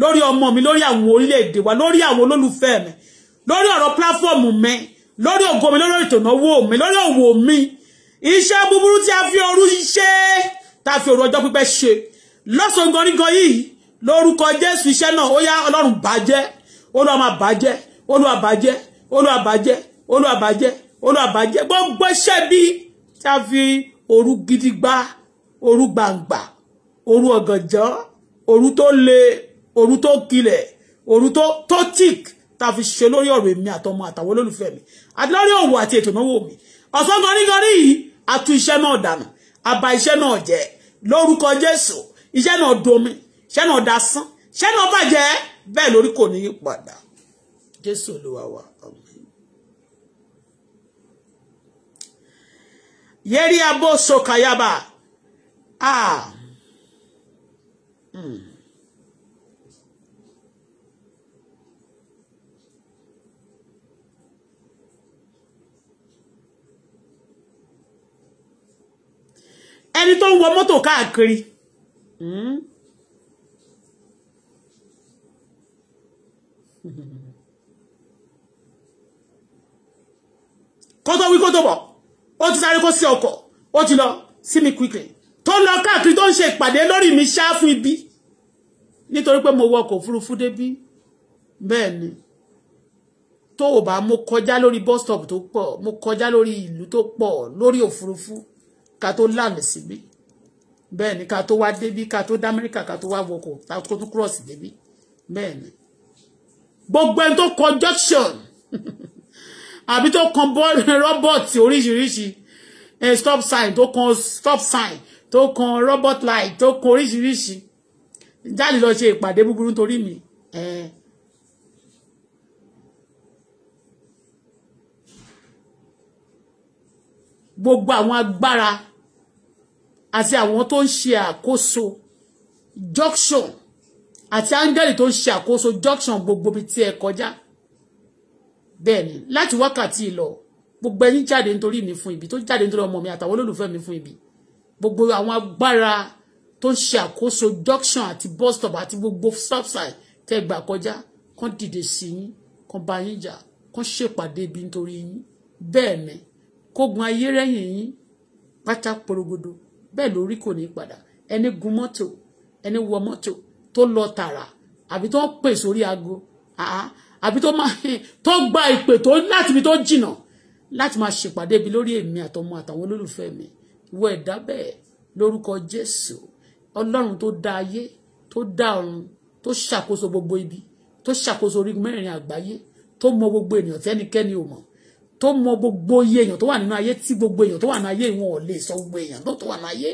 lórí ọmọ mi lórí àwọn orílẹ̀-èdè wa lórí àwọn olólùfẹ́ mi lórí ọ̀rọ̀ pílàfọ́ọ̀mù mi lórí ògo mi lórí ìtònáwó mi lórí òwò mi iṣẹ́ búburú tí a fi òru ṣe tá a fi òru ọjọ́ pípẹ́ ṣe lọ́sàn-án gangan yìí lórúkọ Jésù iṣẹ́ náà ó yá Ọlọ́run bàjẹ́ Olúwa máa bàjẹ́ Olúwa bàjẹ́ Olúwa bàjẹ́ Olúwa bàjẹ́ Olúwa bàjẹ́ gbogbo iṣẹ́ bíi tí a fi Oru gidigba oru gbangba oru ọ̀gànjọ́ òru tó le òru tó kilẹ̀ òru tó tó tíìk ta fi ṣe lórí ọ̀rọ̀ èmi àtọmọ àtàwọn olólùfẹ́ mi àti lórí òwò àti ètò ìnáwó mi ọ̀sán gọrígọrí yìí a tú iṣẹ́ náà dànù a bà iṣẹ́ náà jẹ́ lórúkọ Jésù iṣẹ́ náà domi iṣẹ́ náà dasán iṣẹ́ náà bàjẹ́ bẹ́ẹ̀ lórí kò ní í padà Jésù Olúwa wa àmín. Yeri abo sokayaba ah hmm. ẹni tó ń wọ mọ́tò káàkiri hmm. kótó wí kótó bọ̀ ó ti sáré kó sí ọkọ̀ ó ti lọ see me quickly tó lọ káàkiri tó ń ṣe ìpàdé lórí mi ṣá fún ibi nítorí pé mo wọ ọkọ̀ òfurufú débí bẹ́ẹ̀ ni tó ò bá mo kọjá lórí bus stop tó pọ̀ mo kọjá lórí ìlú tó pọ̀ lórí òfurufú ká tó láàmì síbí bẹ́ẹ̀ ni ká tó wá débí ká tó dá Amẹ́ríkà ká tó wá wọkọ̀ ká tó tún cross débí bẹ́ẹ̀ ni gbogbo ẹni tó kọ àbí tó kan rọ́bọ̀tì oríṣiríṣi eh, stop sign tó kan stop sign tó kan robot light tó kan oríṣiríṣi jáde lọ ṣe ìpàdé búburú torí mi. Eh. gbogbo àwọn agbára àti àwọn tó ń ṣe àkóso junction àti áńgẹ́lì tó ń ṣe àkóso junction gbogbo bíi tí ẹ kọjá bẹ́ẹ̀ ni láti wákàtí ìlọ gbogbo ẹ̀yin jáde nítorí mi fún ibi tó jáde nítorí ọmọ mi àtàwọn olólùfẹ́ mi fún ibi gbogbo àwọn agbára tó ń ṣe àkóso junction àti bus stop àti gbogbo stopside tẹ́ gbà kọjá kán dìde sí yín kán bá yín jà kán ṣèpàdé ibi nítorí yín bẹ́ẹ̀ ni kógun ayé rẹ́yìn yín pátá porogodo bẹ́ẹ̀ lórí kò ní padà ẹni gun mọ́tò ẹni wọ mọ́tò tó lọ tààrà àbí tó ń pè sórí aago àá àbí tó máa tó gba ìpè tó láti ibi tó jìnà láti máa ṣèpàdé ibi lórí èmi àtọmọ àtàwọn olólùfẹ́ mi ìwọ ẹ̀dá bẹ́ẹ̀ lórúkọ Jésù Ọlọ́run tó dá ayé tó dá ọ̀run tó ṣàkóso gbogbo ibi tó ṣàkóso orí mẹ́rin àgbáyé tó mọ gbogbo ènìyàn tí ẹnikẹ́ni ò mọ̀ tó mọ gbogbo iye èèyàn tó wà nínú ayé tí gbogbo èèyàn tó wà nínú ayé ìwọ̀n ò lè sọ gbogbo èèyàn tó wà nínú ayé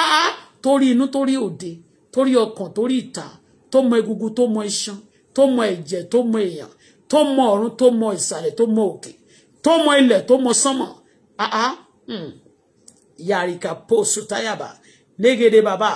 áá torí inú torí òde torí ọkàn torí ìta tó mọ egungun tó mọ iṣan tó mọ ẹ̀jẹ̀ tó mọ èèyàn tó mọ ọ̀run tó mọ ìsàlẹ̀ tó mọ òkè tó mọ ilẹ̀ tó mọ sánmọ̀ àá hmm. yàríkà pósù táyàbà négede bàbá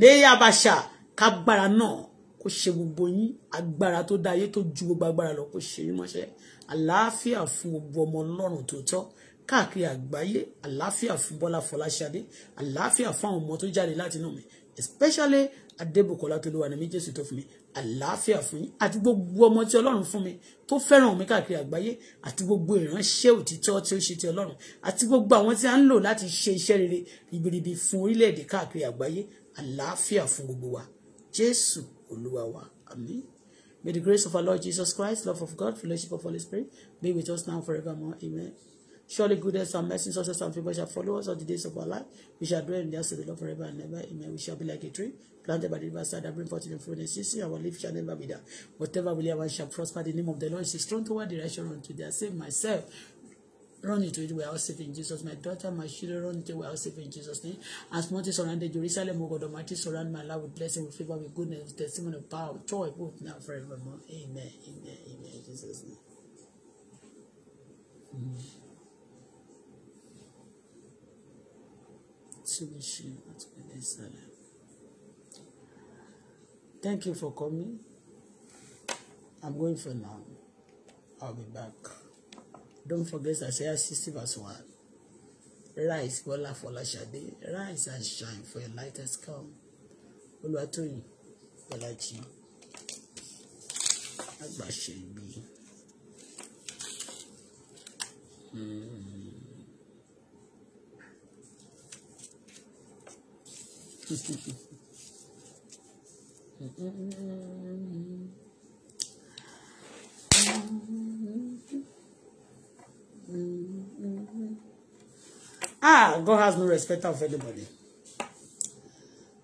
léyàbàṣà kágbára náà kó ṣe gbogbo yín agbára tó dáyé tó ju gbogbo agbára lọ kó ṣe yín mọ́ṣẹ́ àlàáfíà fún gbogbo ọmọ ọlọ́run tòótọ́ káàkiri àgbáyé àlàáfíà fún bọ́lá fọláṣadé àlàáfíà fún àwọn ọmọ tó jáde láti inú mi especially adébùkọ́lá tó ló ní méjèèjì tó fún mi àlàáfíà fún yín àti gbogbo ọmọ tí ọlọ́run fún mi tó fẹ́ràn mi káàkiri àgbáyé àti gbogbo ìránṣẹ́ òtítọ́ tí ó ṣe ti ọlọ́run àti gbogbo àwọn tí a ń lò láti ṣe iṣẹ́ rere ribiribi fún orílẹ̀-èdè káàkiri àgbáyé àlàáfíà fún gbogbo wa jésù olúwa wa àmín. May the grace of our Lord Jesus Christ, love of God, fellowship of Holy Spirit be with us now forevermore. Amen. Surely goodness and mercy, success and favor shall follow us all the days of our life. We shall dwell in the house of the Lord forever and ever. Amen. We shall be like a tree planted by the riverside that bring forth in the fruitfulness. Season our leaf shall never be there. Whatever will ever shall prosper, the name of the Lord is strong toward direction unto thee. I myself, run into it We are was safe in Jesus. My daughter, my children, run into it We are was safe in Jesus' name. As much as surrounded Jerusalem, O God Almighty, surround my life with blessing, with favor, with goodness, with testimony, with power, with joy, both now forevermore. Amen. Amen. Amen. In Jesus' name. Mm-hmm. Thank you for coming. I'm going for now. I'll be back. Don't forget Isaiah 60 verse 1. Rise, Bola Folashade. Rise and shine, for your light has come. Olúwatóyìn Bọ́lájí. Agbàṣẹ́gbé. Mm-hmm. Ah, God has no respect of anybody.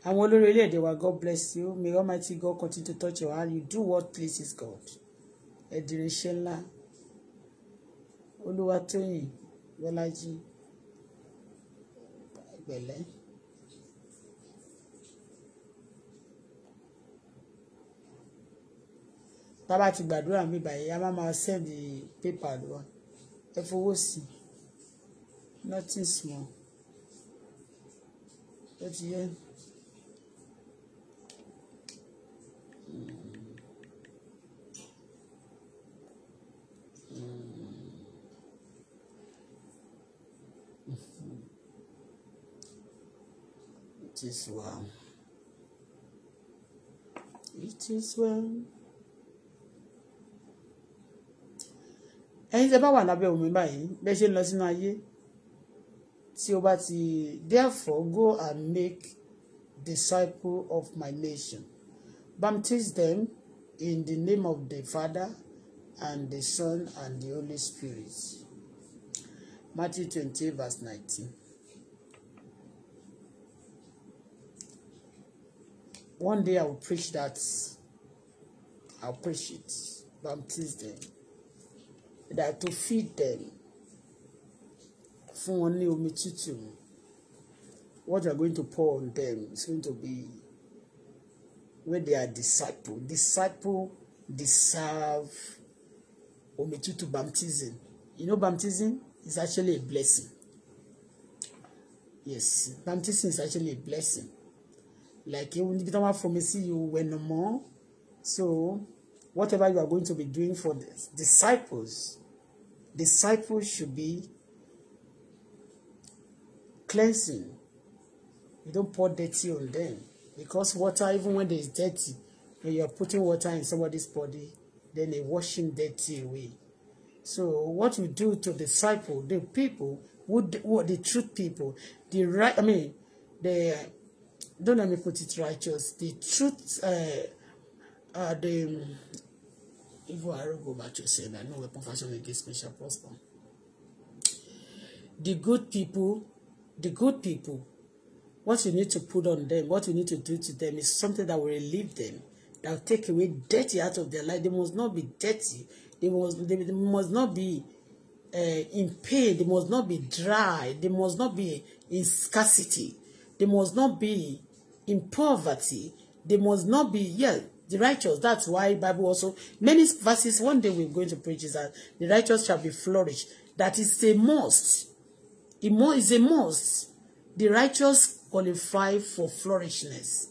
Àwọn olórí orílẹ̀-èdè wa, God bless you. May Almighty God continue to touch your heart. You do what pleases God. Ẹ̀dìrẹ̀ iṣẹ́ ńlá. Olúwatóyìn Bọ́lájí. Pẹ̀lẹ́. tá a bá ti gbàdúrà mi báyìí a máa máa send pépà lọ ẹ fowó sí nothing small ó ti yẹ. It is well. It is well. ẹ̀yin tẹ́ bá wà lábẹ́ omi báyìí bẹ́ẹ̀ ṣe ń lọ sínú ayé tí o bá ti therefore go and make disciples of my nation baptize them in the name of the Father and the Son and the Holy Spirit Matthew twenty verse nineteen. One day I will preach that. I'll preach it. Baptize them that to feed them fún wọn ní omi tútù what you are going to pour on them is going to be when they are disciple disciple deserve omi tútù baptism you know baptism is actually a blessing yes baptism is actually a blessing like you níbi tí wọ́n fọmi see you no more. so whatever you are going to be doing for the disciples disciples should be cleansing. You don't pour dirty on them. Because water, even when it's dirty, when you're putting water in somebody's body, then they washing dirty away. So what you do to disciple, the people, would what the truth people, the right, I mean, the, don't let me put it righteous, the truth, uh, uh, the Evil arrow go back to your sender. No weapon fashioned against me shall prosper. The good people, the good people, what you need to put on them, what you need to do to them is something that will relieve them, that will take away dirty out of their life. They must not be dirty. They must, they, they must not be uh, in pain. They must not be dry. They must not be in scarcity. They must not be in poverty. They must not be, yeah, the righteous. That's why Bible also many verses. One day we're going to preach is that the righteous shall be flourished. That is a must. It is a must. The righteous qualify for flourishness.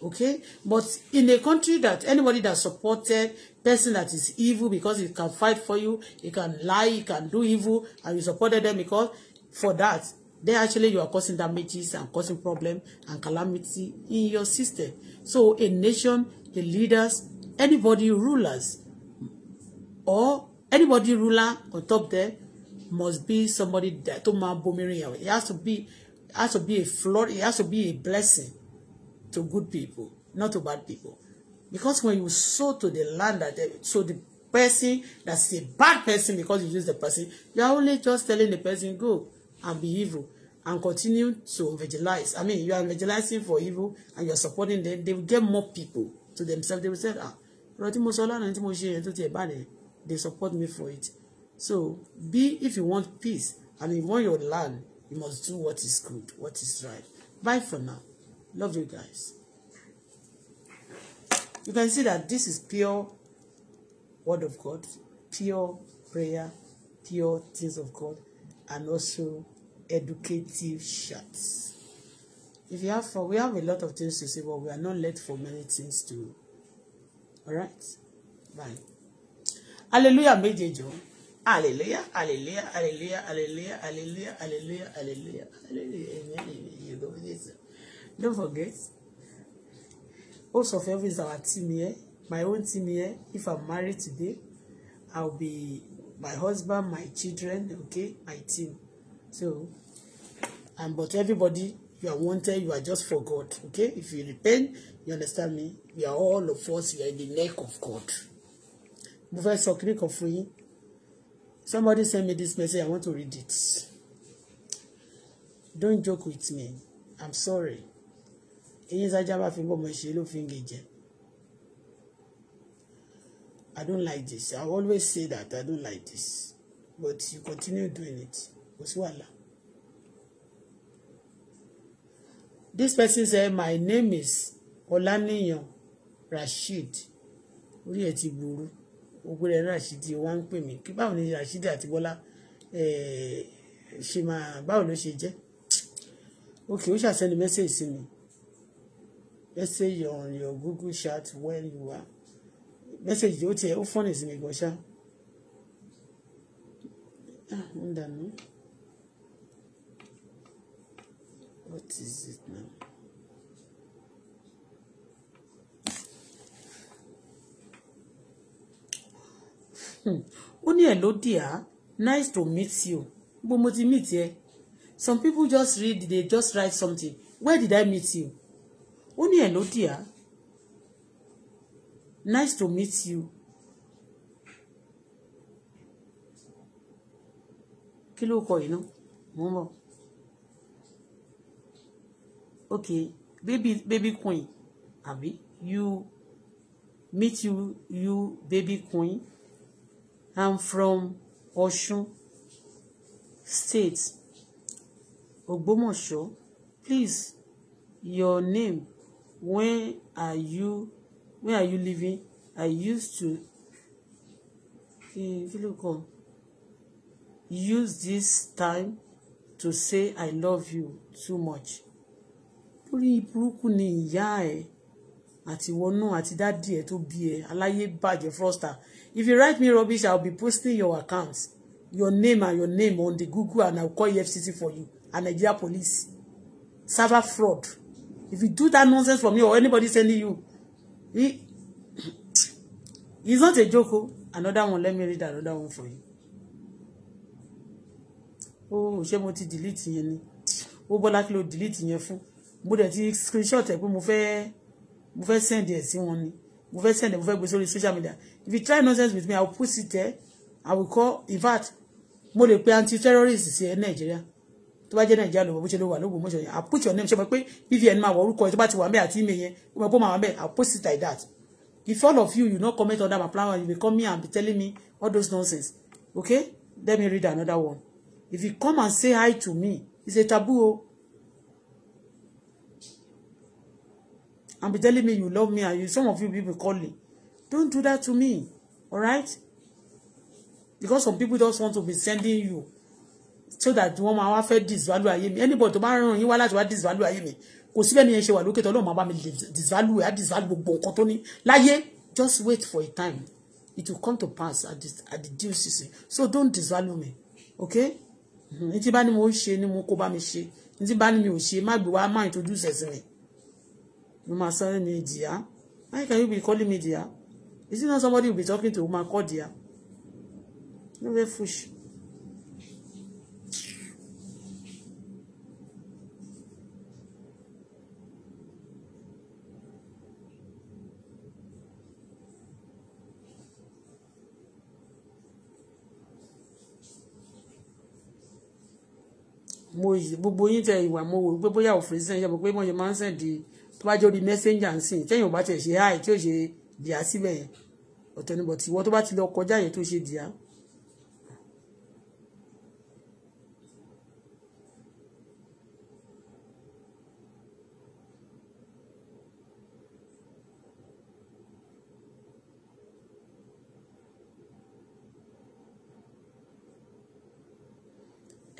Okay, but in a country that anybody that supported person that is evil because he can fight for you, he can lie, he can do evil, and you supported them because for that then actually you are causing damages and causing problem and calamity in your system. So a nation the leaders, anybody rulers, or anybody ruler on top there must be somebody that to my boomerang. It has to be has to be a flood. It has to be a blessing to good people, not to bad people. Because when you sow to the land that they, so the person that's a bad person because you use the person, you are only just telling the person go and be evil and continue to evangelize. I mean, you are evangelizing for evil and you are supporting them. They will get more people to themselves they will say ah ọ̀rọ̀ tí mo sọ lánàá tí mo ṣe yẹn tó tiẹ̀ bá yẹn they support me for it so be if you want peace and you want your land you must do what is good what is right bye for now love you guys you can see that this is pure word of God pure prayer pure things of God and also educative shots if you have fun we have a lot of things to say but we are not late for many things to right, bye hallelujah méjèèjọ hallelujah hallelujah hallelujah hallelujah hallelujah hallelujah hallelujah hallelujah amen amen don't forget host of heaven is our team here my own team here if i'm married today i'll be my husband my children okay my team so and but everybody you are wanted you are just for God okay if you repent you understand me we are all of us we are in the neck of God mo fẹ́ sọ kíní kan fún yín somebody send me this message I want to read it don't joke with me I'm sorry eyín sájà bá fi bọ́mọ ṣe ló fi ń gé I don't like this I always say that I don't like this but you continue doing it kò sí wàhálà. this person said, my name is Ọláníyàn Rasheed orí ẹ̀ ti gbòòrò ogun rẹ̀ Rasheed wọ́n ń pè mí kí báwo ni Rasheed àti Bọ́lá ṣe máa báwo ló ṣe jẹ́ ok ó ṣàṣẹ́ni message sí mi message on your Google chat where you are message ó tiẹ̀ ó fọ́nì sí mi gan ṣá ah, ń What is it now? Hmm. ó ní ẹ̀ nice to meet you gbogbo mo ti meet ẹ some people just read they just write something where did I meet you ó ní ẹ̀ nice to meet you Kilo ló kọ mumbo okay baby baby queen abi you meet you you baby queen i'm from Ọ̀ṣun state Ògbómọ̀ṣọ́ please your name when are you when are you living? i used to kilokan use this time to say i love you too much orí burúkú ni ìyá ẹ̀ àti náà àti dádì ẹ̀ tó bí ẹ̀ aláyé bàjẹ́ froster if you write me rubbish i will be posting your account your name and your name on the google and i will call efcc for you and nigeria police cyber fraud if you do that nonsense for me or anybody sending you it, is not a joke Oh, another one let me read another one for you oh ṣé mo ti delete yẹn ni ó bọ́lá kí ló delete yẹn fún mo dẹ̀ ti screenshot ẹ̀ pé mo fẹ́ mo fẹ́ send ẹ̀ sí wọn ni mo fẹ́ send ẹ̀ mo fẹ́ gbé sórí social media if you try nonsense with me i will put it there eh? i will call in fact mo lè pe anti-terrorist sí ẹ nàìjíríà tó bá jẹ́ nàìjíríà lọ́wọ́ bó ṣe ló wà lóògùn mọ́ṣọ́ yẹn i put your name ṣe mọ̀ pé vvn máa wọ orúkọ ẹ tó bá ti wà mẹ́ àti email yẹn ó mọ̀ pé ó máa wà mẹ́ i post it like that if all of you you no comment under my plan you will come here and be telling me all those nonsense okay let me read another one if you come and say hi to me it's a taboo o oh. and be telling me you love me and you some of you people calling don't do that to me all right because some people just want to be sending you so that wọn máa wá fẹ́ disvalue ayé mi anybody tó bá ràn yín wá láti wá disvalue ayé mi kò síbẹ̀ ni ẹ ṣe wà lókè tó ọlọ́run máa bá mi disvalue ẹ̀ á disvalue gbogbo nǹkan tó ní láyé just wait for a time it will come to pass at the, at the due season so don't disvalue me okay ní tí bá ní mo ń ṣe ni mo kó bá mi ṣe ní tí bá ní mi ò ṣe má gbé wá má introduce ẹ̀sìn mi. you must sell me dear. Why can you be calling me dear? Is it not somebody you'll be talking to I call dear? No way fish. mo gbogbo yín tẹ ìwà mo wò pé bóyá òfin tó bá jẹ́ orí messenger ń sìn tẹ́yìn ò bá tiẹ̀ ṣe hi tí ò ṣe dìá síbẹ̀ yẹn ọ̀tọ̀ ni bọ̀tì ìwọ tó bá ti lọ kọjá yẹn tó ṣe dìá.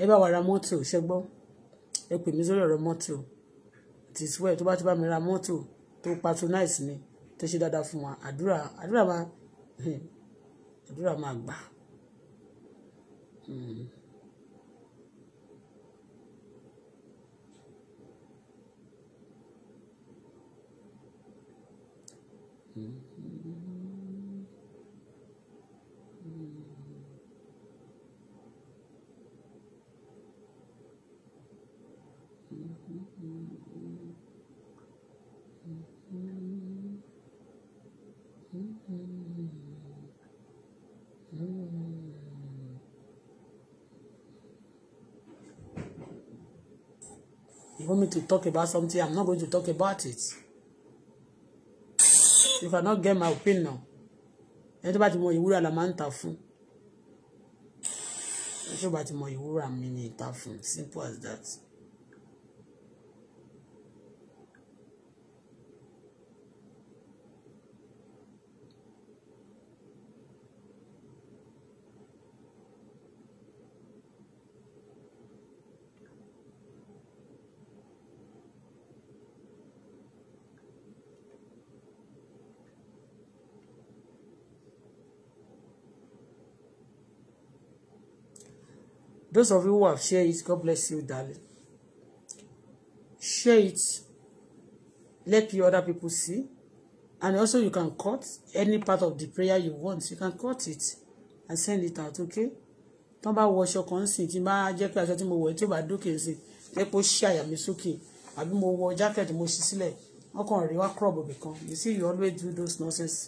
ẹ bá wa ra mọ́tò ṣẹgbọ́n ẹ pè mí sórí ọ̀rọ̀ mọ́tò is well tó bá ti bá mi ra mọ́tò tó patronize mi tó ṣe dáadáa fún wa àdúrà àdúrà máa àdúrà máa gbà. Mm-hmm. want me to talk about something, I'm not going to talk about it. You cannot get my opinion. Ẹni tó bá ti mọ ìwúrà la máa ń ta fún. Ẹni tó bá ti mọ ìwúrà Simple as that. Those of you who have shared it, God bless you, darling. Share it. Let the other people see. And also you can cut any part of the prayer you want. You can cut it and send it out, okay? Tán bá wọ kan sìn tí máa jẹ́ pé aṣọ tí mo wọ̀ tí ó bá dókè sí ẹ ṣí àyà mi sókè àbí mo wọ jákẹ́ẹ̀tì mo ṣí sílẹ̀ wọ́n kàn wá crop bìkan you see you always do those nonsense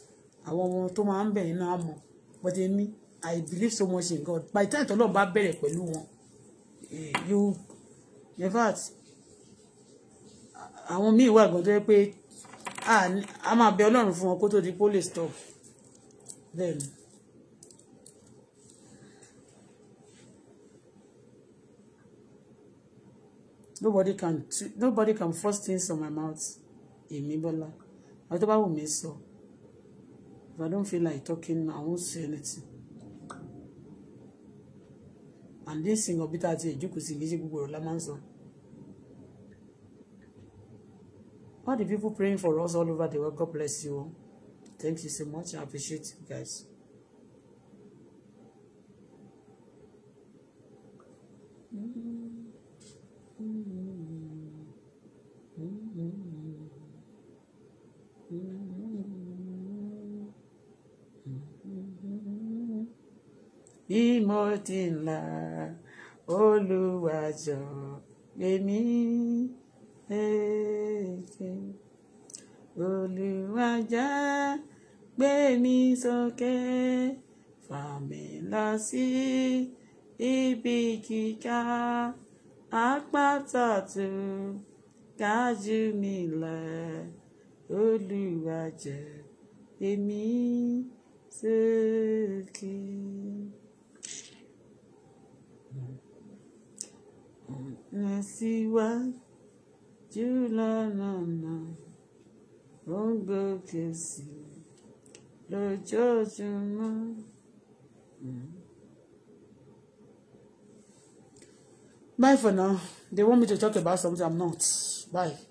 àwọn ohun tó máa ń bẹ̀yìn náà mọ̀ but èmi I believe so much in God by the time tọ́lọ́run bá bẹ̀rẹ̀ pẹ̀lú wọn eh, you in fact àwọn míì wà gbọ́dọ̀ pé a máa bẹ ọlọ́run fún wọn kó tó di pé ó stop then. nobody can nobody can force things on my mouth èmi Bọ́lá àwọn tó bá wù mí sọ if I don't feel like talking I won't say anything and this thing ọbí tá a ti ìjókòó sí ìgbésí gbogbo ọ̀rọ̀ la máa all the people praying for us all over the world God bless you thank you so much I appreciate you guys. Mm-hmm. Mm-hmm. ìmọ̀ tí ń là Olúwa jọ èmi èké Olúwa jà gbé mi sókè fà mí lọ sí ibi gíga àpáta tó ga jù lọ Olúwa jẹ èmi sókè. Nísíwájú lọ́nà náà ó ń gòkè sí lójoojúmọ́. Bye for now. They want me to talk about something I'm not. Bye.